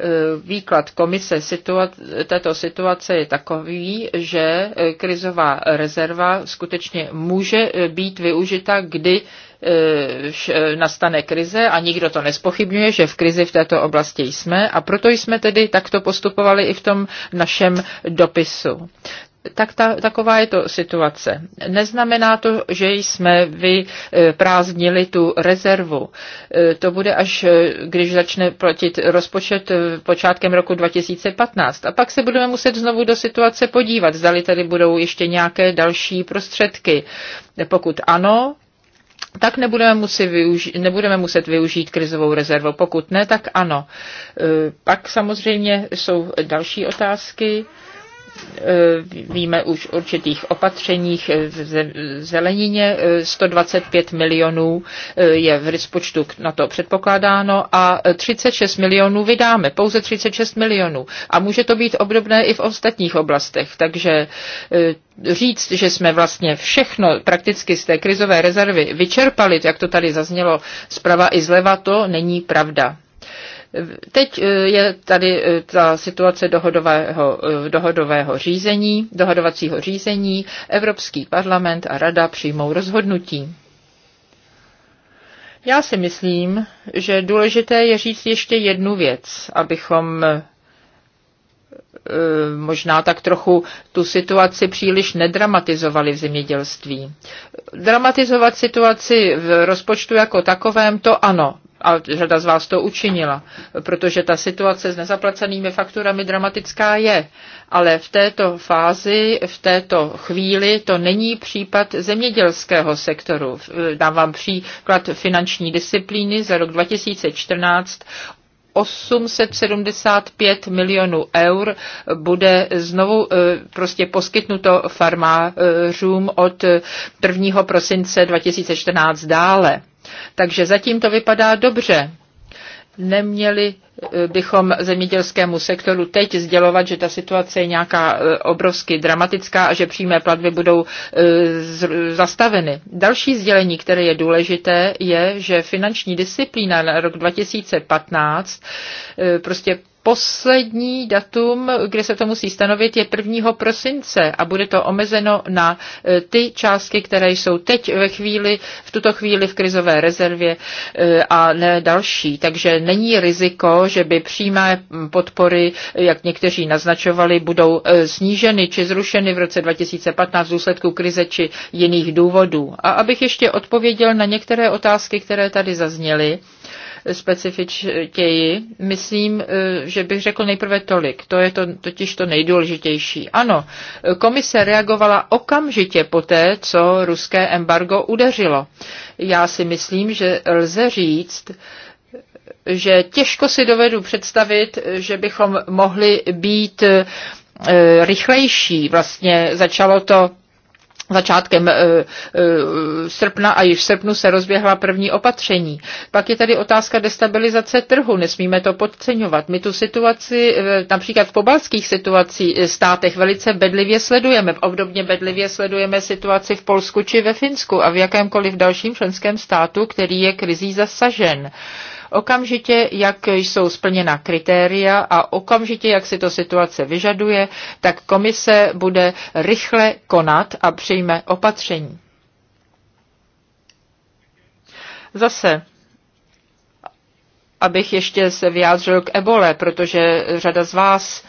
Eh, výklad komise situace, této situace je takový, že eh, krizová rezerva skutečně může eh, být využita, kdy nastane krize a nikdo to nespochybňuje, že v krizi v této oblasti jsme a proto jsme tedy takto postupovali i v tom našem dopisu tak ta, taková je to situace. Neznamená to, že jsme vyprázdnili tu rezervu. E, to bude až, e, když začne platit rozpočet e, počátkem roku 2015. A pak se budeme muset znovu do situace podívat, zdali tady budou ještě nějaké další prostředky. Pokud ano, tak nebudeme, muset využít, nebudeme muset využít krizovou rezervu. Pokud ne, tak ano. Pak samozřejmě jsou další otázky Eh, víme už určitých opatřeních eh, v zelenině, 125 eh, milionů je v rozpočtu na to předpokládáno a 36 milionů vydáme, pouze 36 milionů. A může to být obdobné i v ostatních oblastech, takže říct, že jsme vlastně všechno prakticky z té krizové rezervy vyčerpali, jak to tady zaznělo zprava i zleva, to není pravda. Teď eh, je tady eh, ta situace dohodového, eh, dohodového řízení, dohodovacího řízení. Evropský parlament a rada přijmou rozhodnutí. Já si myslím, že důležité je říct ještě jednu věc, abychom možná tak trochu tu situaci příliš nedramatizovali v zemědělství. Dramatizovat situaci v rozpočtu jako takovém, to ano, a řada z vás to učinila, protože ta situace s nezaplacenými fakturami dramatická je. Ale v této fázi, v této chvíli to není případ zemědělského sektoru. Dám vám příklad finanční disciplíny za rok 2014. 875 milionů eur bude znovu eh, prostě poskytnuto farmářům od 1. prosince 2014 dále. Takže zatím to vypadá dobře. Neměli eh, bychom zemědělskému sektoru teď sdělovat, že ta situace je nějaká eh, obrovsky dramatická a že přímé platby budou eh, zastaveny. Další sdělení, které je důležité, je, že finanční disciplína na rok 2015 prostě poslední datum, kde se to musí stanovit, je 1. prosince a bude to omezeno na e, ty částky, které jsou teď ve chvíli, v tuto chvíli v krizové rezervě e, a ne další. Takže není riziko, že by přímé podpory, jak někteří naznačovali, budou e, sníženy či zrušeny v roce 2015 v důsledku krize či jiných důvodů. A abych ještě odpověděl na některé otázky, které tady zazněly, specifičtěji, myslím, eh, že bych řekl nejprve tolik. To je to, totiž to nejdůležitější. Ano, komise reagovala okamžitě po té, co ruské embargo udeřilo. Já si myslím, že lze říct, že těžko si dovedu představit, že bychom mohli být eh, rychlejší. Vlastně začalo to začátkem eh, eh, srpna a již v srpnu se rozběhla první opatření. Pak je tady otázka destabilizace trhu, nesmíme to podceňovat. My tu situaci eh, například v pobalských situací, státech velice bedlivě sledujeme. Obdobně bedlivě sledujeme situaci v Polsku či ve Finsku a v jakémkoliv dalším členském státu, který je krizí zasažen. E, Okamžitě, jak jsou splněna kritéria a okamžitě, jak si to situace vyžaduje, tak komise bude rychle konat a přijme opatření. Zase abych ještě se vyjádřil k ebole, protože řada z vás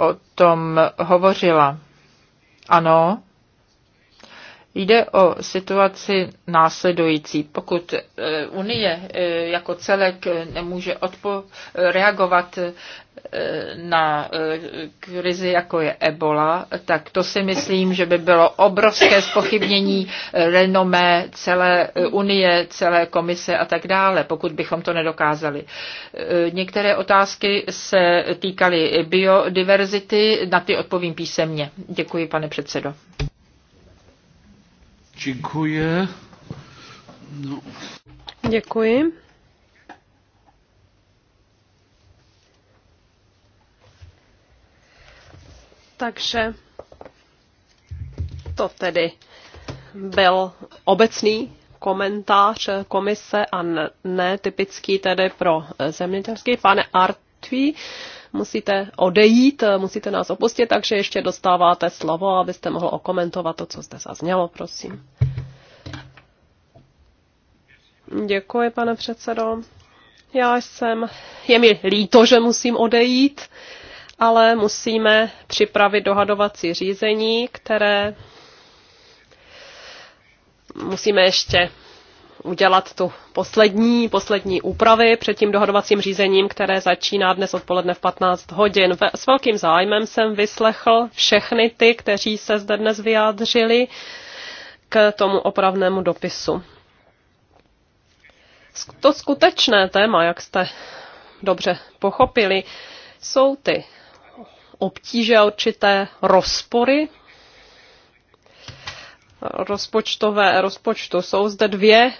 o tom hovořila. Ano, Jde o situaci následující. Pokud eh, Unie eh, jako celek eh, nemůže odpo- reagovat na krizi, jako je ebola, tak to si myslím, že by bylo obrovské spochybnění renomé celé Unie, celé komise a tak dále, pokud bychom to nedokázali. Některé otázky se týkaly biodiverzity, na ty odpovím písemně. Děkuji, pane předsedo. No. Děkuji. No. Takže to tedy byl obecný komentář komise a ne, ne typický tedy pro zemědělský. Pane Artví, musíte odejít, musíte nás opustit, takže ještě dostáváte slovo, abyste mohl okomentovat to, co zde zaznělo, prosím. Děkuji, pane předsedo. Já jsem, je mi líto, že musím odejít, ale musíme připravit dohadovací řízení, které musíme ještě udělat tu poslední, poslední úpravy před tím dohodovacím řízením, které začíná dnes odpoledne v 15 hodin. Ve, s velkým zájmem jsem vyslechl všechny ty, kteří se zde dnes vyjádřili k tomu opravnému dopisu. To skutečné téma, jak jste dobře pochopili, jsou ty obtíže určité rozpory rozpočtové rozpočtu. Jsou zde dvě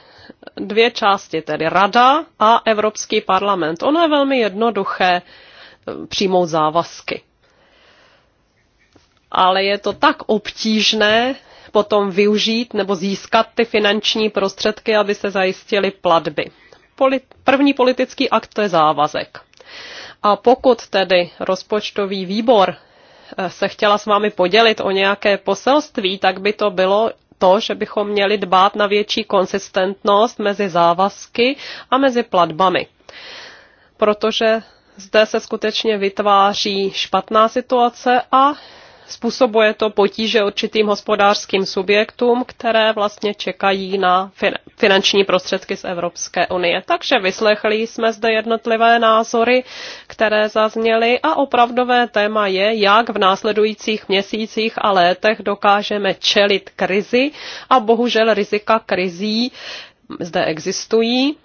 dvě části, tedy Rada a Evropský parlament. Ono je velmi jednoduché eh, přijmout závazky. Ale je to tak obtížné potom využít nebo získat ty finanční prostředky, aby se zajistily platby. První politický akt to je závazek. A pokud tedy rozpočtový výbor eh, se chtěla s vámi podělit o nějaké poselství, tak by to bylo to, že bychom měli dbát na větší konsistentnost mezi závazky a mezi platbami. Protože zde se skutečně vytváří špatná situace a způsobuje to potíže určitým hospodářským subjektům, které vlastně čekají na finanční prostředky z Evropské unie. Takže vyslechli jsme zde jednotlivé názory, které zazněly a opravdové téma je, jak v následujících měsících a létech dokážeme čelit krizi a bohužel rizika krizí zde existují.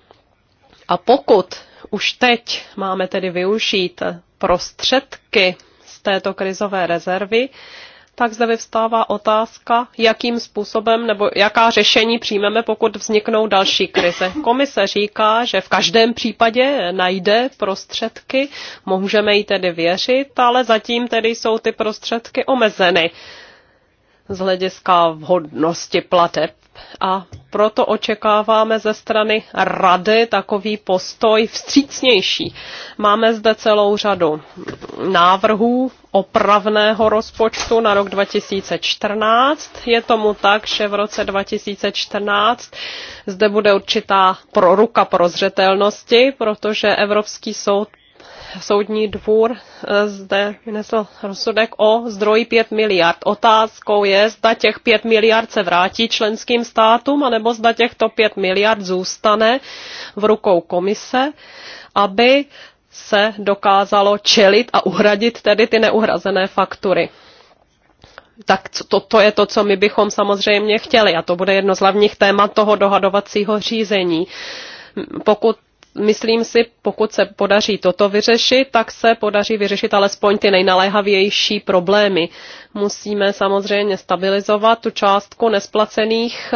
A pokud už teď máme tedy využít prostředky této krizové rezervy, tak zde vyvstává otázka, jakým způsobem nebo jaká řešení přijmeme, pokud vzniknou další krize. Komise říká, že v každém případě najde prostředky, můžeme jí tedy věřit, ale zatím tedy jsou ty prostředky omezeny z hlediska vhodnosti plateb a proto očekáváme ze strany rady takový postoj vstřícnější. Máme zde celou řadu návrhů opravného rozpočtu na rok 2014. Je tomu tak, že v roce 2014 zde bude určitá proruka prozřetelnosti, protože Evropský soud soudní dvůr eh, zde vynesl rozsudek o zdroji 5 miliard. Otázkou je, zda těch 5 miliard se vrátí členským státům, anebo zda těchto 5 miliard zůstane v rukou komise, aby se dokázalo čelit a uhradit tedy ty neuhrazené faktury. Tak to, to je to, co my bychom samozřejmě chtěli a to bude jedno z hlavních témat toho dohadovacího řízení. Pokud myslím si, pokud se podaří toto vyřešit, tak se podaří vyřešit alespoň ty nejnaléhavější problémy. Musíme samozřejmě stabilizovat tu částku nesplacených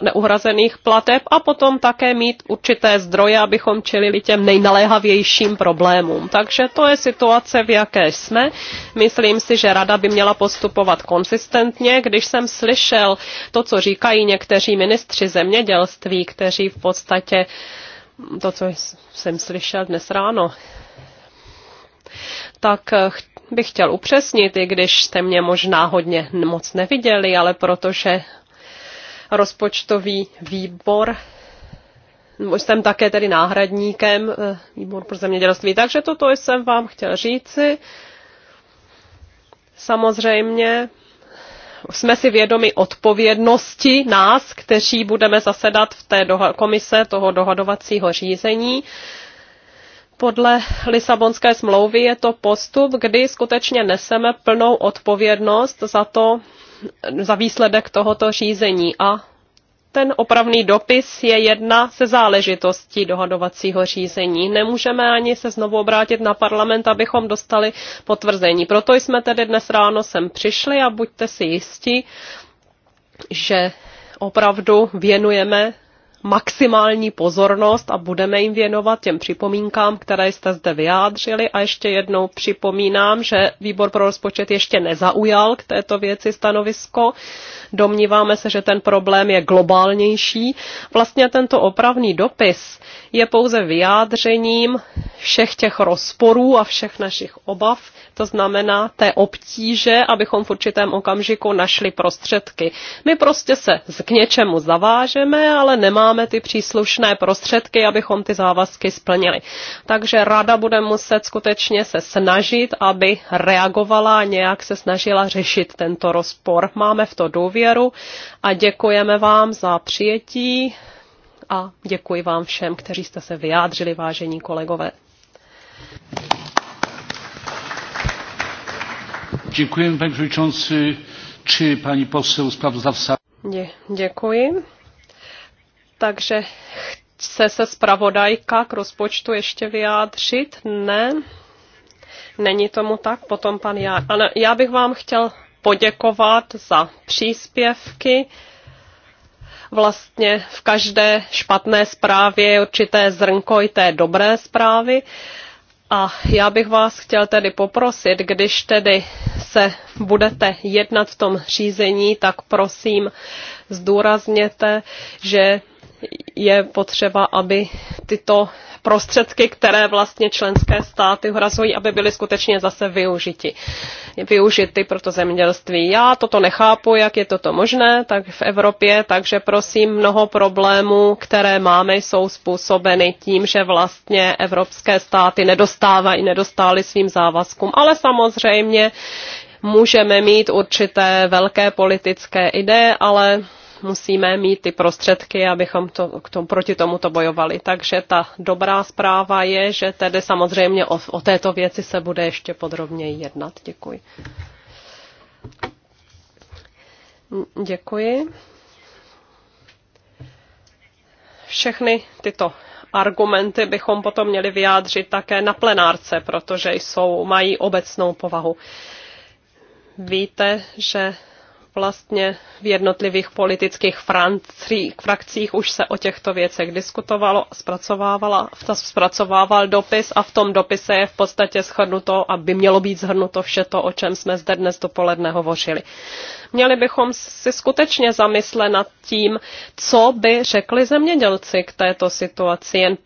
neuhrazených plateb a potom také mít určité zdroje, abychom čelili těm nejnaléhavějším problémům. Takže to je situace, v jaké jsme. Myslím si, že rada by měla postupovat konsistentně. Když jsem slyšel to, co říkají někteří ministři zemědělství, kteří v podstatě to, co jsem slyšel dnes ráno, tak eh, bych chtěl upřesnit, i když jste mě možná hodně moc neviděli, ale protože rozpočtový výbor jsem také tedy náhradníkem eh, výboru pro zemědělství. Takže toto jsem vám chtěl říci. Samozřejmě jsme si vědomi odpovědnosti nás, kteří budeme zasedat v té komise toho dohadovacího řízení. Podle Lisabonské smlouvy je to postup, kdy skutečně neseme plnou odpovědnost za to, za výsledek tohoto řízení a ten opravný dopis je jedna ze záležitostí dohodovacího řízení. Nemůžeme ani se znovu obrátit na parlament, abychom dostali potvrzení. Proto jsme tedy dnes ráno sem přišli a buďte si jisti, že opravdu věnujeme maximální pozornost a budeme jim věnovat těm připomínkám, které jste zde vyjádřili. A ještě jednou připomínám, že výbor pro rozpočet ještě nezaujal k této věci stanovisko. Domníváme se, že ten problém je globálnější. Vlastně tento opravný dopis je pouze vyjádřením všech těch rozporů a všech našich obav to znamená té obtíže, abychom v určitém okamžiku našli prostředky. My prostě se k něčemu zavážeme, ale nemáme ty příslušné prostředky, abychom ty závazky splnili. Takže rada bude muset skutečně se snažit, aby reagovala a nějak se snažila řešit tento rozpor. Máme v to důvěru a děkujeme vám za přijetí a děkuji vám všem, kteří jste se vyjádřili, vážení kolegové. Děkuji, pane předsedající. Či paní posel zpravodajce? Děkuji. Takže chce se zpravodajka k rozpočtu ještě vyjádřit? Ne. Není tomu tak? Potom pan já. Ano, já bych vám chtěl poděkovat za příspěvky. Vlastně v každé špatné zprávě je určité zrnko i té dobré zprávy. Uh, a já bych vás chtěl tedy poprosit, když tedy se budete jednat v tom řízení, tak prosím zdůrazněte, že je potřeba, aby tyto prostředky, které vlastně členské státy hrazují, aby byly skutečně zase využiti. Využity pro to zemědělství. Já toto nechápu, jak je toto možné tak v Evropě, takže prosím, mnoho problémů, které máme, jsou způsobeny tím, že vlastně evropské státy nedostávají, nedostály svým závazkům. Ale samozřejmě můžeme mít určité velké politické ideje, ale musíme mít ty prostředky, abychom to, k tomu, proti tomuto bojovali. Takže ta dobrá zpráva je, že tedy samozřejmě o, o této věci se bude ještě podrobněji jednat. Děkuji. Děkuji. Všechny tyto argumenty bychom potom měli vyjádřit také na plenárce, protože jsou, mají obecnou povahu. Víte, že vlastně v jednotlivých politických frakcích už se o těchto věcech diskutovalo, zpracovávala, zpracovával dopis a v tom dopise je v podstatě shrnuto, aby mělo být shrnuto vše to, o čem jsme zde dnes dopoledne hovořili. Měli bychom si skutečně zamyslet nad tím, co by řekli zemědělci k této situaci. Jen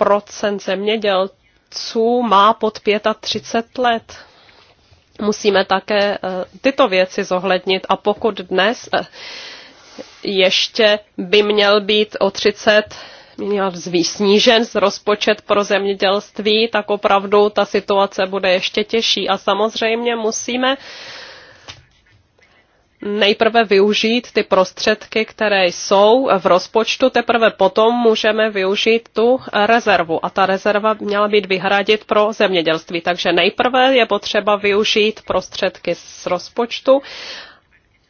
5% zemědělců má pod 35 let musíme také eh, tyto věci zohlednit a pokud dnes eh, ještě by měl být o 30 měl snížen z rozpočet pro zemědělství, tak opravdu ta situace bude ještě těžší. A samozřejmě musíme nejprve využít ty prostředky, které jsou v rozpočtu, teprve potom můžeme využít tu rezervu. A ta rezerva měla být vyhradit pro zemědělství. Takže nejprve je potřeba využít prostředky z rozpočtu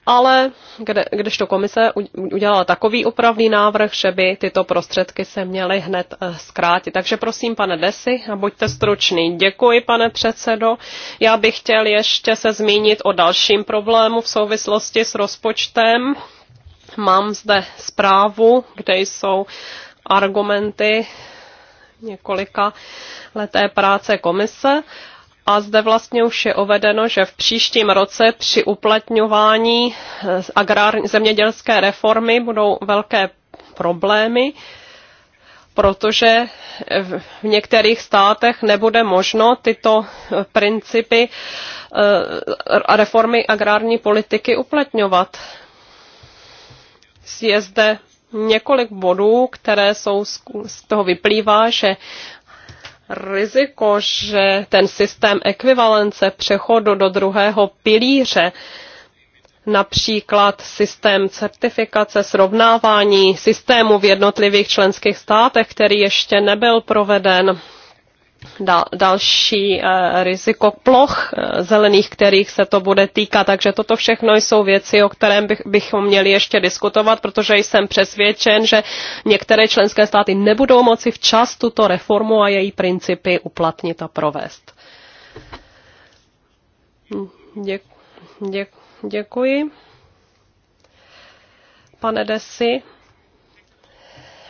ale kde, kdežto komise udělala takový opravný návrh, že by tyto prostředky se měly hned eh, zkrátit. Takže prosím, pane Desi, a buďte stručný. Děkuji, pane předsedo. Já bych chtěl ještě se zmínit o dalším problému v souvislosti s rozpočtem. Mám zde zprávu, kde jsou argumenty několika leté práce komise a zde vlastně už je uvedeno, že v příštím roce při uplatňování eh, agrární zemědělské reformy budou velké problémy, protože v některých státech nebude možno tyto eh, principy eh, reformy agrární politiky uplatňovat. Je zde několik bodů, které jsou z toho vyplývá, že riziko, že ten systém ekvivalence přechodu do druhého pilíře, například systém certifikace, srovnávání systému v jednotlivých členských státech, který ještě nebyl proveden, Dal, další eh, riziko ploch eh, zelených, kterých se to bude týkat. Takže toto všechno jsou věci, o kterém bych, bychom měli ještě diskutovat, protože jsem přesvědčen, že některé členské státy nebudou moci včas tuto reformu a její principy uplatnit a provést. Děk, děk, děkuji. Pane Desi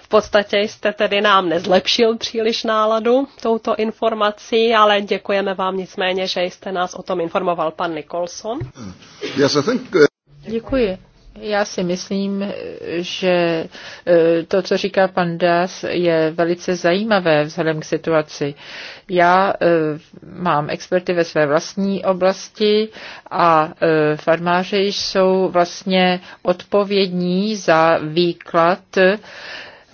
podstatě jste tedy nám nezlepšil příliš náladu touto informací, ale děkujeme vám nicméně, že jste nás o tom informoval pan Nicholson. Uh, Děkuji. Já si myslím, že eh, to, co říká pan Das, je velice zajímavé vzhledem k situaci. Já eh, mám experty ve své vlastní oblasti a eh, farmáři jsou vlastně odpovědní za výklad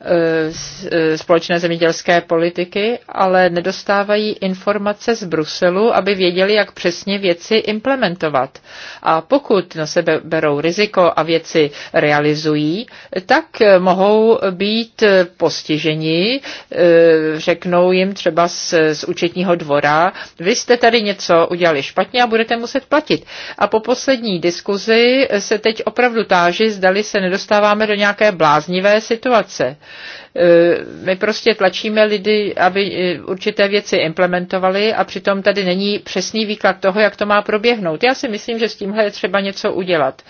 Eh, eh, společné zemědělské politiky, ale nedostávají informace z Bruselu, aby věděli, jak přesně věci implementovat. A pokud na sebe berou riziko a věci realizují, tak eh, mohou být postiženi, řeknou jim třeba z, z účetního dvora, vy jste tady něco udělali špatně a budete muset platit. A po poslední diskuzi se teď opravdu táží, zdali se nedostáváme do nějaké bláznivé situace. Eh, my prostě tlačíme lidi, aby eh, určité věci implementovali a přitom tady není přesný výklad toho, jak to má proběhnout. Já si myslím, že s tímhle je třeba něco udělat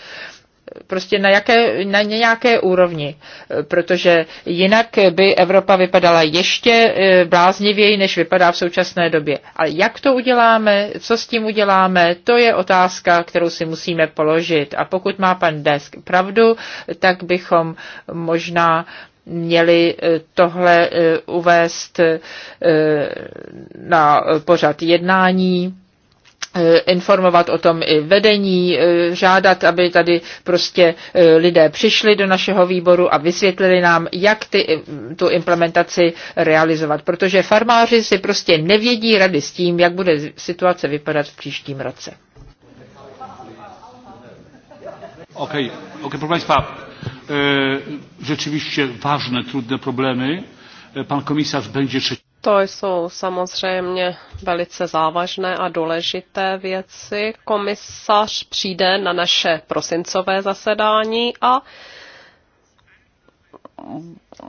prostě na, jaké, na nějaké úrovni, eh, protože jinak by Evropa vypadala ještě bláznivěji, než vypadá v současné době. Ale jak to uděláme, co s tím uděláme, to je otázka, kterou si musíme položit. A pokud má pan Desk pravdu, tak bychom možná měli eh, tohle eh, uvést eh, na pořad jednání informovat o tom i vedení, žádat, aby tady prostě lidé přišli do našeho výboru a vysvětlili nám, jak ty, tu implementaci realizovat. Protože farmáři si prostě nevědí rady s tím, jak bude situace vypadat v příštím roce. Okay. Ok, proszę Państwa, e, rzeczywiście ważne, trudne problemy. E, pan komisarz będzie trzeci. To jsou samozřejmě velice závažné a důležité věci. Komisař přijde na naše prosincové zasedání a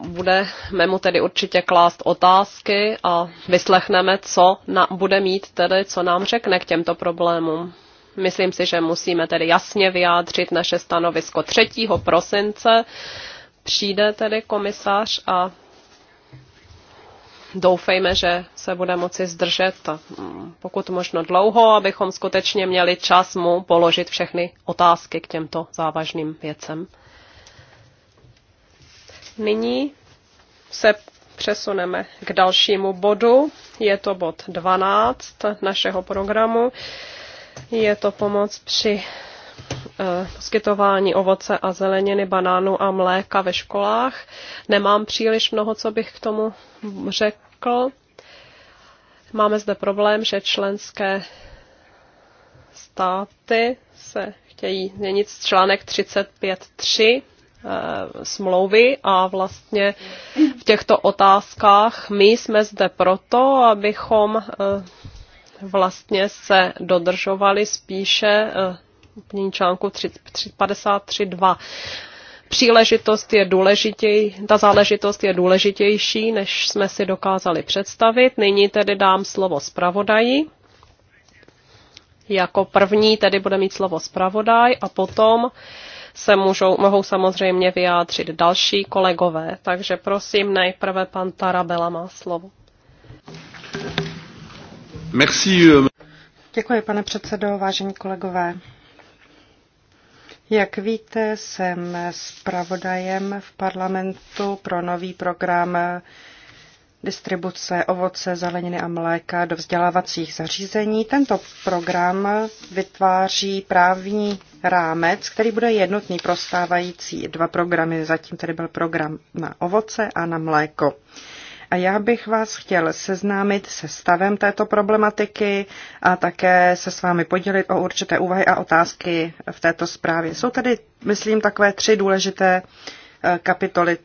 budeme mu tedy určitě klást otázky a vyslechneme, co na, bude mít tedy, co nám řekne k těmto problémům. Myslím si, že musíme tedy jasně vyjádřit naše stanovisko 3. prosince. Přijde tedy komisař a doufejme, že se bude moci zdržet mm, pokud možno dlouho, abychom skutečně měli čas mu položit všechny otázky k těmto závažným věcem. Nyní se přesuneme k dalšímu bodu. Je to bod 12 našeho programu. Je to pomoc při eh, poskytování ovoce a zeleniny, banánu a mléka ve školách. Nemám příliš mnoho, co bych k tomu řekl. Máme zde problém, že členské státy se chtějí změnit článek 35.3 eh, smlouvy a vlastně v těchto otázkách my jsme zde proto, abychom eh, vlastně se dodržovaly spíše eh, článku 53.2. Příležitost je důležitější. ta záležitost je důležitější, než jsme si dokázali představit. Nyní tedy dám slovo zpravodaji. Jako první tedy bude mít slovo zpravodaj a potom se můžou, mohou samozřejmě vyjádřit další kolegové. Takže prosím, nejprve pan Tarabela má slovo. Merci. Euh, Děkuji, pane předsedo, vážení kolegové. Jak víte, jsem zpravodajem v parlamentu pro nový program distribuce ovoce, zeleniny a mléka do vzdělávacích zařízení. Tento program vytváří právní rámec, který bude jednotný pro stávající dva programy. Zatím tedy byl program na ovoce a na mléko. A já bych vás chtěl seznámit se stavem této problematiky a také se s vámi podělit o určité úvahy a otázky v této zprávě. Jsou tady, myslím, takové tři důležité eh, kapitoly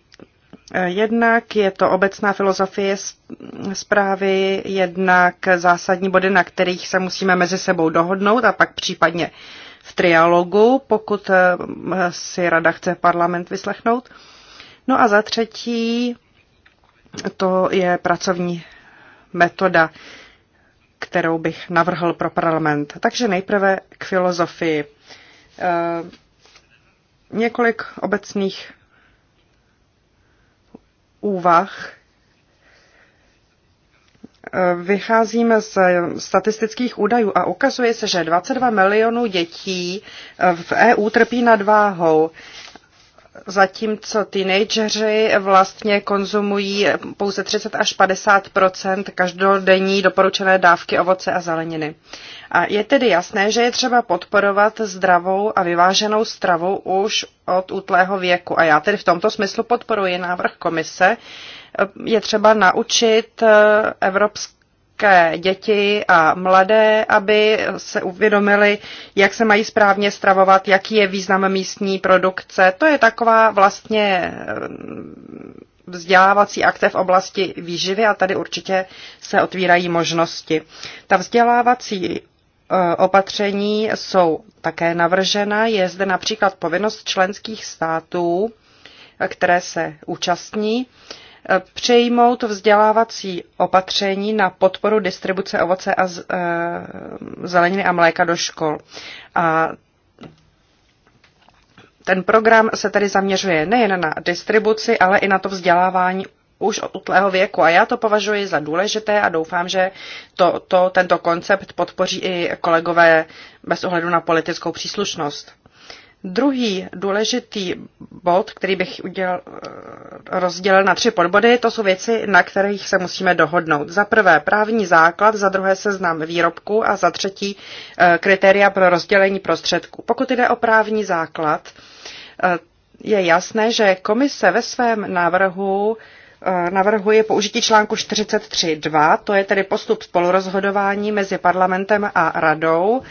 eh, Jednak je to obecná filozofie zprávy, jednak zásadní body, na kterých se musíme mezi sebou dohodnout a pak případně v trialogu, pokud eh, si rada chce parlament vyslechnout. No a za třetí to je pracovní metoda, kterou bych navrhl pro parlament. Takže nejprve k filozofii. Eh, několik obecných úvah. Eh, vycházíme z statistických údajů a ukazuje se, že 22 milionů dětí eh, v EU trpí nadváhou zatímco teenageři vlastně konzumují pouze 30 až 50 každodenní doporučené dávky ovoce a zeleniny. A je tedy jasné, že je třeba podporovat zdravou a vyváženou stravu už od útlého věku. A já tedy v tomto smyslu podporuji návrh komise. Je třeba naučit eh, evropské ke děti a mladé, aby se uvědomili, jak se mají správně stravovat, jaký je význam místní produkce. To je taková vlastně eh, vzdělávací akce v oblasti výživy a tady určitě se otvírají možnosti. Ta vzdělávací eh, opatření jsou také navržena. Je zde například povinnost členských států, které se účastní, přejmout vzdělávací opatření na podporu distribuce ovoce a eh, zeleniny a mléka do škol. A ten program se tedy zaměřuje nejen na distribuci, ale i na to vzdělávání už od utlého věku. A já to považuji za důležité a doufám, že to, to, tento koncept podpoří i kolegové bez ohledu na politickou příslušnost. Druhý důležitý bod, který bych udělal, eh, rozdělil na tři podbody, to jsou věci, na kterých se musíme dohodnout. Za prvé právní základ, za druhé seznam výrobku a za třetí eh, kritéria pro rozdělení prostředků. Pokud jde o právní základ, eh, je jasné, že komise ve svém návrhu navrhuje použití článku 43.2, to je tedy postup spolurozhodování mezi parlamentem a radou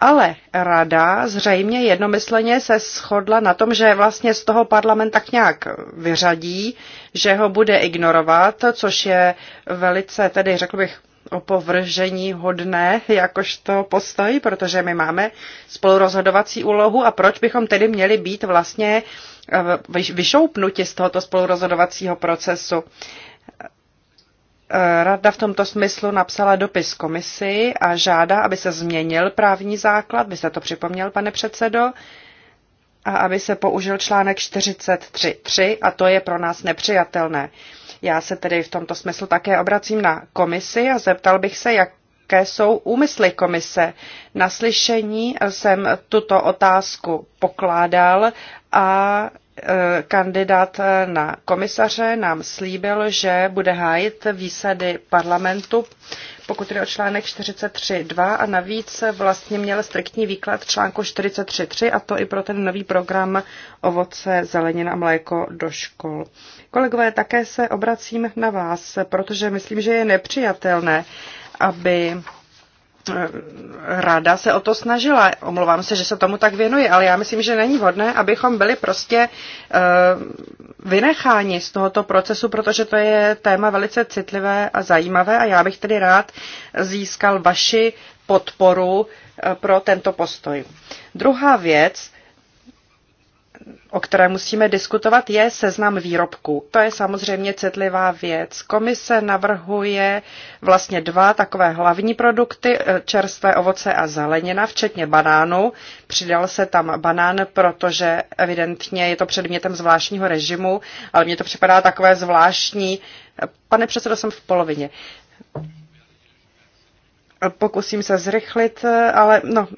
ale rada zřejmě jednomyslně se shodla na tom, že vlastně z toho parlament tak nějak vyřadí, že ho bude ignorovat, což je velice, tedy řekl bych, opovržení hodné, jakožto postoj, protože my máme spolurozhodovací úlohu a proč bychom tedy měli být vlastně vyšoupnuti z tohoto spolurozhodovacího procesu. Eh, Rada v tomto smyslu napsala dopis komisi a žádá, aby se změnil právní základ, by se to připomněl, pane předsedo, a aby se použil článek 43.3 a to je pro nás nepřijatelné. Já se tedy v tomto smyslu také obracím na komisi a zeptal bych se, jak jaké jsou úmysly komise. Na slyšení jsem tuto otázku pokládal a Eh, kandidát na komisaře nám slíbil, že bude hájit výsady parlamentu, pokud je o článek 43.2 a navíc vlastně měl striktní výklad článku 43.3 a to i pro ten nový program ovoce, zelenina a mléko do škol. Kolegové, také se obracím na vás, protože myslím, že je nepřijatelné, aby rada se o to snažila. Omlouvám se, že se tomu tak věnuji, ale já myslím, že není vhodné, abychom byli prostě eh, vynecháni z tohoto procesu, protože to je téma velice citlivé a zajímavé a já bych tedy rád získal vaši podporu eh, pro tento postoj. Druhá věc, o které musíme diskutovat, je seznam výrobků. To je samozřejmě citlivá věc. Komise navrhuje vlastně dva takové hlavní produkty, e, čerstvé ovoce a zelenina, včetně banánu. Přidal se tam banán, protože evidentně je to předmětem zvláštního režimu, ale mně to připadá takové zvláštní. Pane předsedo, jsem v polovině pokusím se zrychlit, e, ale no,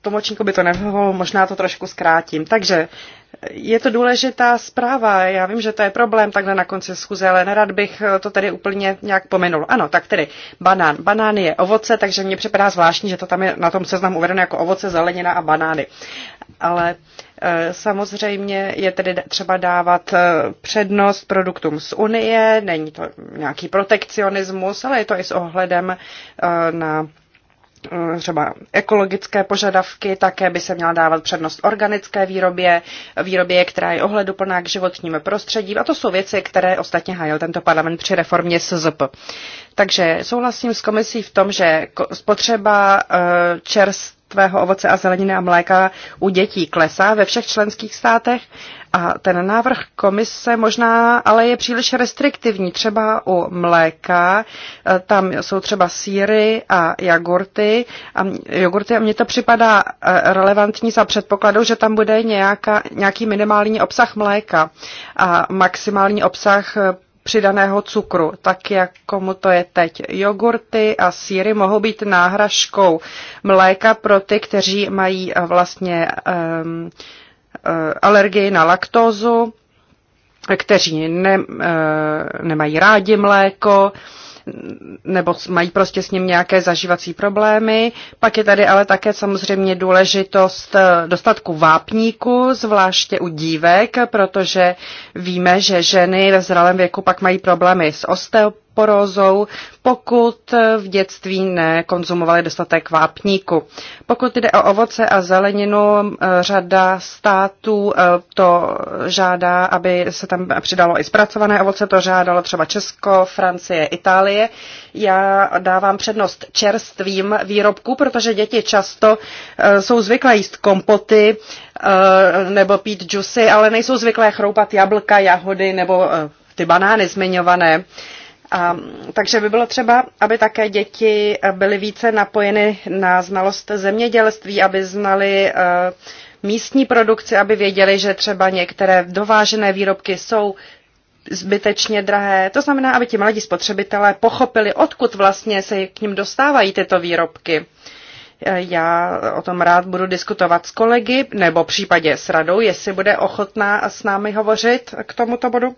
tomočníku by to nevyhovovalo, možná to trošku zkrátím. Takže je to důležitá zpráva. Já vím, že to je problém takhle na konci schůze, ale nerad bych to tady úplně nějak pomenul. Ano, tak tedy banán. Banán je ovoce, takže mně připadá zvláštní, že to tam je na tom seznamu uvedeno jako ovoce, zelenina a banány. Ale e, Samozřejmě je tedy třeba dávat e, přednost produktům z Unie, není to nějaký protekcionismus, ale je to i s ohledem e, na Eh, třeba ekologické požadavky, také by se měla dávat přednost organické výrobě, výrobě, která je ohleduplná k životním prostředí. A to jsou věci, které ostatně hájil tento parlament při reformě SZP. Takže souhlasím s komisí v tom, že spotřeba eh, čerst čerstvého ovoce a zeleniny a mléka u dětí klesá ve všech členských státech a ten návrh komise možná ale je příliš restriktivní. Třeba u mléka, e, tam jsou třeba síry a jogurty a, jogurty a mně to připadá e, relevantní za předpokladu, že tam bude nějaká, nějaký minimální obsah mléka a maximální obsah e, přidaného cukru, tak jak komu to je teď. Jogurty a síry mohou být náhražkou mléka pro ty, kteří mají eh, vlastně um, alergii na laktózu, kteří ne, eh, nemají rádi mléko, nebo mají prostě s ním nějaké zažívací problémy. Pak je tady ale také samozřejmě důležitost eh, dostatku vápníku, zvláště u dívek, protože víme, že ženy ve zralém věku pak mají problémy s osteoporózou, osteoporózou, pokud v dětství nekonzumovali dostatek vápníku. Pokud jde o ovoce a zeleninu, řada států eh, to žádá, aby se tam přidalo i zpracované ovoce, to žádalo třeba Česko, Francie, Itálie. Já dávám přednost čerstvým výrobkům, protože děti často eh, jsou zvyklé jíst kompoty eh, nebo pít džusy, ale nejsou zvyklé chroupat jablka, jahody nebo ty banány zmiňované. Uh, a, takže by bylo třeba, aby také děti byly více napojeny na znalost zemědělství, aby znali e, místní produkci, aby věděli, že třeba některé dovážené výrobky jsou zbytečně drahé. To znamená, aby ti mladí spotřebitelé pochopili, odkud vlastně se k ním dostávají tyto výrobky. E, já o tom rád budu diskutovat s kolegy, nebo případě s radou, jestli bude ochotná s námi hovořit k tomuto bodu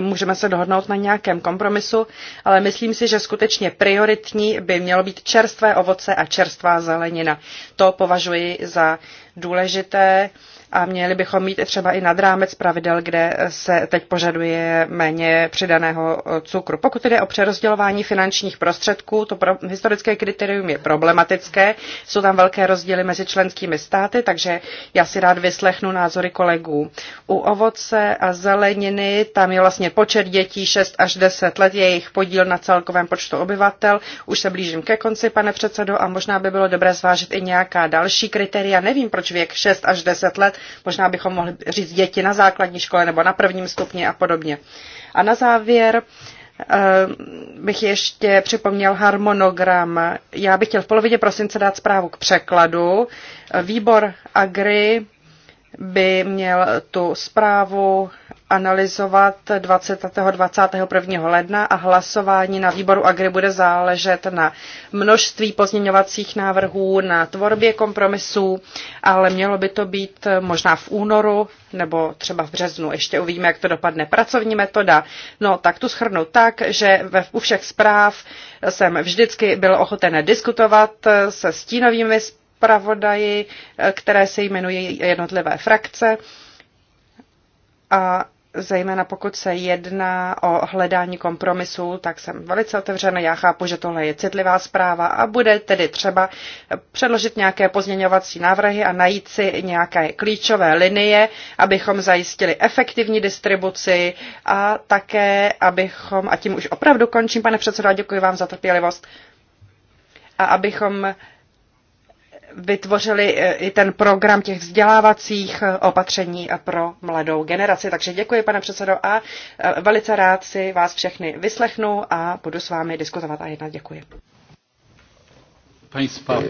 můžeme se dohodnout na nějakém kompromisu, ale myslím si, že skutečně prioritní by mělo být čerstvé ovoce a čerstvá zelenina. To považuji za důležité a měli bychom mít třeba i nad rámec pravidel, kde se teď požaduje méně přidaného cukru. Pokud jde o přerozdělování finančních prostředků, to pro, historické kritérium je problematické, jsou tam velké rozdíly mezi členskými státy, takže já si rád vyslechnu názory kolegů. U ovoce a zeleniny tam je vlastně počet dětí 6 až 10 let, je jejich podíl na celkovém počtu obyvatel. Už se blížím ke konci, pane předsedo, a možná by bylo dobré zvážit i nějaká další kritéria. Nevím, proč věk 6 až 10 let Možná bychom mohli říct děti na základní škole nebo na prvním stupni a podobně. A na závěr eh, bych ještě připomněl harmonogram. Já bych chtěl v polovině prosince dát zprávu k překladu. Výbor Agri by měl tu zprávu analyzovat 20. 21. ledna a hlasování na výboru Agri bude záležet na množství pozměňovacích návrhů, na tvorbě kompromisů, ale mělo by to být možná v únoru nebo třeba v březnu. Ještě uvidíme, jak to dopadne. Pracovní metoda, no tak tu schrnu tak, že ve, u všech zpráv jsem vždycky byl ochoten diskutovat se stínovými zpravodaji, které se jmenují jednotlivé frakce a zejména pokud se jedná o hledání kompromisů, tak jsem velice otevřena. Já chápu, že tohle je citlivá zpráva a bude tedy třeba předložit nějaké pozměňovací návrhy a najít si nějaké klíčové linie, abychom zajistili efektivní distribuci a také, abychom, a tím už opravdu končím, pane předsedo, děkuji vám za trpělivost, a abychom vytvořili eh, i ten program těch vzdělávacích eh, opatření eh, pro mladou generaci. Takže děkuji, pane předsedo, a velice rád si vás všechny vyslechnu a budu s vámi diskutovat a jednat. Děkuji. Państwa,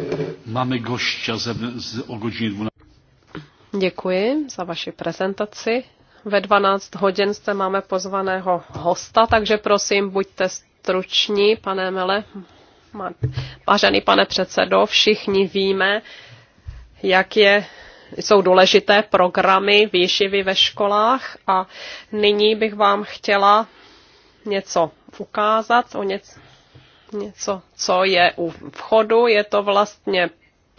máme gošťa z, z, o godzinie 12. Děkuji za vaši prezentaci. Ve 12 hodin jste máme pozvaného hosta, takže prosím, buďte struční, pane Mele, Vážený pane předsedo, všichni víme, jak je jsou důležité programy výživy ve školách a nyní bych vám chtěla něco ukázat, o něco, něco co je u vchodu. Je to vlastně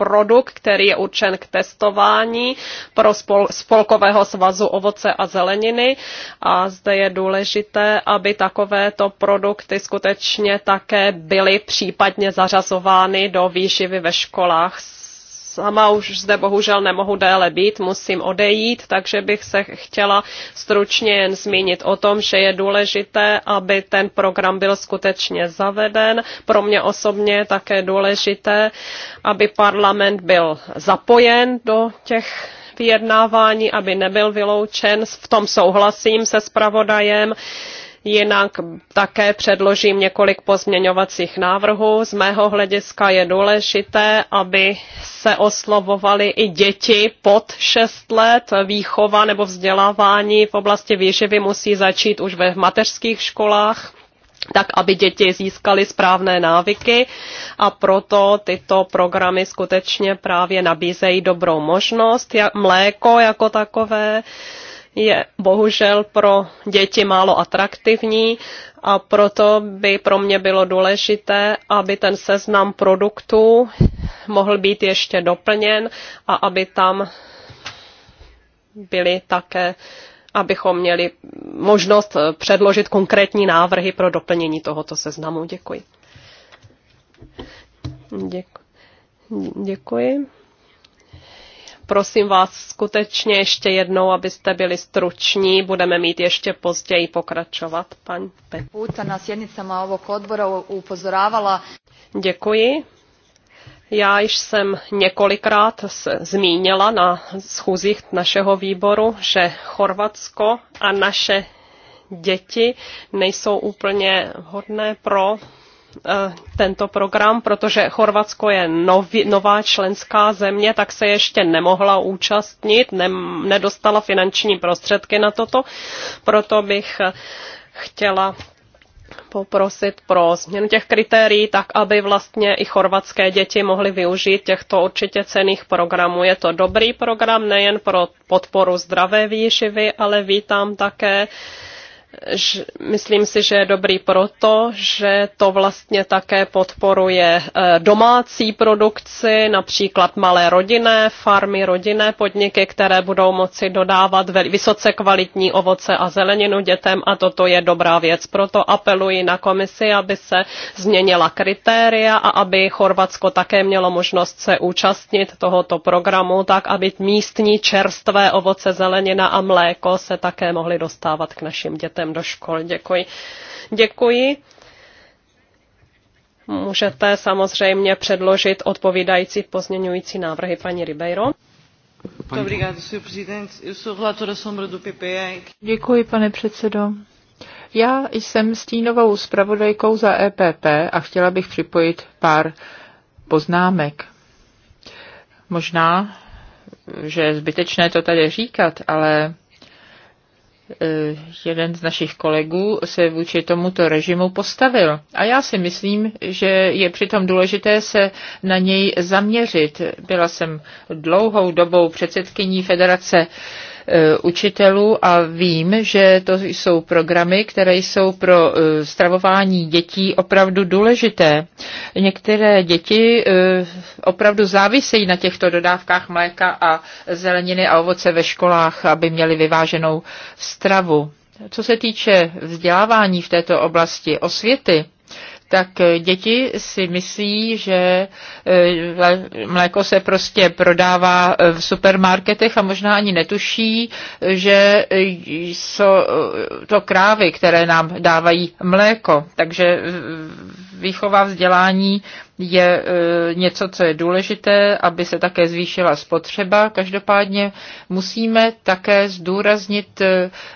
produkt, který je určen k testování pro spol- spolkového svazu ovoce a zeleniny a zde je důležité, aby takovéto produkty skutečně také byly případně zařazovány do výživy ve školách sama už zde bohužel nemohu déle být, musím odejít, takže bych se chtěla stručně jen zmínit o tom, že je důležité, aby ten program byl skutečně zaveden. Pro mě osobně je také důležité, aby parlament byl zapojen do těch vyjednávání, aby nebyl vyloučen. V tom souhlasím se spravodajem. Jinak také předložím několik pozměňovacích návrhů. Z mého hlediska je důležité, aby se oslovovaly i děti pod 6 let. Výchova nebo vzdělávání v oblasti výživy musí začít už ve mateřských školách tak aby děti získaly správné návyky a proto tyto programy skutečně právě nabízejí dobrou možnost. Mléko jako takové je bohužel pro děti málo atraktivní a proto by pro mě bylo důležité, aby ten seznam produktů mohl být ještě doplněn a aby tam byly také abychom měli možnost předložit konkrétní návrhy pro doplnění tohoto seznamu. Děkuji. Děkuji. Děkuji prosím vás skutečně ještě jednou, abyste byli struční. Budeme mít ještě později pokračovat. paní Pe. Puta na sjednicama ovog odbora upozoravala. Děkuji. Já již jsem několikrát zmínila na schůzích našeho výboru, že Chorvatsko a naše děti nejsou úplně hodné pro Eh, tento program, protože Chorvatsko je nový, nová členská země, tak se ještě nemohla účastnit, ne, nedostala finanční prostředky na toto. Proto bych eh, chtěla poprosit pro změnu těch kritérií, tak aby vlastně i chorvatské děti mohly využít těchto určitě cených programů. Je to dobrý program nejen pro podporu zdravé výživy, ale vítám také uh, myslím si, že je dobrý proto, že to vlastně také podporuje eh, domácí produkci, například malé rodinné farmy, rodinné podniky, které budou moci dodávat vysoce kvalitní ovoce a zeleninu dětem a toto je dobrá věc. Proto apeluji na komisi, aby se změnila kritéria a aby Chorvatsko také mělo možnost se účastnit tohoto programu, tak aby místní čerstvé ovoce, zelenina a mléko se také mohly dostávat k našim dětem do škol. Děkuji. Děkuji. Můžete samozřejmě předložit odpovídající pozměňující návrhy paní Ribeiro. E. Děkuji, pane předsedo. Já jsem stínovou zpravodajkou za EPP a chtěla bych připojit pár poznámek. Možná, že je zbytečné to tady říkat, ale Eh, jeden z našich kolegů se vůči tomuto režimu postavil. A já si myslím, že je přitom důležité se na něj zaměřit. Byla jsem dlouhou dobou předsedkyní Federace E, učitelů a vím, že to jsou programy, které jsou pro e, stravování dětí opravdu důležité. Některé děti e, opravdu závisejí na těchto dodávkách mléka a zeleniny a ovoce ve školách, aby měli vyváženou stravu. Co se týče vzdělávání v této oblasti osvěty, tak eh, děti si myslí, že eh, mléko se prostě prodává eh, v supermarketech a možná ani netuší, že jsou to krávy, které nám dávají mléko. Takže výchova vzdělání je e, něco, co je důležité, aby se také zvýšila spotřeba. Každopádně musíme také zdůraznit e,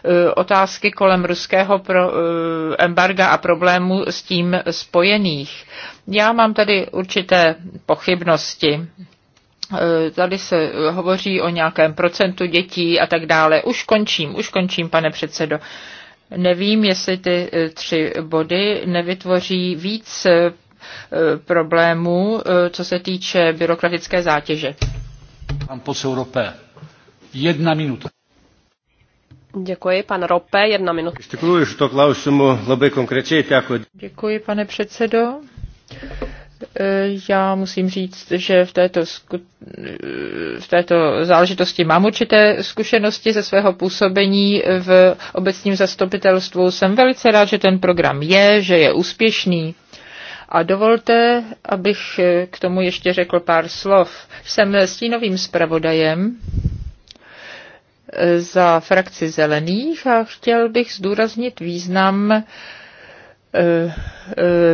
e, otázky kolem ruského embarga a problémů s tím spojených. Já mám tady určité pochybnosti tady se hovoří o nějakém procentu dětí a tak dále. Už končím, už končím, pane předsedo. Nevím, jestli ty tři body nevytvoří víc Eh, problémů, eh, co se týče byrokratické zátěže. Pan posel Rope, jedna minuta. Děkuji, pan Rope, jedna minuta. Děkuji, pane předsedo. Eh, já musím říct, že v této, sku... v této záležitosti mám určité zkušenosti ze svého působení v obecním zastupitelstvu. Jsem velice rád, že ten program je, že je úspěšný a dovolte, abych eh, k tomu ještě řekl pár slov. Jsem stínovým zpravodajem eh, za frakci zelených a chtěl bych zdůraznit význam eh,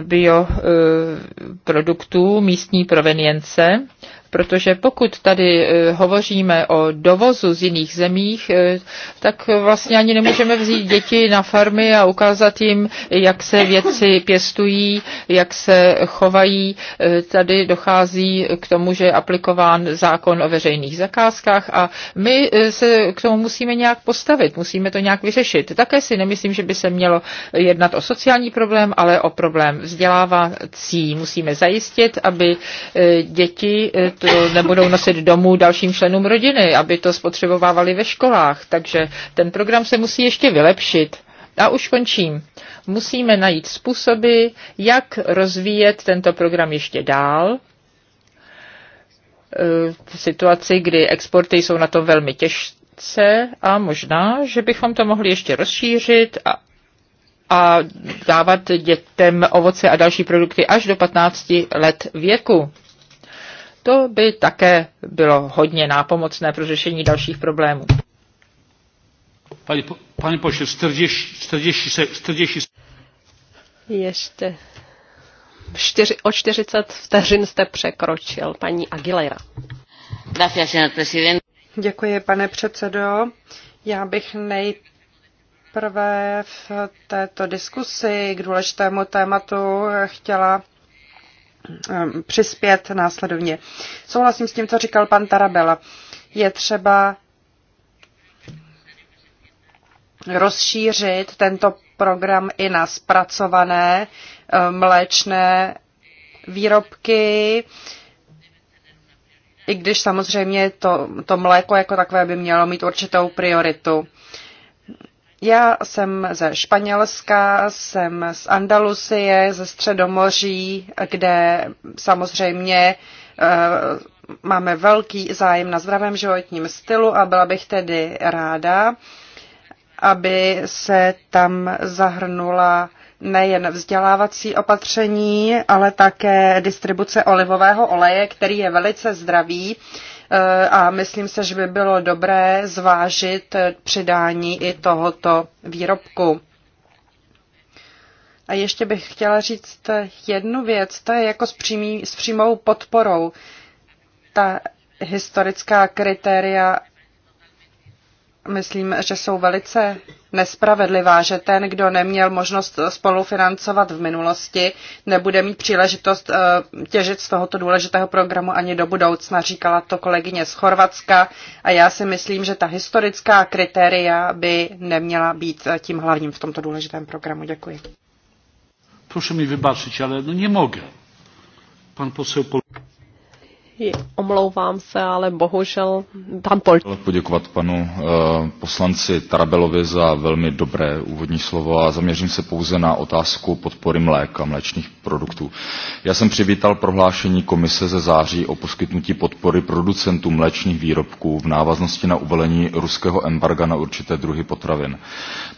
bioproduktů místní provenience protože pokud tady eh, hovoříme o dovozu z jiných zemích, eh, tak vlastně ani nemůžeme vzít děti na farmy a ukázat jim, jak se věci pěstují, jak se chovají. Eh, tady dochází k tomu, že je aplikován zákon o veřejných zakázkách a my se k tomu musíme nějak postavit, musíme to nějak vyřešit. Také si nemyslím, že by se mělo jednat o sociální problém, ale o problém vzdělávací. Musíme zajistit, aby děti nebudou nosit domů dalším členům rodiny, aby to spotřebovávali ve školách. Takže ten program se musí ještě vylepšit. A už končím. Musíme najít způsoby, jak rozvíjet tento program ještě dál. E, v situaci, kdy exporty jsou na to velmi těžce a možná, že bychom to mohli ještě rozšířit a, a dávat dětem ovoce a další produkty až do 15 let věku. To by také bylo hodně nápomocné pro řešení dalších problémů. Pani, pani pošle, 40, 40, Ještě čtyři, o 40 vteřin jste překročil, paní Aguilera. Děkuji, pane předsedo. Já bych nejprve v této diskusi k důležitému tématu chtěla Um, přispět následovně. Souhlasím s tím, co říkal pan Tarabela. Je třeba rozšířit tento program i na zpracované um, mléčné výrobky, i když samozřejmě to, to mléko jako takové by mělo mít určitou prioritu. Já jsem ze Španělska, jsem z Andalusie, ze Středomoří, kde samozřejmě eh, máme velký zájem na zdravém životním stylu a byla bych tedy ráda, aby se tam zahrnula nejen vzdělávací opatření, ale také distribuce olivového oleje, který je velice zdravý Eh, a myslím se, že by bylo dobré zvážit eh, přidání i tohoto výrobku. A ještě bych chtěla říct eh, jednu věc, to je jako s, přímý, s přímou podporou. Ta historická kritéria, myslím, že jsou velice nespravedlivá, že ten, kdo neměl možnost spolufinancovat v minulosti, nebude mít příležitost eh, těžit z tohoto důležitého programu ani do budoucna, říkala to kolegyně z Chorvatska a já si myslím, že ta historická kritéria by neměla být eh, tím hlavním v tomto důležitém programu. Děkuji. Proszę mi wybaczyć, ale no nie mogę. Pan poseł Pol... Omlouvám se, ale bohužel tam pol. Poděkovat panu eh, poslanci Tarabelovi za velmi dobré úvodní slovo a zaměřím se pouze na otázku podpory mléka, mléčných produktů. Já jsem přivítal prohlášení komise ze září o poskytnutí podpory producentů mléčných výrobků v návaznosti na uvalení ruského embarga na určité druhy potravin.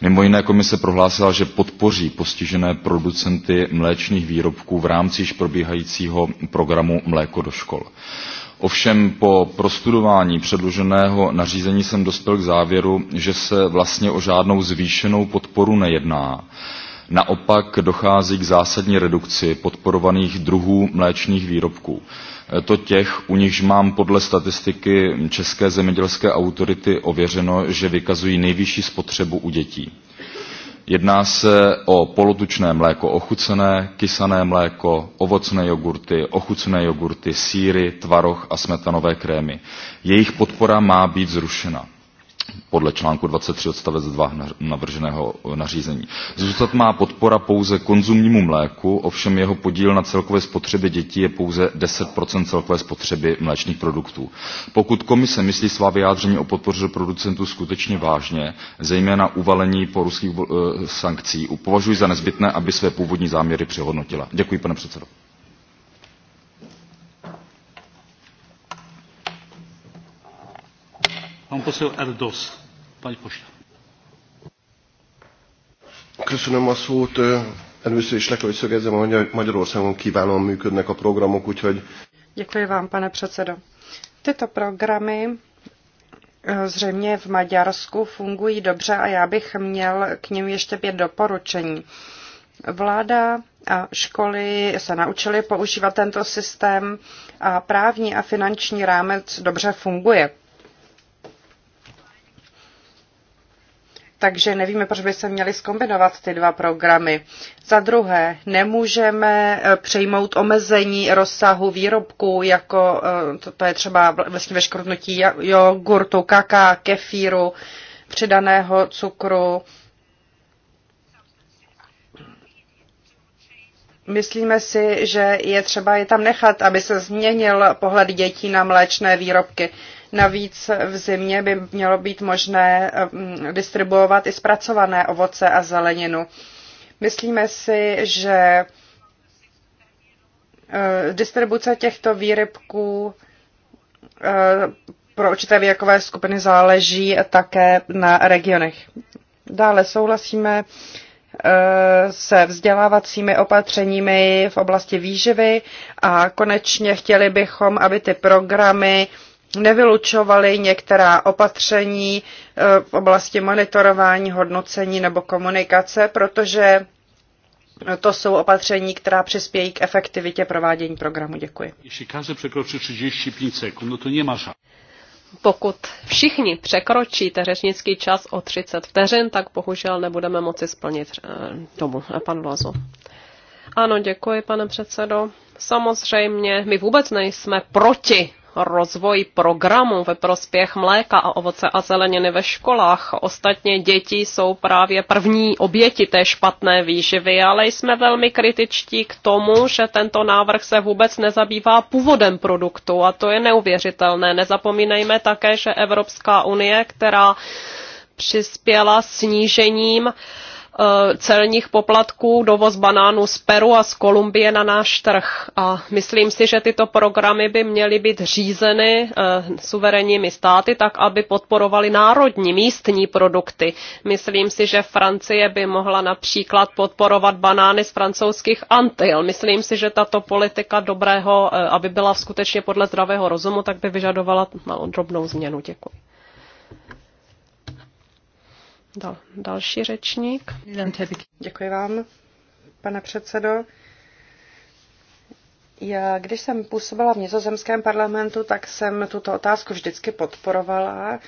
Mimo jiné komise prohlásila, že podpoří postižené producenty mléčných výrobků v rámci již probíhajícího programu Mléko do škol ovšem po prostudování předloženého nařízení jsem dospěl k závěru že se vlastně o žádnou zvýšenou podporu nejedná naopak dochází k zásadní redukci podporovaných druhů mléčných výrobků e, to těch u nichž mám podle statistiky české zemědělské autority ověřeno že vykazují nejvyšší spotřebu u dětí Jedná se o polotučné mléko ochucené, kysané mléko, ovocné jogurty, ochucené jogurty, sýry, tvaroh a smetanové krémy. Jejich podpora má být zrušena podle článku 23 odstavec 2 navrženého nařízení. Zůstat má podpora pouze konzumnímu mléku, ovšem jeho podíl na celkové spotřebě dětí je pouze 10 celkové spotřeby mléčných produktů. Pokud komise myslí svá vyjádření o podpoře producentů skutečně vážně, zejména uvalení po ruských eh, sankcí, považuji za nezbytné, aby své původní záměry přehodnotila. Děkuji, pane předsedo. Köszönöm a szót. Először is le kell, hogy szögezzem, hogy Magyarországon kiválóan működnek a programok, úgyhogy... Děkuji vám, pane předsedo. Tyto programy eh, zřejmě v Maďarsku fungují dobře a já bych měl k ním ještě pět doporučení. Vláda a školy se naučily používat tento systém a právní a finanční rámec dobře funguje. takže nevíme, proč by se měly skombinovat ty dva programy. Za druhé, nemůžeme eh, přejmout omezení rozsahu výrobků, jako eh, to, to je třeba vlastně ve škrtnutí jogurtu, kaká, kefíru, přidaného cukru. Myslíme si, že je třeba je tam nechat, aby se změnil pohled dětí na mléčné výrobky. Navíc v zimě by mělo být možné mm, distribuovat i zpracované ovoce a zeleninu. Myslíme si, že e, distribuce těchto výrybků e, pro určité věkové skupiny záleží také na regionech. Dále souhlasíme e, se vzdělávacími opatřeními v oblasti výživy a konečně chtěli bychom, aby ty programy nevylučovaly některá opatření e, v oblasti monitorování, hodnocení nebo komunikace, protože to jsou opatření, která přispějí k efektivitě provádění programu. Děkuji. překročí 35 sekund, no to Pokud všichni překročíte řečnický čas o 30 vteřin, tak bohužel nebudeme moci splnit e, tomu, e, Pan Lozo. Ano, děkuji, pane předsedo. Samozřejmě, my vůbec nejsme proti rozvoj programů ve prospěch mléka a ovoce a zeleniny ve školách. Ostatně děti jsou právě první oběti té špatné výživy, ale jsme velmi kritičtí k tomu, že tento návrh se vůbec nezabývá původem produktu a to je neuvěřitelné. Nezapomínejme také, že Evropská unie, která přispěla snížením uh, Eh, celních poplatků dovoz banánů z Peru a z Kolumbie na náš trh. A myslím si, že tyto programy by měly být řízeny eh, suverénními státy tak, aby podporovaly národní místní produkty. Myslím si, že Francie by mohla například podporovat banány z francouzských Antil. Myslím si, že tato politika dobrého, eh, aby byla skutečně podle zdravého rozumu, tak by vyžadovala malou drobnou změnu. Děkuji. Dal, další řečník. Děkuji vám, pane předsedo. Já, když jsem působila v nizozemském parlamentu, tak jsem tuto otázku vždycky podporovala.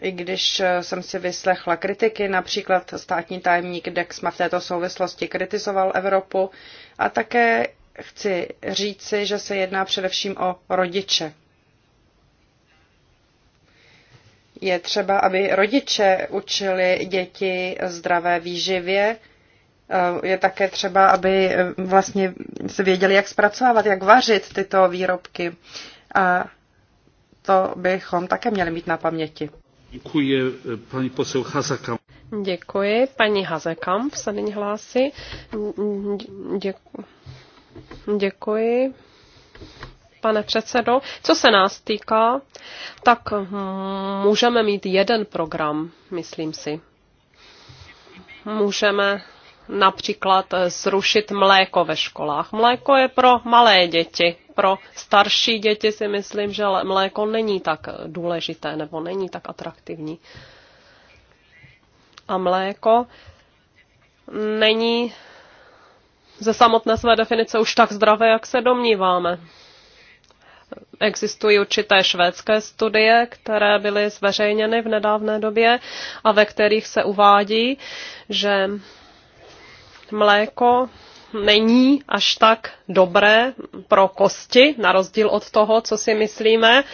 I když jsem si vyslechla kritiky, například státní tajemník Dexma v této souvislosti kritizoval Evropu a také chci říci, že se jedná především o rodiče Je třeba, aby rodiče učili děti zdravé výživě. Eh, je také třeba, aby eh, vlastně se věděli, jak zpracovávat, jak vařit tyto výrobky. A to bychom také měli mít na paměti. Děkuji eh, paní posel Hazakam. Děkuji. Paní Hazekamp se nyní hlásí. Děkuji. Děkuji pane předsedo. Co se nás týká, tak můžeme mít jeden program, myslím si. Můžeme například zrušit mléko ve školách. Mléko je pro malé děti. Pro starší děti si myslím, že mléko není tak důležité nebo není tak atraktivní. A mléko není ze samotné své definice už tak zdravé, jak se domníváme. Existují určité švédské studie, které byly zveřejněny v nedávné době a ve kterých se uvádí, že mléko není až tak dobré pro kosti, na rozdíl od toho, co si myslíme,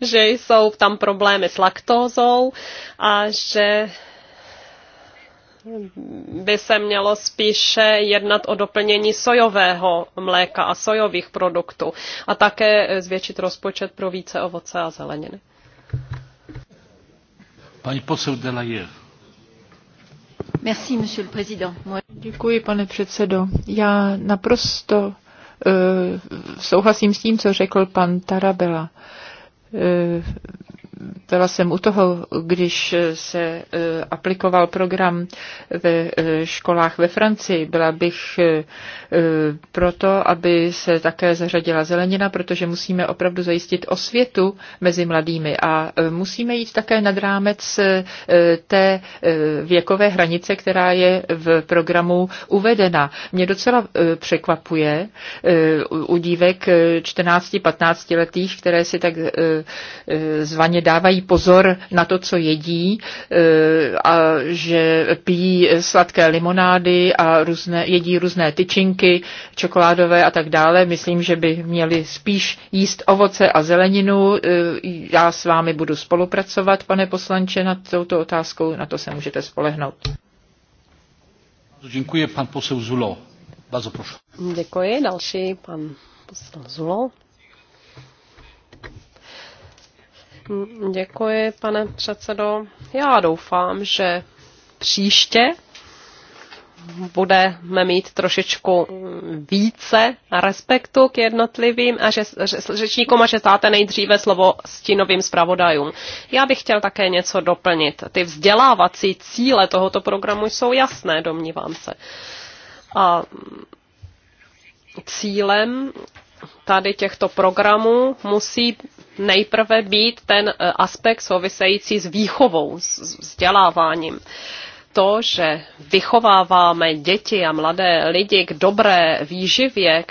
že jsou tam problémy s laktózou a že by se mělo spíše jednat o doplnění sojového mléka a sojových produktů a také zvětšit rozpočet pro více ovoce a zeleniny. Pani posel Delajev. Merci, monsieur le président. Děkuji, pane předsedo. Já naprosto uh, souhlasím s tím, co řekl pan Tarabela. Uh, byla jsem u toho, když se e, aplikoval program ve e, školách ve Francii. Byla bych e, proto, aby se také zařadila zelenina, protože musíme opravdu zajistit osvětu mezi mladými a musíme jít také nad rámec té věkové hranice, která je v programu uvedena. Mě docela překvapuje u dívek 14-15 letých, které si tak zvaně dá dávají pozor na to, co jedí eh, a že pijí sladké limonády a různé, jedí různé tyčinky, čokoládové a tak dále. Myslím, že by měli spíš jíst ovoce a zeleninu. Eh, já s vámi budu spolupracovat, pane poslanče, nad touto otázkou, na to se můžete spolehnout. Děkuji, pan posel Zulo. Děkuji, další pan poslanec Zulo. Děkuji, pane předsedo. Já doufám, že příště budeme mít trošičku více respektu k jednotlivým a že, že, řečníkům a že dáte nejdříve slovo stínovým zpravodajům. Já bych chtěl také něco doplnit. Ty vzdělávací cíle tohoto programu jsou jasné, domnívám se. A cílem tady těchto programů musí nejprve být ten eh, aspekt související s výchovou, s vzděláváním to, že vychováváme děti a mladé lidi k dobré výživě,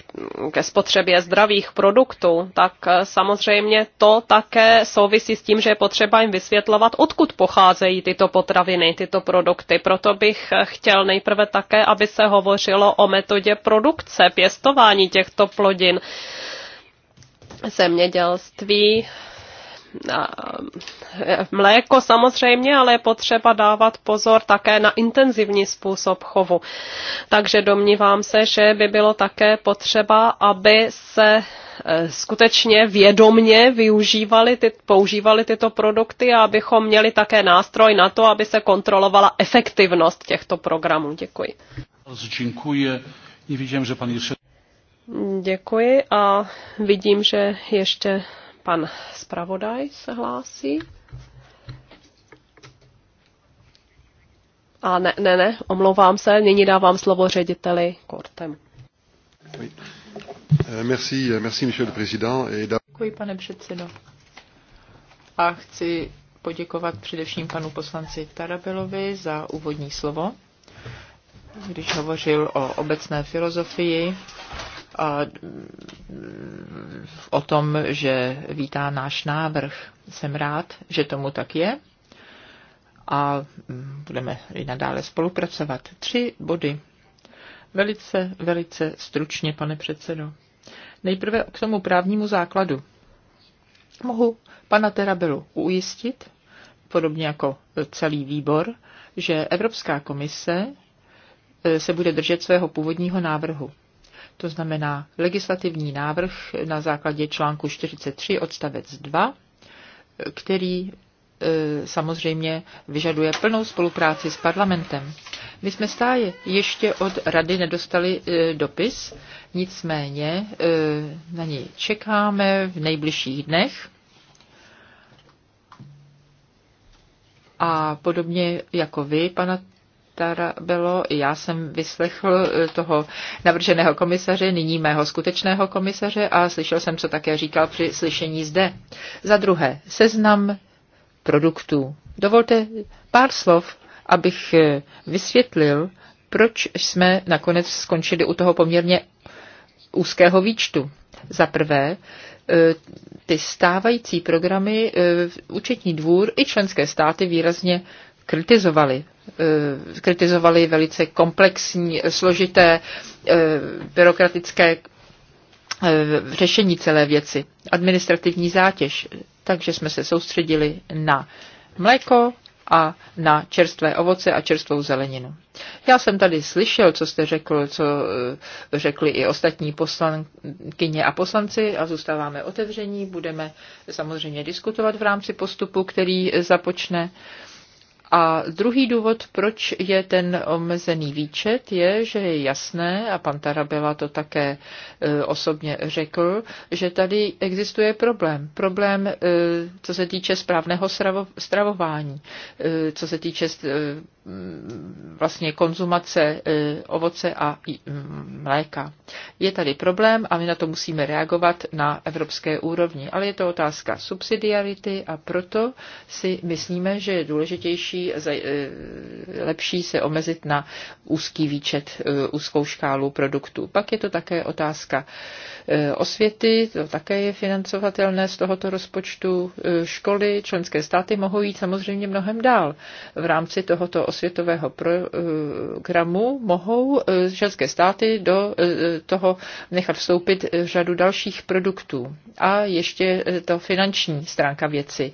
ke spotřebě zdravých produktů, tak eh, samozřejmě to také souvisí s tím, že je potřeba jim vysvětlovat, odkud pocházejí tyto potraviny, tyto produkty. Proto bych eh, chtěl nejprve také, aby se hovořilo o metodě produkce, pěstování těchto plodin, zemědělství, E, mléko samozřejmě, ale je potřeba dávat pozor také na intenzivní způsob chovu. Takže domnívám se, že by bylo také potřeba, aby se e, skutečně vědomně využívali, ty, používali tyto produkty a abychom měli také nástroj na to, aby se kontrolovala efektivnost těchto programů. Děkuji. Děkuji. že Děkuji a vidím, že ještě Pan zpravodaj se hlásí. A ne, ne, ne, omlouvám se, nyní dávám slovo řediteli Kortem. Euh, merci, merci, monsieur le président. Děkuji, pane předsedo. A chci poděkovat především panu poslanci Tarabilovi za úvodní slovo, když hovořil o obecné filozofii a mm, o tom, že vítá náš návrh. Jsem rád, že tomu tak je a mm, budeme i nadále spolupracovat. Tři body. Velice, velice stručně, pane předsedo. Nejprve k tomu právnímu základu. Mohu pana Terabelu ujistit, podobně jako celý výbor, že Evropská komise e, se bude držet svého původního návrhu to znamená legislativní návrh na základě článku 43 odstavec 2, který e, samozřejmě vyžaduje plnou spolupráci s parlamentem. My jsme stále ještě od rady nedostali e, dopis, nicméně e, na něj čekáme v nejbližších dnech. A podobně jako vy, pana, bylo. já jsem vyslechl eh, toho navrženého komisaře, nyní mého skutečného komisaře a slyšel jsem, co také říkal při slyšení zde. Za druhé, seznam produktů. Dovolte pár slov, abych eh, vysvětlil, proč jsme nakonec skončili u toho poměrně úzkého výčtu. Za prvé, eh, ty stávající programy účetní dvůr i členské státy výrazně kritizovali. Eh, kritizovali velice komplexní, složité eh, byrokratické eh, řešení celé věci, administrativní zátěž. Takže jsme se soustředili na mléko a na čerstvé ovoce a čerstvou zeleninu. Já jsem tady slyšel, co jste řekl, co řekli i ostatní poslankyně a poslanci a zůstáváme otevření. Budeme samozřejmě diskutovat v rámci postupu, který započne. A druhý důvod, proč je ten omezený výčet, je, že je jasné, a pan Tarabela to také e, osobně řekl, že tady existuje problém. Problém, e, co se týče správného stravování, e, co se týče vlastně konzumace ovoce a mléka. Je tady problém a my na to musíme reagovat na evropské úrovni. Ale je to otázka subsidiarity a proto si myslíme, že je důležitější lepší, eh, lepší se omezit na úzký výčet, eh, úzkou škálu produktů. Pak je to také otázka eh, osvěty, to také je financovatelné z tohoto rozpočtu. Školy, členské státy mohou jít samozřejmě mnohem dál. V rámci tohoto osvětového programu mohou členské státy do toho nechat vstoupit řadu dalších produktů. A ještě to finanční stránka věci,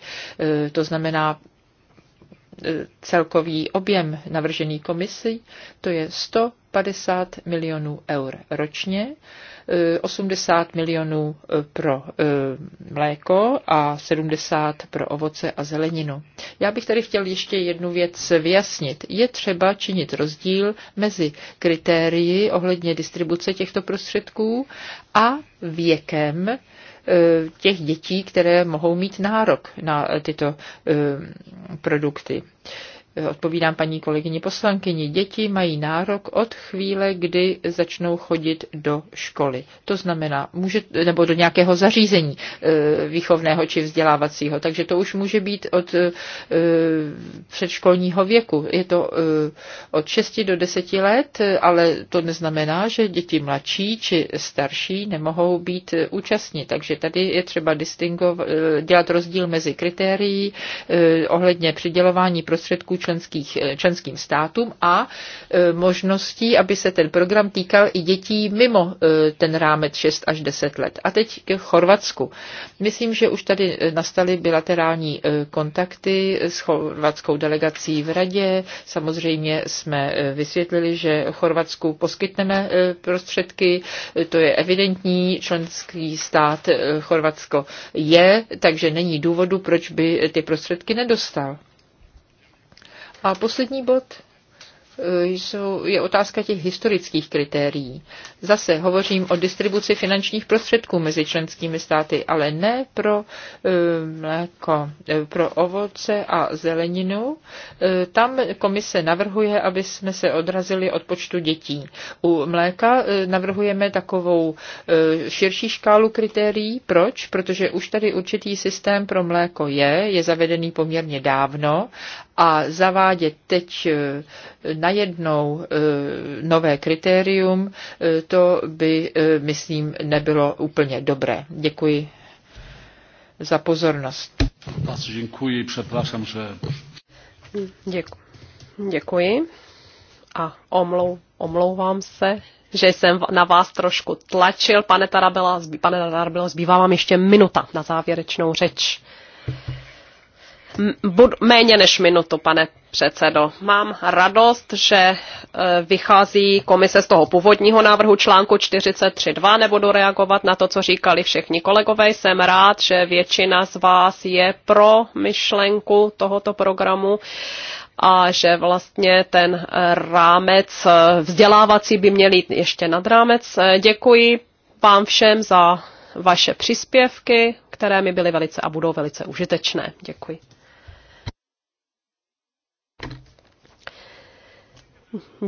to znamená E, celkový objem navržený komisí, to je 150 milionů eur ročně, 80 e, milionů e, pro mléko a 70 pro ovoce a zeleninu. Já bych tady chtěl ještě jednu věc vyjasnit. Je třeba činit rozdíl mezi kritérii ohledně distribuce těchto prostředků a věkem Eh, těch dětí, které mohou mít nárok na tyto eh, produkty. Odpovídám paní kolegyni poslankyni. Děti mají nárok od chvíle, kdy začnou chodit do školy. To znamená, může, nebo do nějakého zařízení eh, výchovného či vzdělávacího. Takže to už může být od eh, předškolního věku. Je to eh, od 6 do 10 let, ale to neznamená, že děti mladší či starší nemohou být účastní. Takže tady je třeba dělat rozdíl mezi kritérií ohledně přidělování prostředků členských, eh, členským státům a eh, možností, aby se ten program týkal i dětí mimo eh, ten rámec 6 až 10 let. A teď k Chorvatsku. Myslím, že už tady nastaly bilaterální kontakty s chorvatskou delegací v radě. Samozřejmě jsme vysvětlili, že Chorvatsku poskytneme prostředky. To je evidentní. Členský stát Chorvatsko je, takže není důvodu, proč by ty prostředky nedostal. A poslední bod e, jsou, je otázka těch historických kritérií. Zase hovořím o distribuci finančních prostředků mezi členskými státy, ale ne pro e, mléko, e, pro ovoce a zeleninu. Tam komise navrhuje, aby jsme se odrazili od počtu dětí. U mléka navrhujeme takovou širší škálu kritérií. Proč? Protože už tady určitý systém pro mléko je, je zavedený poměrně dávno a zavádět teď eh, najednou eh, nové kritérium, eh, to by, myslím, nebylo úplně dobré. Děkuji za pozornost. děkuji, přepraszam, že... Děkuji. a omlou, omlouvám se, že jsem na vás trošku tlačil. Pane Tarabela, zbývá vám ještě minuta na závěrečnou řeč méně než minutu, pane předsedo. Mám radost, že e, vychází komise z toho původního návrhu článku 43.2. Nebudu reagovat na to, co říkali všichni kolegové. Jsem rád, že většina z vás je pro myšlenku tohoto programu a že vlastně ten e, rámec e, vzdělávací by měl jít ještě nad rámec. Děkuji vám všem za vaše příspěvky, které mi byly velice a budou velice užitečné. Děkuji.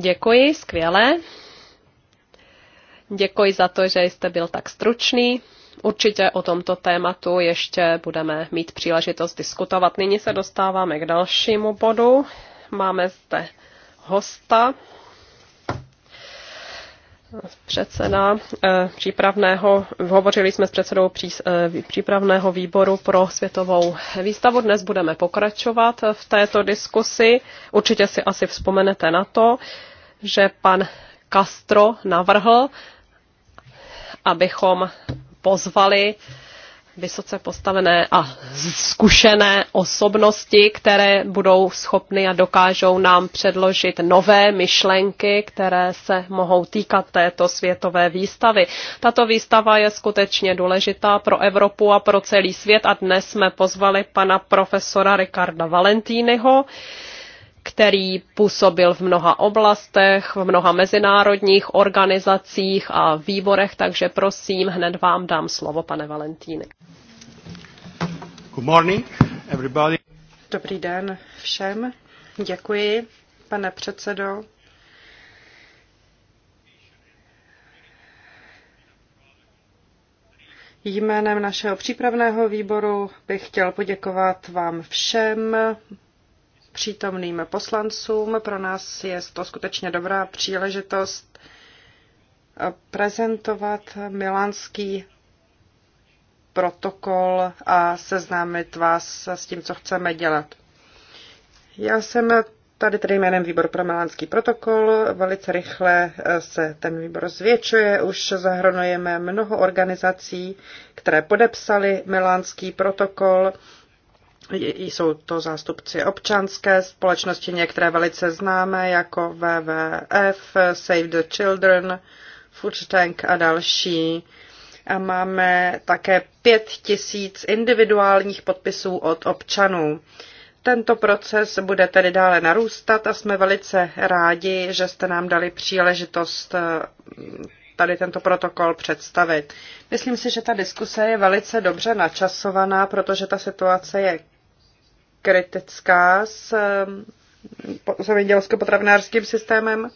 Děkuji, skvěle. Děkuji za to, že jste byl tak stručný. Určitě o tomto tématu ještě budeme mít příležitost diskutovat. Nyní se dostáváme k dalšímu bodu. Máme zde hosta předseda eh, přípravného, hovořili jsme s předsedou eh, přípravného výboru pro světovou výstavu. Dnes budeme pokračovat v této diskusi. Určitě si asi vzpomenete na to, že pan Castro navrhl, abychom pozvali vysoce postavené a zkušené osobnosti, které budou schopny a dokážou nám předložit nové myšlenky, které se mohou týkat této světové výstavy. Tato výstava je skutečně důležitá pro Evropu a pro celý svět a dnes jsme pozvali pana profesora Ricarda Valentínyho, který působil v mnoha oblastech, v mnoha mezinárodních organizacích a výborech, takže prosím, hned vám dám slovo, pane Valentíny. Good morning, everybody. Dobrý den všem. Děkuji, pane předsedo. Jménem našeho přípravného výboru bych chtěl poděkovat vám všem, přítomným poslancům. Pro nás je to skutečně dobrá příležitost prezentovat milánský protokol a seznámit vás s tím, co chceme dělat. Já jsem tady tedy jménem výbor pro milánský protokol. Velice rychle se ten výbor zvětšuje. Už zahrnujeme mnoho organizací, které podepsali milánský protokol. Jsou to zástupci občanské společnosti, některé velice známé jako WWF, Save the Children, Food Tank a další. A máme také pět tisíc individuálních podpisů od občanů. Tento proces bude tedy dále narůstat a jsme velice rádi, že jste nám dali příležitost eh, tady tento protokol představit. Myslím si, že ta diskuse je velice dobře načasovaná, protože ta situace je kritická s ehm, zemědělsko-potravinářským systémem.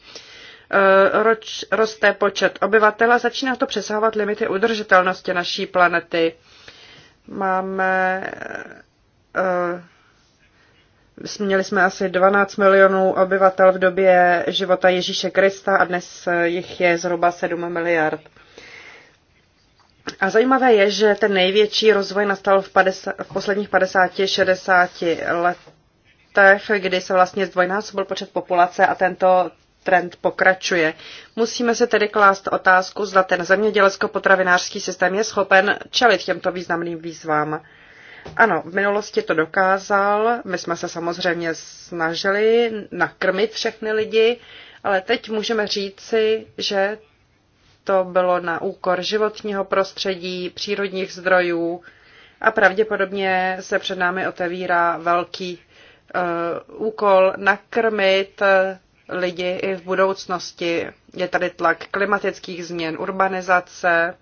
Eh, roč, roste počet obyvatel a začíná to přesahovat limity udržitelnosti naší planety. Máme eh, Měli jsme asi 12 milionů obyvatel v době života Ježíše Krista a dnes eh, jich je zhruba 7 miliard. A zajímavé je, že ten největší rozvoj nastal v, 50, v posledních 50-60 letech, kdy se vlastně zdvojnásobil počet populace a tento trend pokračuje. Musíme se tedy klást otázku, zda ten zemědělsko-potravinářský systém je schopen čelit těmto významným výzvám. Ano, v minulosti to dokázal, my jsme se samozřejmě snažili nakrmit všechny lidi, ale teď můžeme říci, že to bylo na úkor životního prostředí, přírodních zdrojů a pravděpodobně se před námi otevírá velký uh, úkol nakrmit eh, lidi i v budoucnosti. Je tady tlak klimatických změn, urbanizace,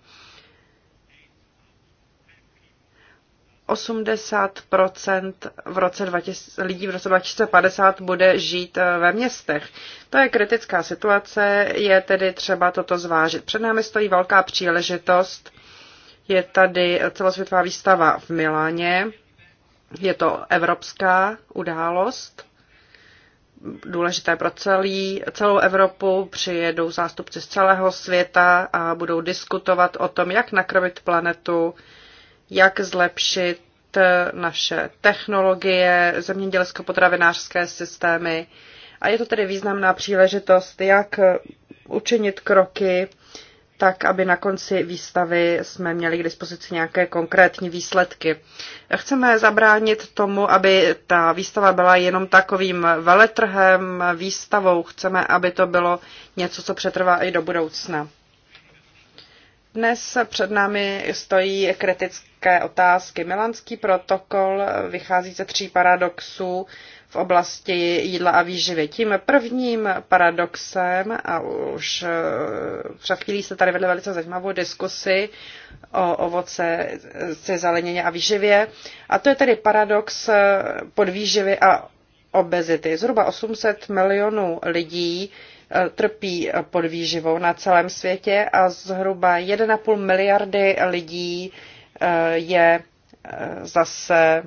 80 v roce 20, lidí v roce 2050 bude žít eh, ve městech. To je kritická situace, je tedy třeba toto zvážit. Před námi stojí velká příležitost. Je tady celosvětová výstava v Miláně. Je to evropská událost, důležité pro celý, celou Evropu. Přijedou zástupci z celého světa a budou diskutovat o tom, jak nakrmit planetu jak zlepšit eh, naše technologie, zemědělsko-potravinářské systémy. A je to tedy významná příležitost, jak eh, učinit kroky, tak aby na konci výstavy jsme měli k dispozici nějaké konkrétní výsledky. Chceme zabránit tomu, aby ta výstava byla jenom takovým veletrhem, výstavou. Chceme, aby to bylo něco, co přetrvá i do budoucna. Dnes před námi stojí kritické otázky. Milanský protokol vychází ze tří paradoxů v oblasti jídla a výživy. Tím prvním paradoxem, a už eh, před chvílí se tady vedle velice zajímavou diskusi o ovoce, eh, zelenině a výživě, a to je tedy paradox eh, podvýživy a obezity. Zhruba 800 milionů lidí Eh, trpí podvýživou na celém světě a zhruba 1,5 miliardy lidí eh, je eh, zase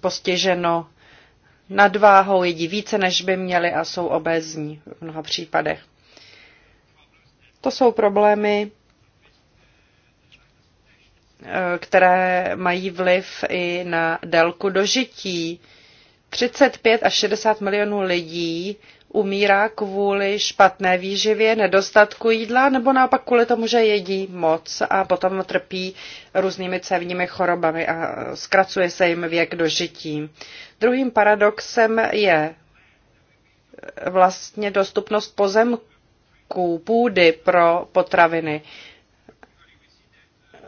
postiženo nadváhou, jedí více, než by měli a jsou obézní v mnoha případech. To jsou problémy, které mají vliv i na délku dožití. 35 až 60 milionů lidí umírá kvůli špatné výživě, nedostatku jídla, nebo naopak kvůli tomu, že jedí moc a potom trpí různými cévními chorobami a zkracuje se jim věk dožití. Druhým paradoxem je vlastně dostupnost pozemků, půdy pro potraviny.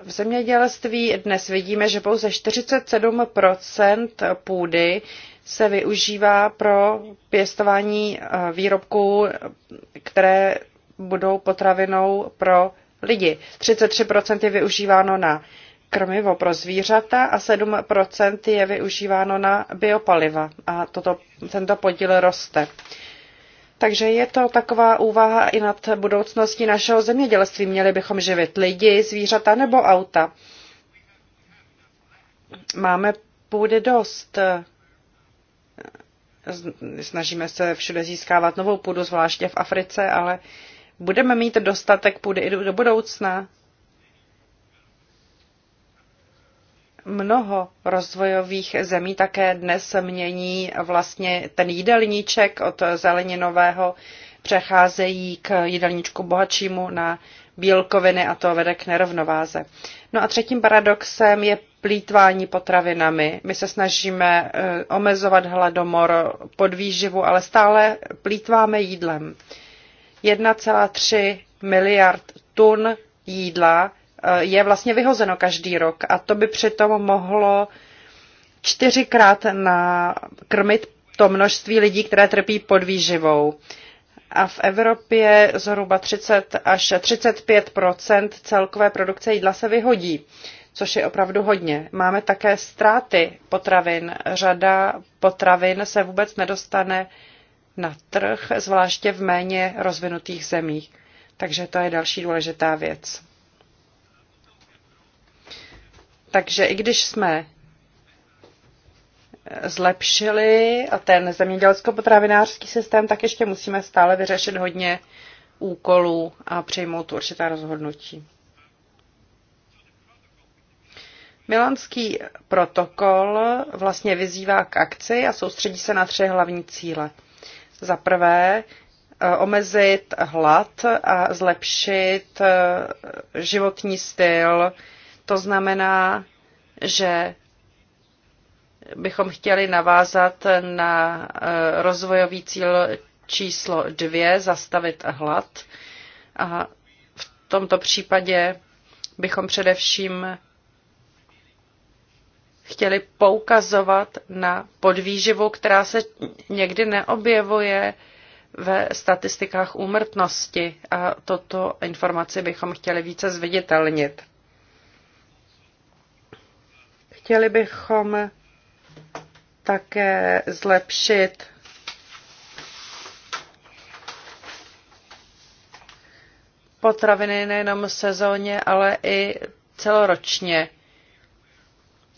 V zemědělství dnes vidíme, že pouze 47 půdy se využívá pro pěstování eh, výrobků, které budou potravinou pro lidi. 33% je využíváno na krmivo pro zvířata a 7% je využíváno na biopaliva a toto, tento podíl roste. Takže je to taková úvaha i nad budoucností našeho zemědělství. Měli bychom živit lidi, zvířata nebo auta. Máme půdy dost. Snažíme se všude získávat novou půdu, zvláště v Africe, ale budeme mít dostatek půdy i do budoucna. Mnoho rozvojových zemí také dnes mění vlastně ten jídelníček od zeleninového přecházejí k jídelníčku bohatšímu na bílkoviny a to vede k nerovnováze. No a třetím paradoxem je plítvání potravinami. My se snažíme eh, omezovat hladomor, podvýživu, ale stále plítváme jídlem. 1,3 miliard tun jídla eh, je vlastně vyhozeno každý rok a to by přitom mohlo čtyřikrát nakrmit to množství lidí, které trpí podvýživou. A v Evropě zhruba 30 až 35 celkové produkce jídla se vyhodí což je opravdu hodně. Máme také ztráty potravin. Řada potravin se vůbec nedostane na trh, zvláště v méně rozvinutých zemích. Takže to je další důležitá věc. Takže i když jsme zlepšili a ten zemědělsko-potravinářský systém, tak ještě musíme stále vyřešit hodně úkolů a přijmout určitá rozhodnutí. Milánský protokol vlastně vyzývá k akci a soustředí se na tři hlavní cíle. Za prvé, eh, omezit hlad a zlepšit eh, životní styl. To znamená, že bychom chtěli navázat na eh, rozvojový cíl číslo dvě, zastavit hlad. A v tomto případě bychom především chtěli poukazovat na podvýživu, která se někdy neobjevuje ve statistikách úmrtnosti a toto informaci bychom chtěli více zviditelnit. Chtěli bychom také zlepšit potraviny nejenom sezóně, ale i celoročně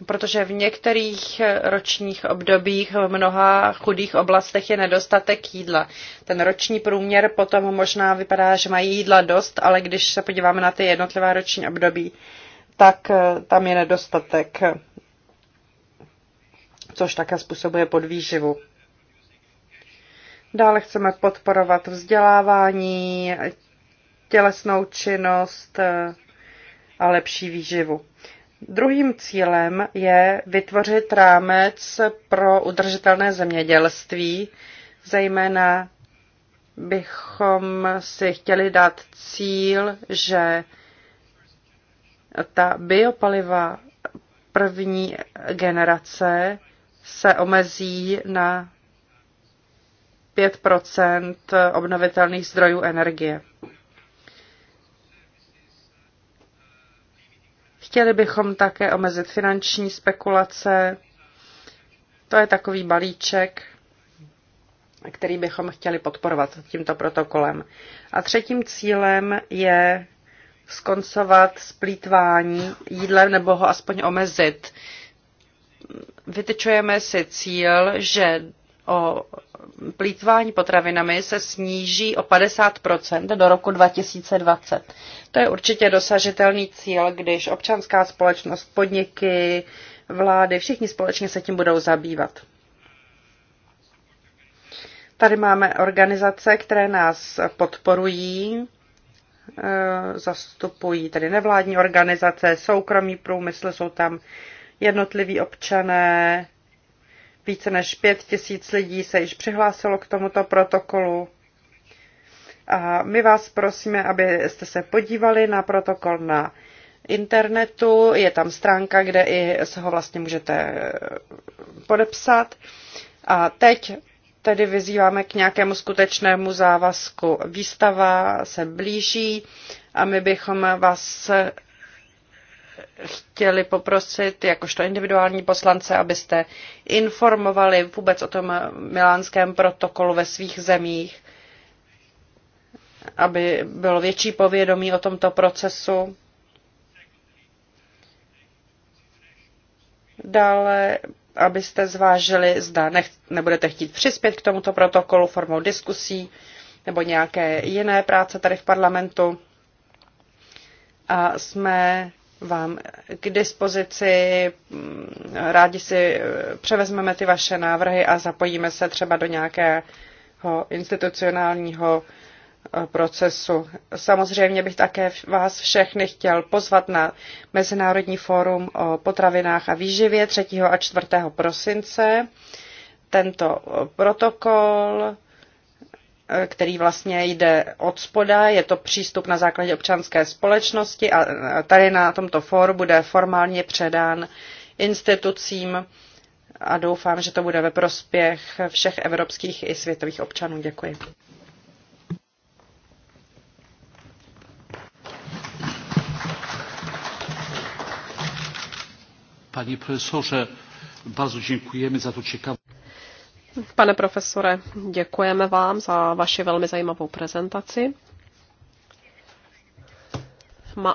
protože v některých ročních obdobích v mnoha chudých oblastech je nedostatek jídla. Ten roční průměr potom možná vypadá, že mají jídla dost, ale když se podíváme na ty jednotlivá roční období, tak eh, tam je nedostatek, což také způsobuje podvýživu. Dále chceme podporovat vzdělávání, tělesnou činnost eh, a lepší výživu. Druhým cílem je vytvořit rámec pro udržitelné zemědělství, zejména bychom si chtěli dát cíl, že ta biopaliva první generace se omezí na 5 obnovitelných zdrojů energie. Chtěli bychom také omezit finanční spekulace. To je takový balíček, který bychom chtěli podporovat tímto protokolem. A třetím cílem je skoncovat splítvání jídlem nebo ho aspoň omezit. Vytyčujeme si cíl, že o plítvání potravinami se sníží o 50 do roku 2020. To je určitě dosažitelný cíl, když občanská společnost, podniky, vlády, všichni společně se tím budou zabývat. Tady máme organizace, které nás podporují, eh, zastupují tedy nevládní organizace, soukromý průmysl, jsou tam jednotliví občané, více než pět tisíc lidí se již přihlásilo k tomuto protokolu. A my vás prosíme, abyste se podívali na protokol na internetu. Je tam stránka, kde i se ho vlastně můžete eh, podepsat. A teď tedy vyzýváme k nějakému skutečnému závazku. Výstava se blíží a my bychom vás chtěli poprosit, jakožto individuální poslance, abyste informovali vůbec o tom milánském protokolu ve svých zemích, aby bylo větší povědomí o tomto procesu. Dále, abyste zvážili, zda nech, nebudete chtít přispět k tomuto protokolu formou diskusí nebo nějaké jiné práce tady v parlamentu. A jsme vám k dispozici. Rádi si eh, převezmeme ty vaše návrhy a zapojíme se třeba do nějakého institucionálního eh, procesu. Samozřejmě bych také vás všechny chtěl pozvat na Mezinárodní fórum o potravinách a výživě 3. a 4. prosince. Tento eh, protokol který vlastně jde od spoda, je to přístup na základě občanské společnosti a tady na tomto fóru bude formálně předán institucím a doufám, že to bude ve prospěch všech evropských i světových občanů. Děkuji. Pani profesorze, bardzo dziękujemy za to ciekawe. Pane profesore, děkujeme vám za vaši velmi zajímavou prezentaci.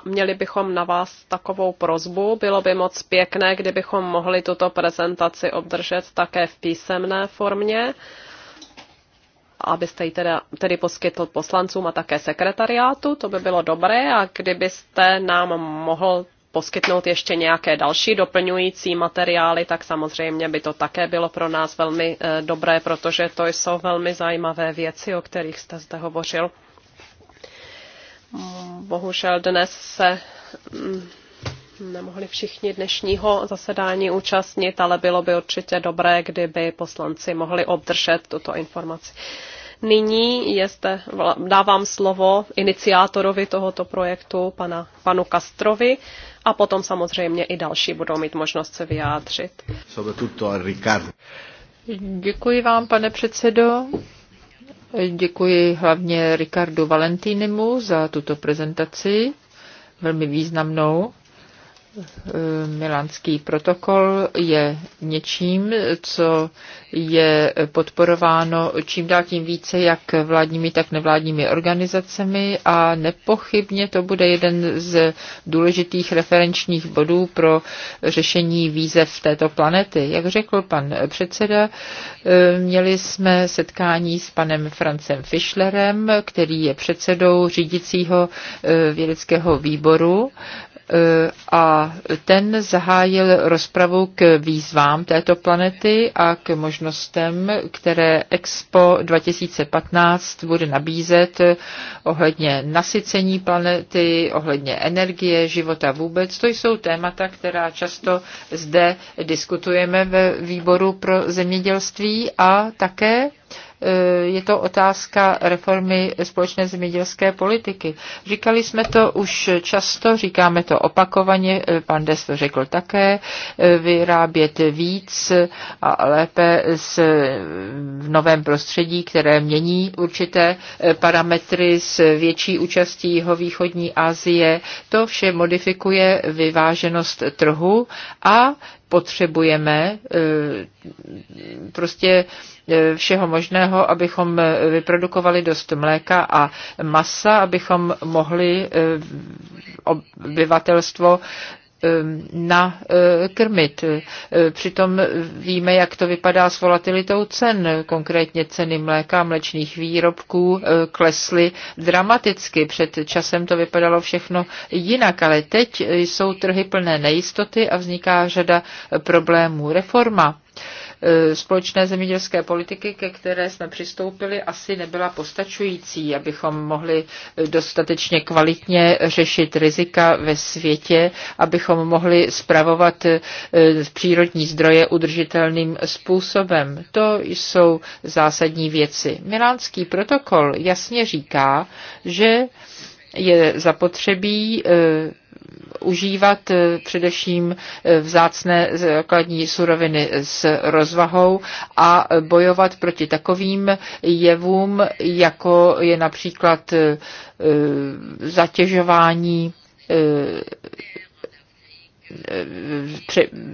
Měli bychom na vás takovou prozbu. Bylo by moc pěkné, kdybychom mohli tuto prezentaci obdržet také v písemné formě, abyste ji tedy, tedy poskytl poslancům a také sekretariátu. To by bylo dobré a kdybyste nám mohl poskytnout ještě nějaké další doplňující materiály, tak samozřejmě by to také bylo pro nás velmi eh, dobré, protože to jsou velmi zajímavé věci, o kterých jste zde hovořil. Bohužel dnes se mm, nemohli všichni dnešního zasedání účastnit, ale bylo by určitě dobré, kdyby poslanci mohli obdržet tuto informaci. Nyní je dávám slovo iniciátorovi tohoto projektu, pana, panu Kastrovi, a potom samozřejmě i další budou mít možnost se vyjádřit. Děkuji vám, pane předsedo. Děkuji hlavně Ricardu Valentínimu za tuto prezentaci, velmi významnou. Eh, Milánský protokol je něčím, co je podporováno čím dál tím více jak vládními, tak nevládními organizacemi a nepochybně to bude jeden z důležitých referenčních bodů pro řešení výzev této planety. Jak řekl pan předseda, eh, měli jsme setkání s panem Francem Fischlerem, který je předsedou řídicího eh, vědeckého výboru E, a ten zahájil rozpravu k výzvám této planety a k možnostem, které Expo 2015 bude nabízet ohledně nasycení planety, ohledně energie, života vůbec. To jsou témata, která často zde diskutujeme ve výboru pro zemědělství a také Eh, je to otázka reformy společné zemědělské politiky. Říkali jsme to už často, říkáme to opakovaně, eh, pan Des to řekl také, eh, vyrábět víc a lépe s, v novém prostředí, které mění určité parametry s větší účastí jeho východní Asie. To vše modifikuje vyváženost trhu a potřebujeme e, prostě e, všeho možného, abychom vyprodukovali dost mléka a masa, abychom mohli e, obyvatelstvo Ehm, nakrmit. Eh, eh, přitom víme, jak to vypadá s volatilitou cen. Konkrétně ceny mléka a mlečných výrobků eh, klesly dramaticky. Před časem to vypadalo všechno jinak, ale teď jsou trhy plné nejistoty a vzniká řada problémů. Reforma E, společné zemědělské politiky, ke které jsme přistoupili, asi nebyla postačující, abychom mohli dostatečně kvalitně řešit rizika ve světě, abychom mohli spravovat e, přírodní zdroje udržitelným způsobem. To jsou zásadní věci. Milánský protokol jasně říká, že je zapotřebí e, užívat eh, především eh, vzácné základní suroviny s rozvahou a bojovat proti takovým jevům, jako je například eh, zatěžování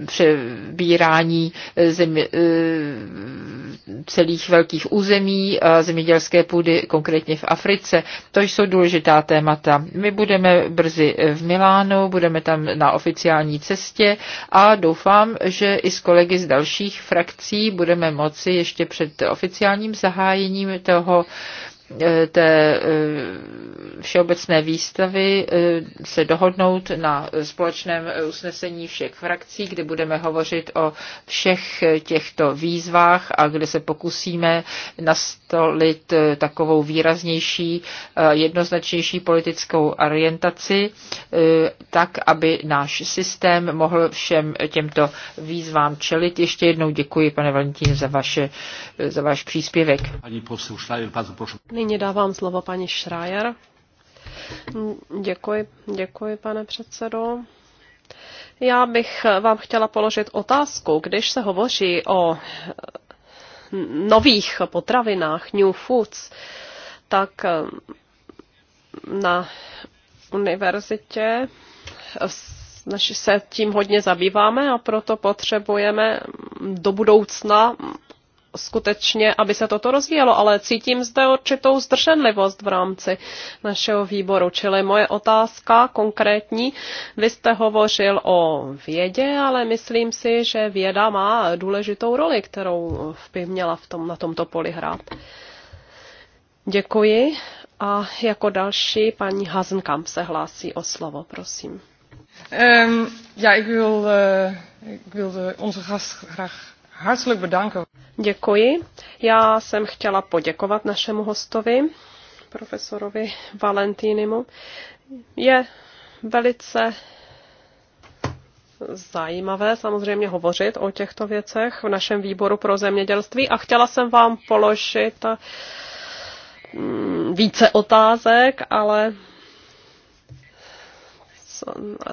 přebírání zemi, eh, celých velkých území a zemědělské půdy, konkrétně v Africe. To jsou důležitá témata. My budeme brzy v Milánu, budeme tam na oficiální cestě a doufám, že i s kolegy z dalších frakcí budeme moci ještě před oficiálním zahájením toho E, té e, všeobecné výstavy e, se dohodnout na společném usnesení všech frakcí, kde budeme hovořit o všech těchto výzvách a kde se pokusíme nastolit takovou výraznější, jednoznačnější politickou orientaci, tak, aby náš systém mohl všem těmto výzvám čelit. Ještě jednou děkuji, pane Valentín, za, vaše, za váš příspěvek. Nyní dávám slovo paní Schreier. Děkuji, děkuji, pane předsedo. Já bych vám chtěla položit otázku, když se hovoří o nových potravinách, new foods, tak na univerzitě se tím hodně zabýváme a proto potřebujeme do budoucna skutečně, aby se toto rozvíjelo, ale cítím zde určitou zdrženlivost v rámci našeho výboru. Čili moje otázka konkrétní, vy jste hovořil o vědě, ale myslím si, že věda má důležitou roli, kterou by měla v tom, na tomto poli hrát. Děkuji. A jako další paní Hazenkamp se hlásí o slovo, prosím. Um, ja, ik wil, uh, ik wil de, onze gast graag Herzlich bedanken. Děkuji. Já jsem chtěla poděkovat našemu hostovi, profesorovi Valentínimu. Je velice zajímavé samozřejmě hovořit o těchto věcech v našem výboru pro zemědělství a chtěla jsem vám položit mm, více otázek, ale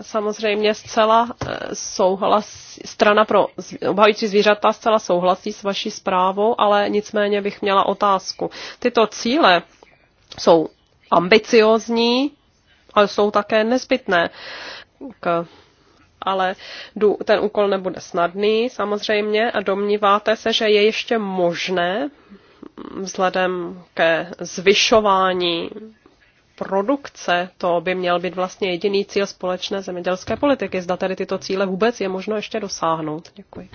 samozřejmě zcela eh, souhlas, strana pro obhající zvířata zcela souhlasí s vaší zprávou, ale nicméně bych měla otázku. Tyto cíle jsou ambiciozní, ale jsou také nezbytné. K ale ten úkol nebude snadný samozřejmě a domníváte se, že je ještě možné vzhledem ke zvyšování produkce, to by měl být vlastně jediný cíl společné zemědělské politiky. Zda tady tyto cíle vůbec je možno ještě dosáhnout. Děkuji.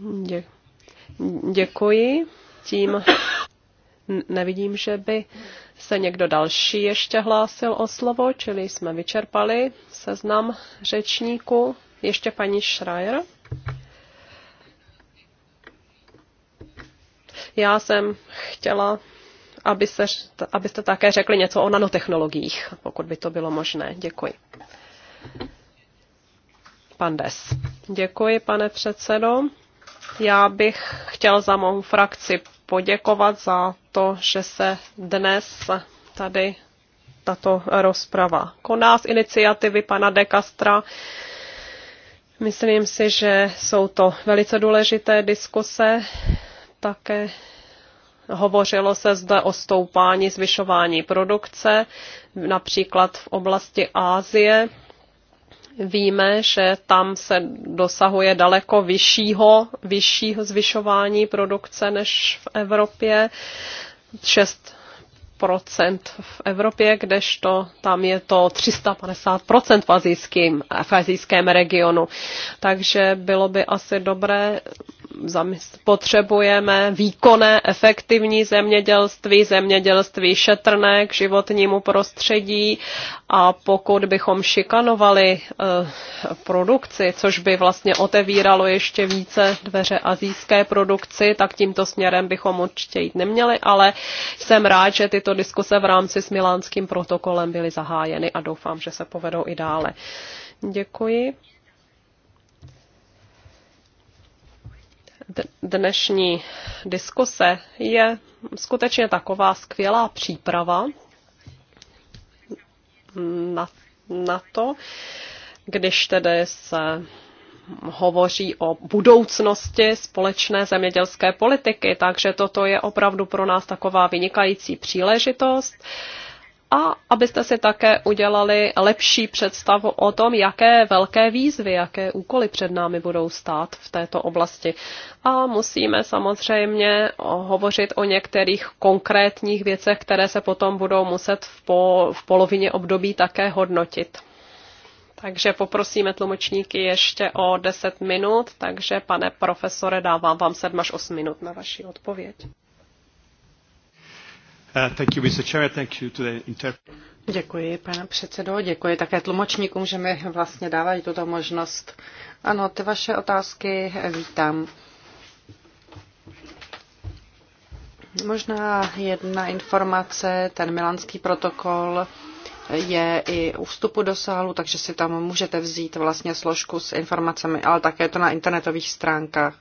Dě- děkuji. Tím nevidím, že by se někdo další ještě hlásil o slovo, čili jsme vyčerpali seznam řečníků. Ještě paní Schreier. Já jsem chtěla aby se, abyste také řekli něco o nanotechnologiích, pokud by to bylo možné. Děkuji. Pan Des. Děkuji, pane předsedo. Já bych chtěl za mou frakci poděkovat za to, že se dnes tady tato rozprava koná z iniciativy pana De Castra. Myslím si, že jsou to velice důležité diskuse. Také Hovořilo se zde o stoupání, zvyšování produkce, například v oblasti Ázie. Víme, že tam se dosahuje daleko vyššího, vyššího zvyšování produkce než v Evropě. 6 v Evropě, kdežto tam je to 350% v, azijským, v azijském regionu. Takže bylo by asi dobré potřebujeme výkonné, efektivní zemědělství, zemědělství šetrné k životnímu prostředí a pokud bychom šikanovali eh, produkci, což by vlastně otevíralo ještě více dveře azijské produkci, tak tímto směrem bychom určitě jít neměli, ale jsem rád, že tyto diskuse v rámci s milánským protokolem byly zahájeny a doufám, že se povedou i dále. Děkuji. dnešní diskuse je skutečně taková skvělá příprava na, na to, když tedy se hovoří o budoucnosti společné zemědělské politiky, takže toto je opravdu pro nás taková vynikající příležitost. Eh, a abyste si také udělali lepší představu o tom, jaké velké výzvy, jaké úkoly před námi budou stát v této oblasti. A musíme samozřejmě hovořit o některých konkrétních věcech, které se potom budou muset v, po, v polovině období také hodnotit. Takže poprosíme tlumočníky ještě o 10 minut, takže pane profesore, dávám vám 7 až 8 minut na vaši odpověď. Uh, děkuji, pane předsedo, děkuji také tlumočníkům, že mi vlastně dávají tuto možnost. Ano, ty vaše otázky vítám. Možná jedna informace, ten milanský protokol je i u vstupu do sálu, takže si tam můžete vzít vlastně složku s informacemi, ale také to na internetových stránkách.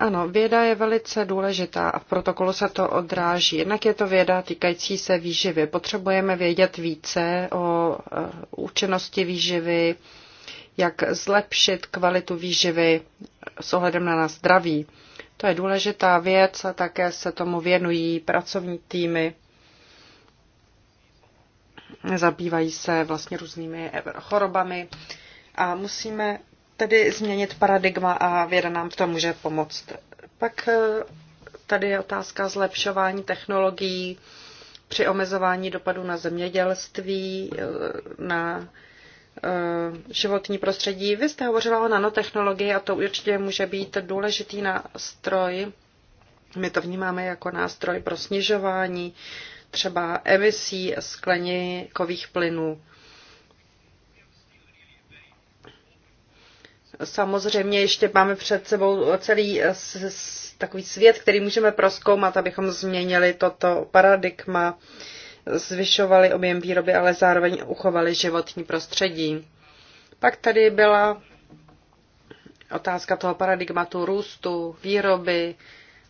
Ano, věda je velice důležitá a v protokolu se to odráží. Jednak je to věda týkající se výživy. Potřebujeme vědět více o eh, účinnosti výživy, jak zlepšit kvalitu výživy eh, s ohledem na nás zdraví. To je důležitá věc a také se tomu věnují pracovní týmy. Zabývají se vlastně různými chorobami a musíme tedy změnit paradigma a věda nám v tom může pomoct. Pak eh, tady je otázka zlepšování technologií při omezování dopadu na zemědělství, eh, na eh, životní prostředí. Vy jste hovořila o nanotechnologii a to určitě může být důležitý nástroj. My to vnímáme jako nástroj pro snižování třeba emisí skleníkových plynů. Samozřejmě ještě máme před sebou celý takový svět, který můžeme proskoumat, abychom změnili toto paradigma, zvyšovali objem výroby, ale zároveň uchovali životní prostředí. Pak tady byla otázka toho paradigmatu růstu, výroby,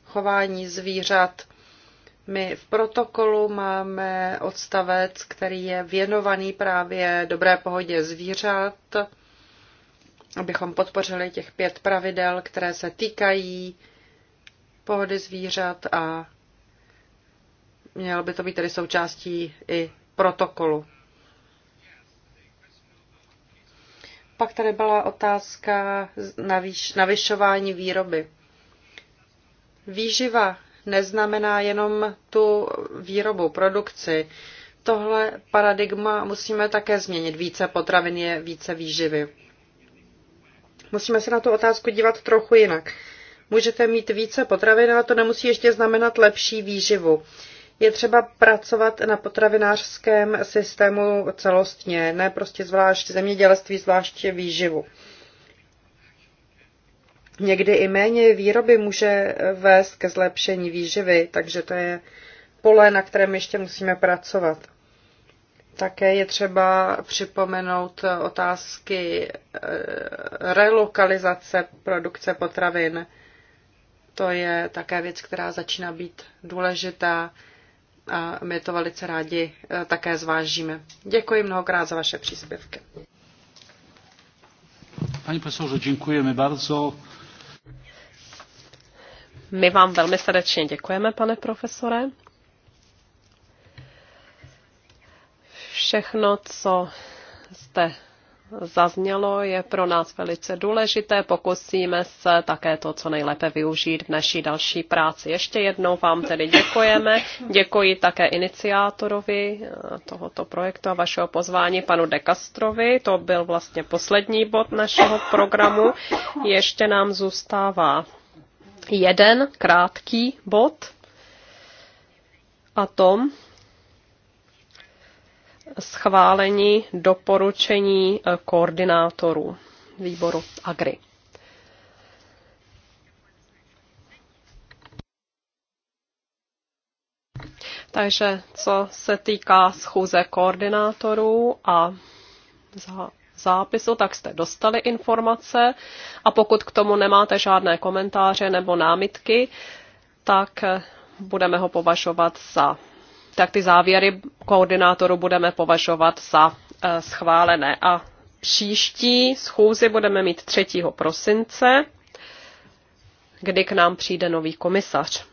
chování zvířat. My v protokolu máme odstavec, který je věnovaný právě dobré pohodě zvířat abychom podpořili těch pět pravidel, které se týkají pohody zvířat a mělo by to být tedy součástí i protokolu. Pak tady byla otázka navíš, navyšování výroby. Výživa neznamená jenom tu výrobu, produkci. Tohle paradigma musíme také změnit. Více potravin je více výživy. Musíme se na tu otázku dívat trochu jinak. Můžete mít více potravin, ale to nemusí ještě znamenat lepší výživu. Je třeba pracovat na potravinářském systému celostně, ne prostě zvlášť zemědělství, zvláště výživu. Někdy i méně výroby může vést ke zlepšení výživy, takže to je pole, na kterém ještě musíme pracovat. Také je třeba připomenout otázky eh, relokalizace produkce potravin. To je také věc, která začíná být důležitá a my to velice rádi eh, také zvážíme. Děkuji mnohokrát za vaše příspěvky. Pani profesorze, děkujeme bardzo. My vám velmi srdečně děkujeme, pane profesore. Všechno, co jste zaznělo, je pro nás velice důležité. Pokusíme se také to, co nejlépe využít v naší další práci. Ještě jednou vám tedy děkujeme. Děkuji také iniciátorovi eh, tohoto projektu a vašeho pozvání panu Dekastrovi. To byl vlastně poslední bod našeho programu. Ještě nám zůstává jeden krátký bod a tom, schválení doporučení eh, koordinátorů výboru AGRI. Takže co se týká schůze koordinátorů a za zápisu, tak jste dostali informace a pokud k tomu nemáte žádné komentáře nebo námitky, tak eh, budeme ho považovat za tak ty závěry koordinátoru budeme považovat za eh, schválené. A příští schůzi budeme mít 3. prosince, kdy k nám přijde nový komisař.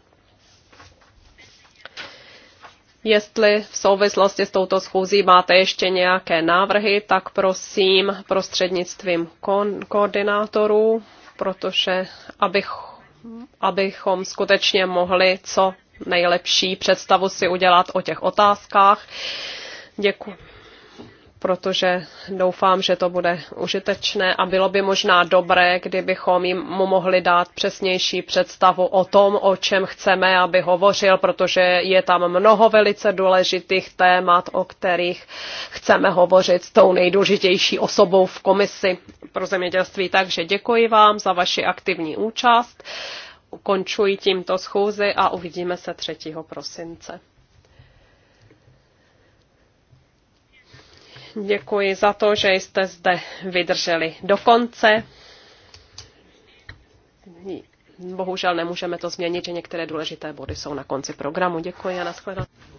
Jestli v souvislosti s touto schůzí máte ještě nějaké návrhy, tak prosím prostřednictvím kon- koordinátorů, protože abych, abychom skutečně mohli co nejlepší představu si udělat o těch otázkách. Děkuji protože doufám, že to bude užitečné a bylo by možná dobré, kdybychom jim mu mohli dát přesnější představu o tom, o čem chceme, aby hovořil, protože je tam mnoho velice důležitých témat, o kterých chceme hovořit s tou nejdůležitější osobou v komisi pro zemědělství. Takže děkuji vám za vaši aktivní účast ukončuji tímto schůzi a uvidíme se 3. prosince. Děkuji za to, že jste zde vydrželi do konce. Bohužel nemůžeme to změnit, že některé důležité body jsou na konci programu. Děkuji a nashledanou.